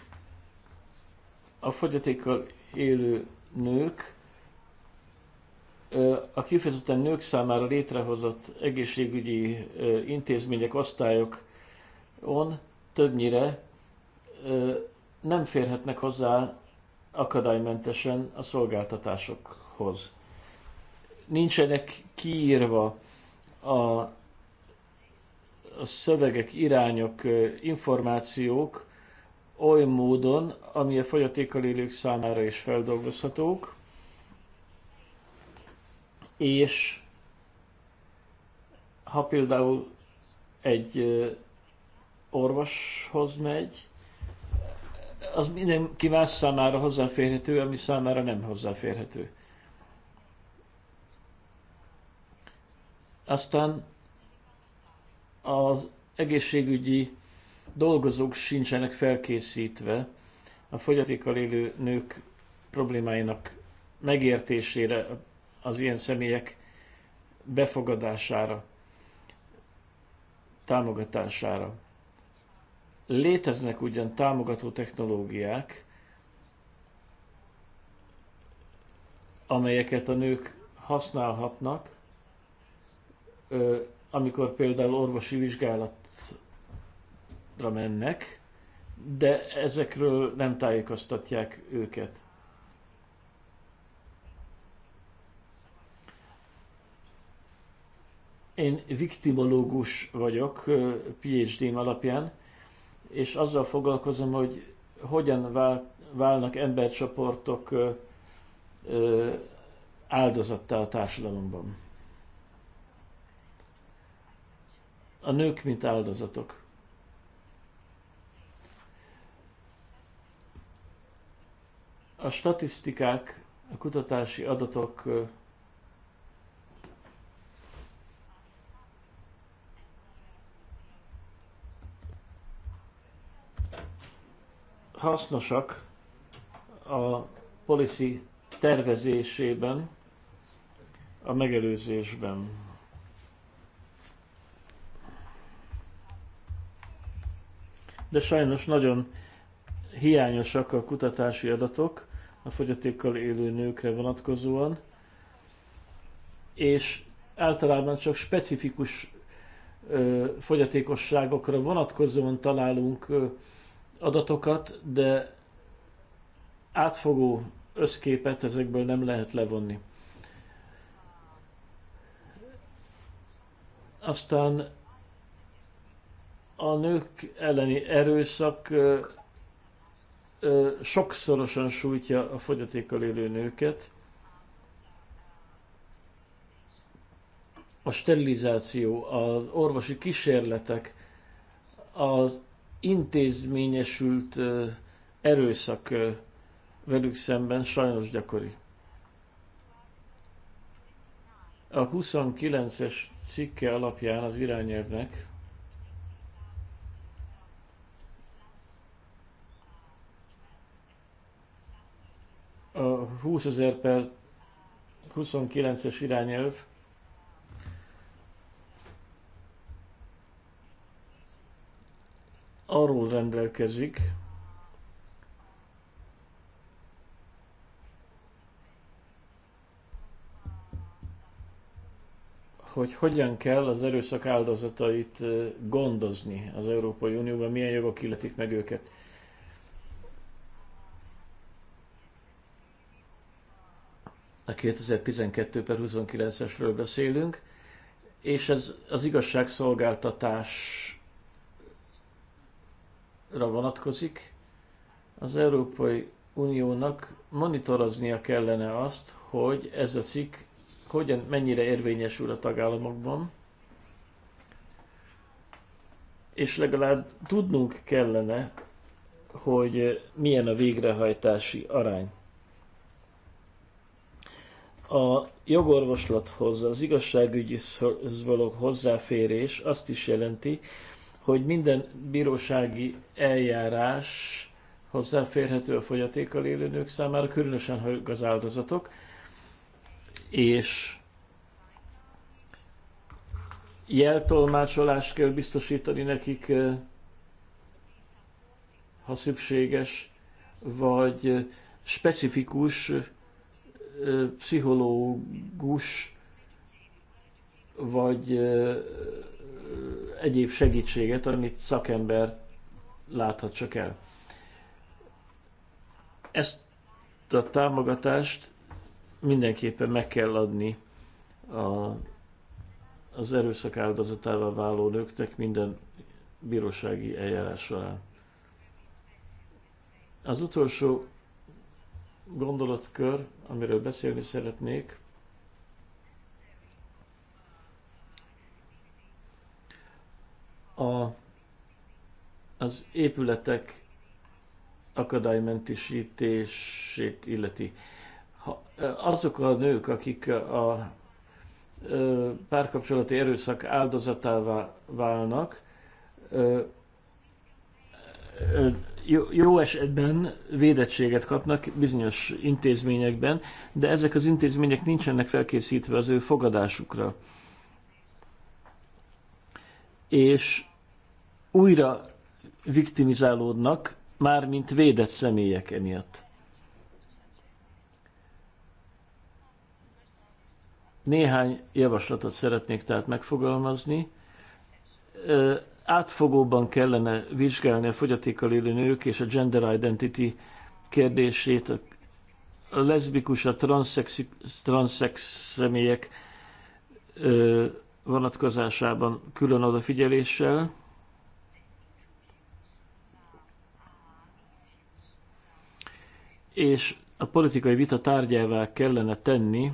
a fogyatékkal élő nők a kifejezetten nők számára létrehozott egészségügyi intézmények, osztályok on többnyire nem férhetnek hozzá akadálymentesen a szolgáltatásokhoz nincsenek kiírva a, a szövegek, irányok, információk oly módon, ami a fogyatékkal élők számára is feldolgozhatók, és ha például egy orvoshoz megy, az mindenki más számára hozzáférhető, ami számára nem hozzáférhető. Aztán az egészségügyi dolgozók sincsenek felkészítve a fogyatékkal élő nők problémáinak megértésére, az ilyen személyek befogadására, támogatására. Léteznek ugyan támogató technológiák, amelyeket a nők használhatnak, amikor például orvosi vizsgálatra mennek, de ezekről nem tájékoztatják őket. Én viktimológus vagyok PhD-m alapján, és azzal foglalkozom, hogy hogyan válnak embercsoportok áldozattá a társadalomban. a nők, mint áldozatok. A statisztikák, a kutatási adatok hasznosak a policy tervezésében, a megelőzésben. de sajnos nagyon hiányosak a kutatási adatok a fogyatékkal élő nőkre vonatkozóan, és általában csak specifikus ö, fogyatékosságokra vonatkozóan találunk ö, adatokat, de átfogó összképet ezekből nem lehet levonni. Aztán a nők elleni erőszak ö, ö, sokszorosan sújtja a fogyatékkal élő nőket. A sterilizáció, az orvosi kísérletek, az intézményesült ö, erőszak ö, velük szemben sajnos gyakori. A 29-es cikke alapján az irányelvnek a 20 ezer per 29-es irányelv arról rendelkezik, hogy hogyan kell az erőszak áldozatait eh, gondozni az Európai Unióban, milyen jogok illetik meg őket. a 2012 per 29-esről beszélünk, és ez az igazságszolgáltatásra vonatkozik. Az Európai Uniónak monitoroznia kellene azt, hogy ez a cikk hogyan, mennyire érvényesül a tagállamokban, és legalább tudnunk kellene, hogy milyen a végrehajtási arány. A jogorvoslathoz, az igazságügyhöz való hozzáférés azt is jelenti, hogy minden bírósági eljárás hozzáférhető a fogyatékkal élő nők számára, különösen, ha ők az áldozatok, és jeltolmácsolást kell biztosítani nekik, ha szükséges, vagy specifikus pszichológus vagy egyéb segítséget, amit szakember láthat csak el. Ezt a támogatást mindenképpen meg kell adni a, az erőszak áldozatával váló nőknek minden bírósági eljárás során. Az utolsó gondolatkör, amiről beszélni szeretnék, a, az épületek akadálymentisítését illeti. Ha, azok a nők, akik a, a párkapcsolati erőszak áldozatává válnak, jó esetben védettséget kapnak bizonyos intézményekben, de ezek az intézmények nincsenek felkészítve az ő fogadásukra. És újra viktimizálódnak, már mint védett személyek emiatt. Néhány javaslatot szeretnék tehát megfogalmazni átfogóban kellene vizsgálni a fogyatékkal élő nők és a gender identity kérdését, a leszbikus, a transzex, személyek ö, vonatkozásában külön odafigyeléssel. És a politikai vita tárgyává kellene tenni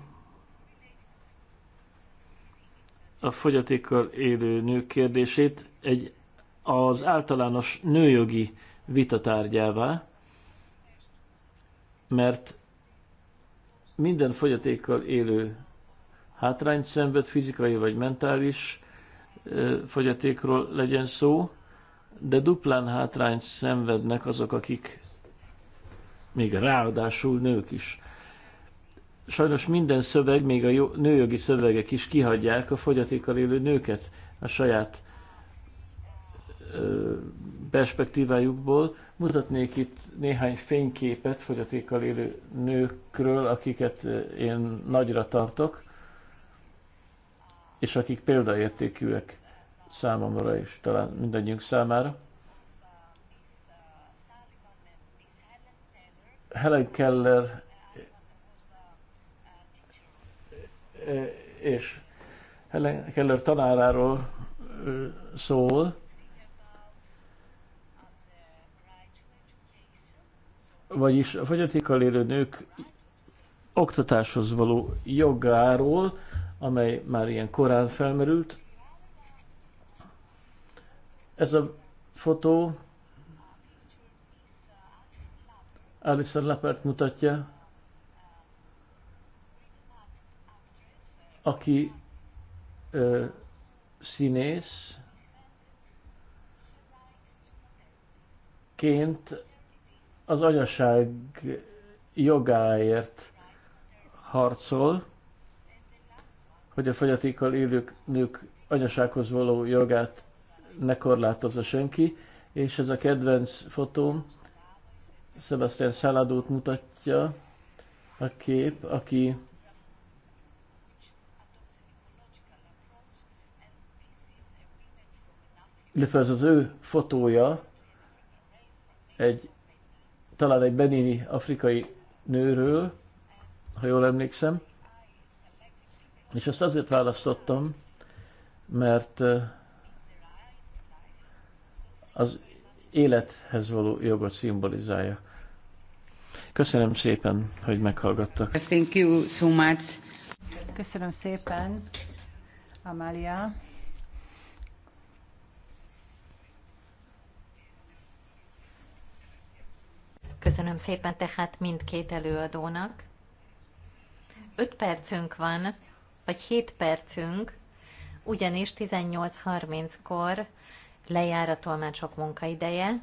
a fogyatékkal élő nők kérdését egy az általános nőjogi vitatárgyává, mert minden fogyatékkal élő hátrányt szenved, fizikai vagy mentális fogyatékról legyen szó, de duplán hátrányt szenvednek azok, akik még ráadásul nők is sajnos minden szöveg, még a jó, nőjogi szövegek is kihagyják a fogyatékkal élő nőket a saját perspektívájukból. Mutatnék itt néhány fényképet fogyatékkal élő nőkről, akiket én nagyra tartok, és akik példaértékűek számomra és talán mindannyiunk számára. Helen Keller Eh, és Helen Keller tanáráról szól, vagyis a fogyatékkal élő nők oktatáshoz való jogáról, amely már ilyen korán felmerült. Ez a fotó Alison Lepert mutatja, aki ö, színész, ként az anyaság jogáért harcol, hogy a fogyatékkal élők nők anyasághoz való jogát ne korlátozza senki, és ez a kedvenc fotóm Sebastian Saladót mutatja a kép, aki illetve ez az ő fotója egy, talán egy benini afrikai nőről, ha jól emlékszem, és azt azért választottam, mert az élethez való jogot szimbolizálja. Köszönöm szépen, hogy meghallgattak. Thank you so much. Köszönöm szépen, Amália. Köszönöm szépen tehát mindkét előadónak. Öt percünk van, vagy hét percünk, ugyanis 18.30-kor lejár a tolmácsok munkaideje.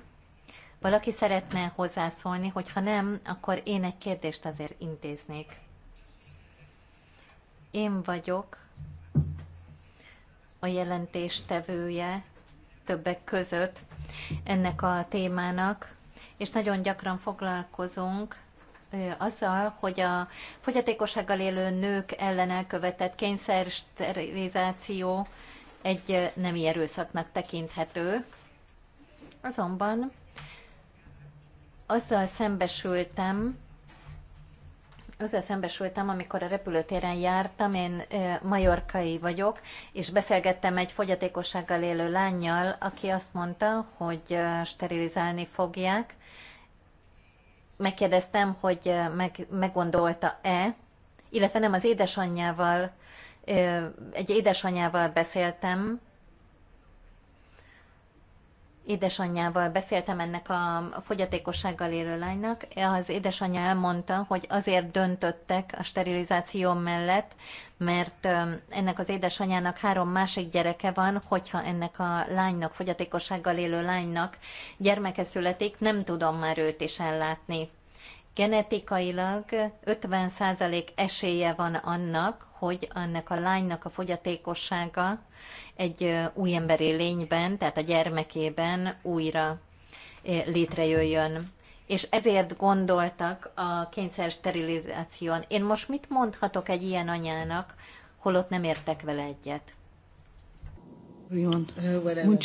Valaki szeretne hozzászólni, hogyha nem, akkor én egy kérdést azért intéznék. Én vagyok a jelentéstevője többek között ennek a témának, és nagyon gyakran foglalkozunk azzal, hogy a fogyatékossággal élő nők ellen elkövetett kényszersterilizáció egy nemi erőszaknak tekinthető. Azonban azzal szembesültem, azzal szembesültem, amikor a repülőtéren jártam, én majorkai vagyok, és beszélgettem egy fogyatékossággal élő lányjal, aki azt mondta, hogy sterilizálni fogják. Megkérdeztem, hogy meg, meggondolta-e, illetve nem az édesanyjával, egy édesanyjával beszéltem, édesanyjával beszéltem ennek a fogyatékossággal élő lánynak. Az édesanyja elmondta, hogy azért döntöttek a sterilizáció mellett, mert ennek az édesanyjának három másik gyereke van, hogyha ennek a lánynak, fogyatékossággal élő lánynak gyermeke születik, nem tudom már őt is ellátni. Genetikailag 50% esélye van annak, hogy annak a lánynak a fogyatékossága egy új emberi lényben, tehát a gyermekében újra létrejöjjön. És ezért gondoltak a kényszer sterilizáción. Én most mit mondhatok egy ilyen anyának, holott nem értek vele egyet? Uh, uh,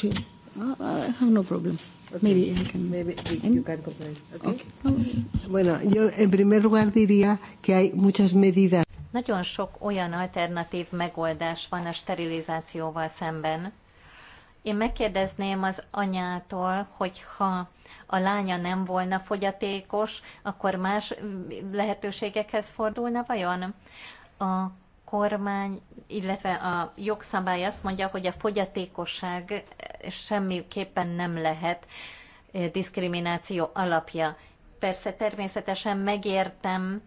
okay. Maybe can. Maybe Okay. okay. Bueno, yo en primer lugar diría que hay muchas medidas. Nagyon sok olyan alternatív megoldás van a sterilizációval szemben. Én megkérdezném az anyától, hogyha a lánya nem volna fogyatékos, akkor más lehetőségekhez fordulna vajon? A kormány, illetve a jogszabály azt mondja, hogy a fogyatékosság semmiképpen nem lehet eh, diszkrimináció alapja. Persze természetesen megértem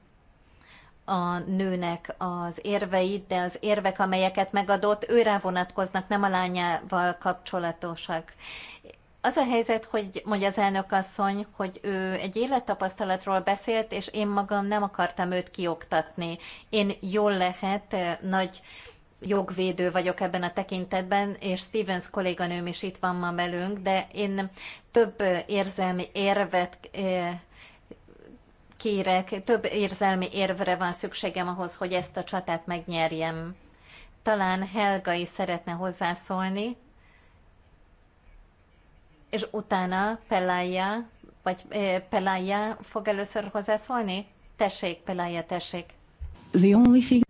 a nőnek az érveit, de az érvek, amelyeket megadott, őre vonatkoznak, nem a lányával kapcsolatosak. Az a helyzet, hogy mondja az elnök asszony, hogy ő egy élettapasztalatról beszélt, és én magam nem akartam őt kioktatni. Én jól lehet nagy jogvédő vagyok ebben a tekintetben, és Stevens kolléganőm is itt van ma velünk, de én több érzelmi érvet eh, kérek, több érzelmi érvre van szükségem ahhoz, hogy ezt a csatát megnyerjem. Talán Helga is szeretne hozzászólni, és utána Pelája, vagy Pelája fog először hozzászólni? Tessék, Pelája, tessék. The only thing...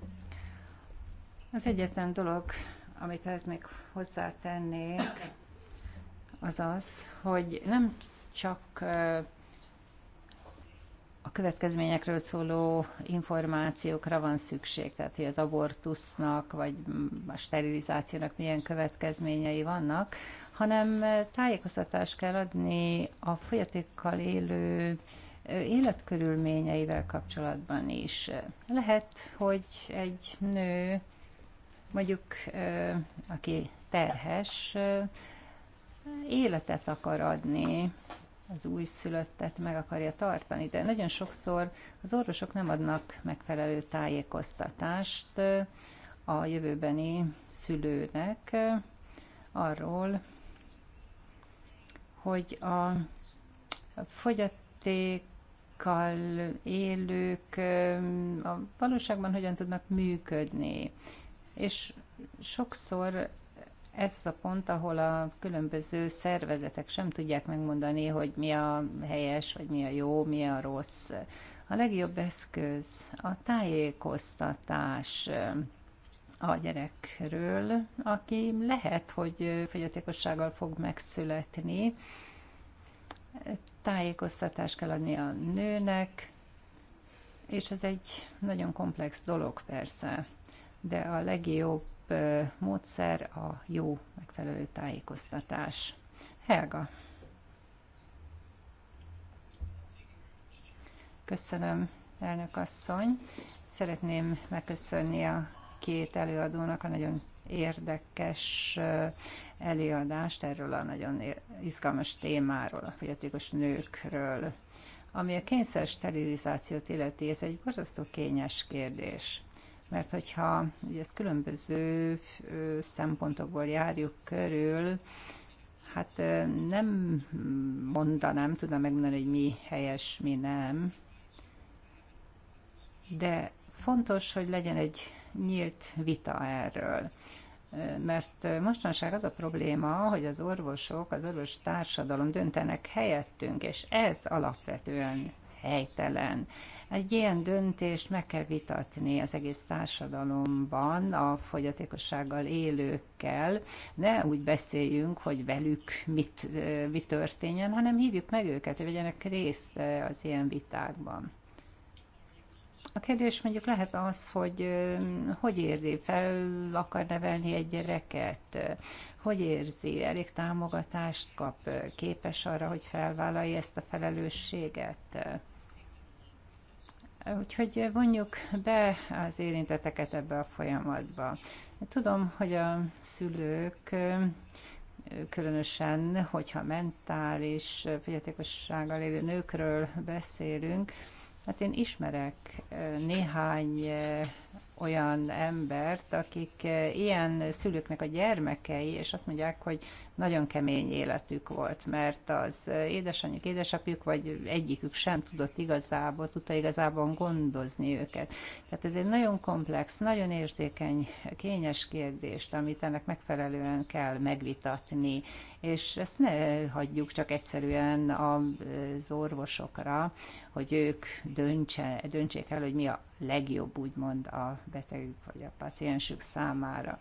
Az egyetlen dolog, amit ez még hozzátennék, az az, hogy nem csak a következményekről szóló információkra van szükség, tehát hogy az abortusznak vagy a sterilizációnak milyen következményei vannak, hanem tájékoztatást kell adni a folyatékkal élő életkörülményeivel kapcsolatban is. Lehet, hogy egy nő, mondjuk aki terhes, életet akar adni az újszülöttet meg akarja tartani, de nagyon sokszor az orvosok nem adnak megfelelő tájékoztatást a jövőbeni szülőnek arról, hogy a fogyatékkal élők a valóságban hogyan tudnak működni. És sokszor ez az a pont, ahol a különböző szervezetek sem tudják megmondani, hogy mi a helyes, vagy mi a jó, mi a rossz. A legjobb eszköz a tájékoztatás a gyerekről, aki lehet, hogy fogyatékossággal fog megszületni. Tájékoztatást kell adni a nőnek, és ez egy nagyon komplex dolog persze, de a legjobb módszer a jó, megfelelő tájékoztatás. Helga. Köszönöm, elnök asszony. Szeretném megköszönni a két előadónak a nagyon érdekes előadást erről a nagyon izgalmas témáról, a fogyatékos nőkről. Ami a kényszer sterilizációt illeti, ez egy borzasztó kényes kérdés mert hogyha ugye ezt különböző szempontokból járjuk körül, hát nem mondanám, tudom megmondani, hogy mi helyes, mi nem, de fontos, hogy legyen egy nyílt vita erről. Mert mostanság az a probléma, hogy az orvosok, az orvos társadalom döntenek helyettünk, és ez alapvetően helytelen. Egy ilyen döntést meg kell vitatni az egész társadalomban, a fogyatékossággal élőkkel. Ne úgy beszéljünk, hogy velük mit, mi történjen, hanem hívjuk meg őket, hogy vegyenek részt az ilyen vitákban. A kérdés mondjuk lehet az, hogy hogy érzi, fel akar nevelni egy gyereket, hogy érzi, elég támogatást kap, képes arra, hogy felvállalja ezt a felelősséget. Úgyhogy vonjuk be az érinteteket ebbe a folyamatba. Tudom, hogy a szülők különösen, hogyha mentális fogyatékossággal élő nőkről beszélünk, hát én ismerek néhány olyan embert, akik eh, ilyen szülőknek a gyermekei, és azt mondják, hogy nagyon kemény életük volt, mert az eh, édesanyjuk, édesapjuk, vagy egyikük sem tudott igazából, tudta igazából gondozni őket. Tehát ez egy nagyon komplex, nagyon érzékeny, kényes kérdést, amit ennek megfelelően kell megvitatni, és ezt ne hagyjuk csak egyszerűen eh, az orvosokra, hogy ők döntse, döntsék el, hogy mi a legjobb, úgymond a betegük vagy a paciensük számára.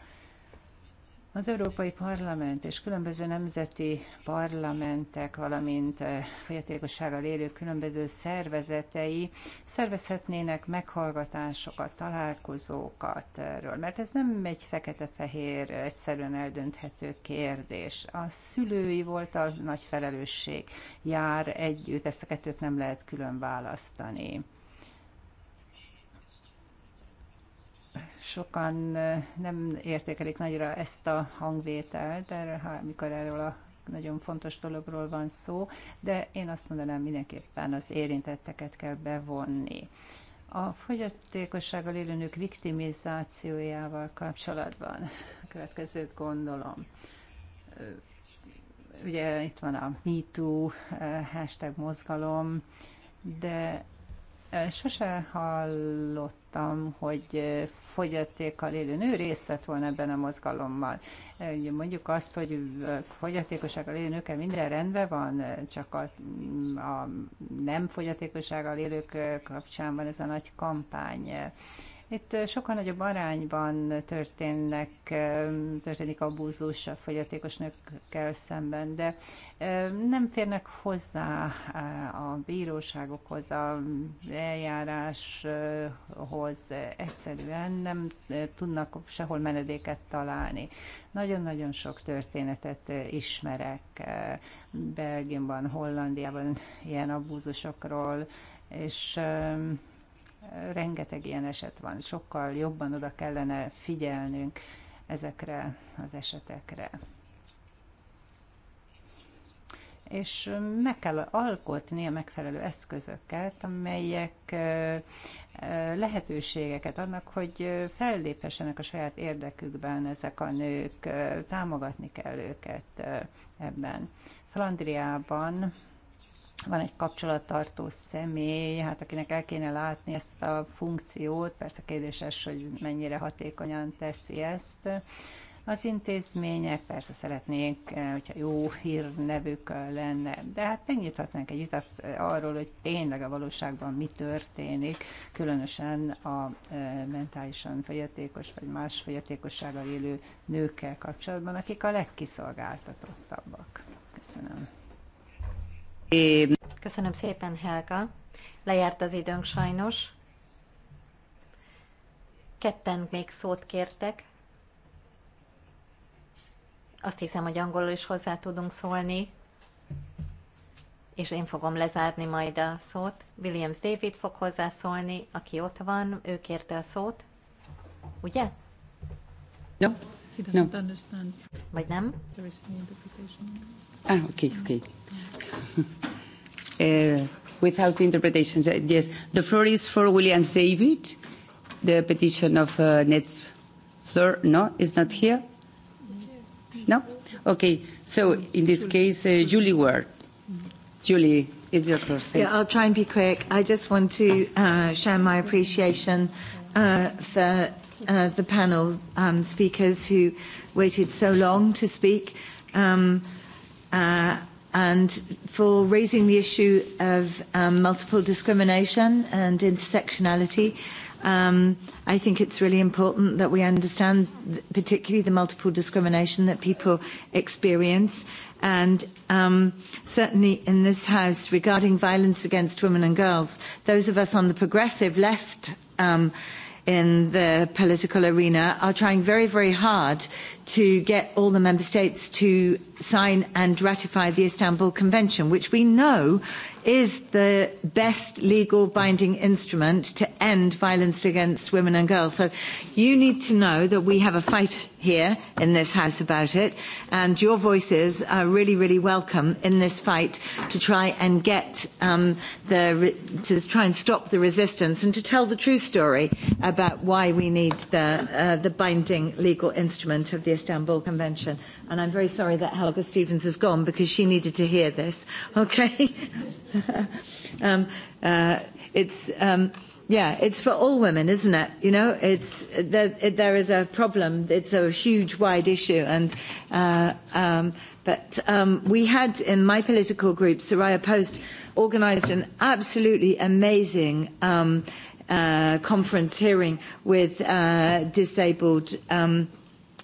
Az Európai Parlament és különböző nemzeti parlamentek, valamint eh, fogyatékossággal élő különböző szervezetei szervezhetnének meghallgatásokat, találkozókat erről, mert ez nem egy fekete-fehér, egyszerűen eldönthető kérdés. A szülői volt a nagy felelősség, jár együtt, ezt a kettőt nem lehet külön választani. sokan nem értékelik nagyra ezt a hangvételt, erre, ha, amikor erről a nagyon fontos dologról van szó, de én azt mondanám, mindenképpen az érintetteket kell bevonni. A fogyatékossággal élő nők viktimizációjával kapcsolatban a következőt gondolom. Ugye itt van a MeToo hashtag mozgalom, de sose hallott hallottam, hogy fogyatékkal élő nő részt vett volna ebben a mozgalommal. Mondjuk azt, hogy fogyatékossággal élő nőkkel minden rendben van, csak a, mm, a nem fogyatékossággal élők kapcsán van ez a nagy kampány itt sokkal nagyobb arányban történnek, történik abúzus a fogyatékos nőkkel szemben, de nem férnek hozzá a bíróságokhoz, a eljáráshoz, egyszerűen nem tudnak sehol menedéket találni. Nagyon-nagyon sok történetet ismerek Belgiumban, Hollandiában ilyen abúzusokról, és rengeteg ilyen eset van, sokkal jobban oda kellene figyelnünk ezekre az esetekre. És meg kell alkotni a megfelelő eszközöket, amelyek lehetőségeket adnak, hogy felléphessenek a saját érdekükben ezek a nők, támogatni kell őket ebben. Flandriában van egy kapcsolattartó személy, hát akinek el kéne látni ezt a funkciót, persze kérdéses, hogy mennyire hatékonyan teszi ezt. Az intézmények persze szeretnénk, eh, hogyha jó hírnevük lenne, de hát megnyithatnánk egy vitat eh, arról, hogy tényleg a valóságban mi történik, különösen a eh, mentálisan fogyatékos vagy más fogyatékossággal élő nőkkel kapcsolatban, akik a legkiszolgáltatottabbak. Köszönöm. Köszönöm szépen, Helga. Lejárt az időnk sajnos. Ketten még szót kértek. Azt hiszem, hogy angolul is hozzá tudunk szólni, és én fogom lezárni majd a szót. Williams David fog hozzászólni, aki ott van, ő kérte a szót. Ugye? No. He doesn't no. understand. Vagy nem? There is no interpretation. Ah, okay, okay. Uh, without interpretations, uh, yes. The floor is for Williams David, the petition of uh, Nets Floor. No, is not here? No? Okay, so in this case, uh, Julie Ward. Julie, is your floor. Yeah, I'll try and be quick. I just want to uh, share my appreciation uh, for uh, the panel um, speakers who waited so long to speak. Um, uh, and for raising the issue of um, multiple discrimination and intersectionality. Um, I think it's really important that we understand, particularly the multiple discrimination that people experience. And um, certainly in this House, regarding violence against women and girls, those of us on the progressive left um, in the political arena are trying very, very hard to get all the member states to sign and ratify the Istanbul Convention, which we know is the best legal binding instrument to end violence against women and girls. So you need to know that we have a fight here in this House about it, and your voices are really, really welcome in this fight to try and get um, the to try and stop the resistance and to tell the true story about why we need the uh, the binding legal instrument of the Istanbul Convention. And I'm very sorry that Helga Stevens has gone because she needed to hear this. Okay? um, uh, it's. Um, yeah, it's for all women, isn't it? You know, it's there, it, there is a problem. It's a huge, wide issue, and uh, um, but um, we had in my political group, Soraya Post, organised an absolutely amazing um, uh, conference hearing with uh, disabled. Um,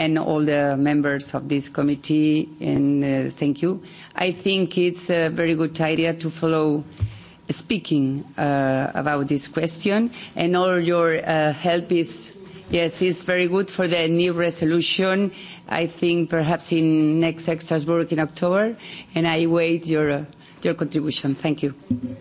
and all the members of this committee, and uh, thank you. I think it's a very good idea to follow speaking uh, about this question, and all your uh, help is, yes, is very good for the new resolution. I think perhaps in next Strasbourg in October, and I await your, uh, your contribution. Thank you.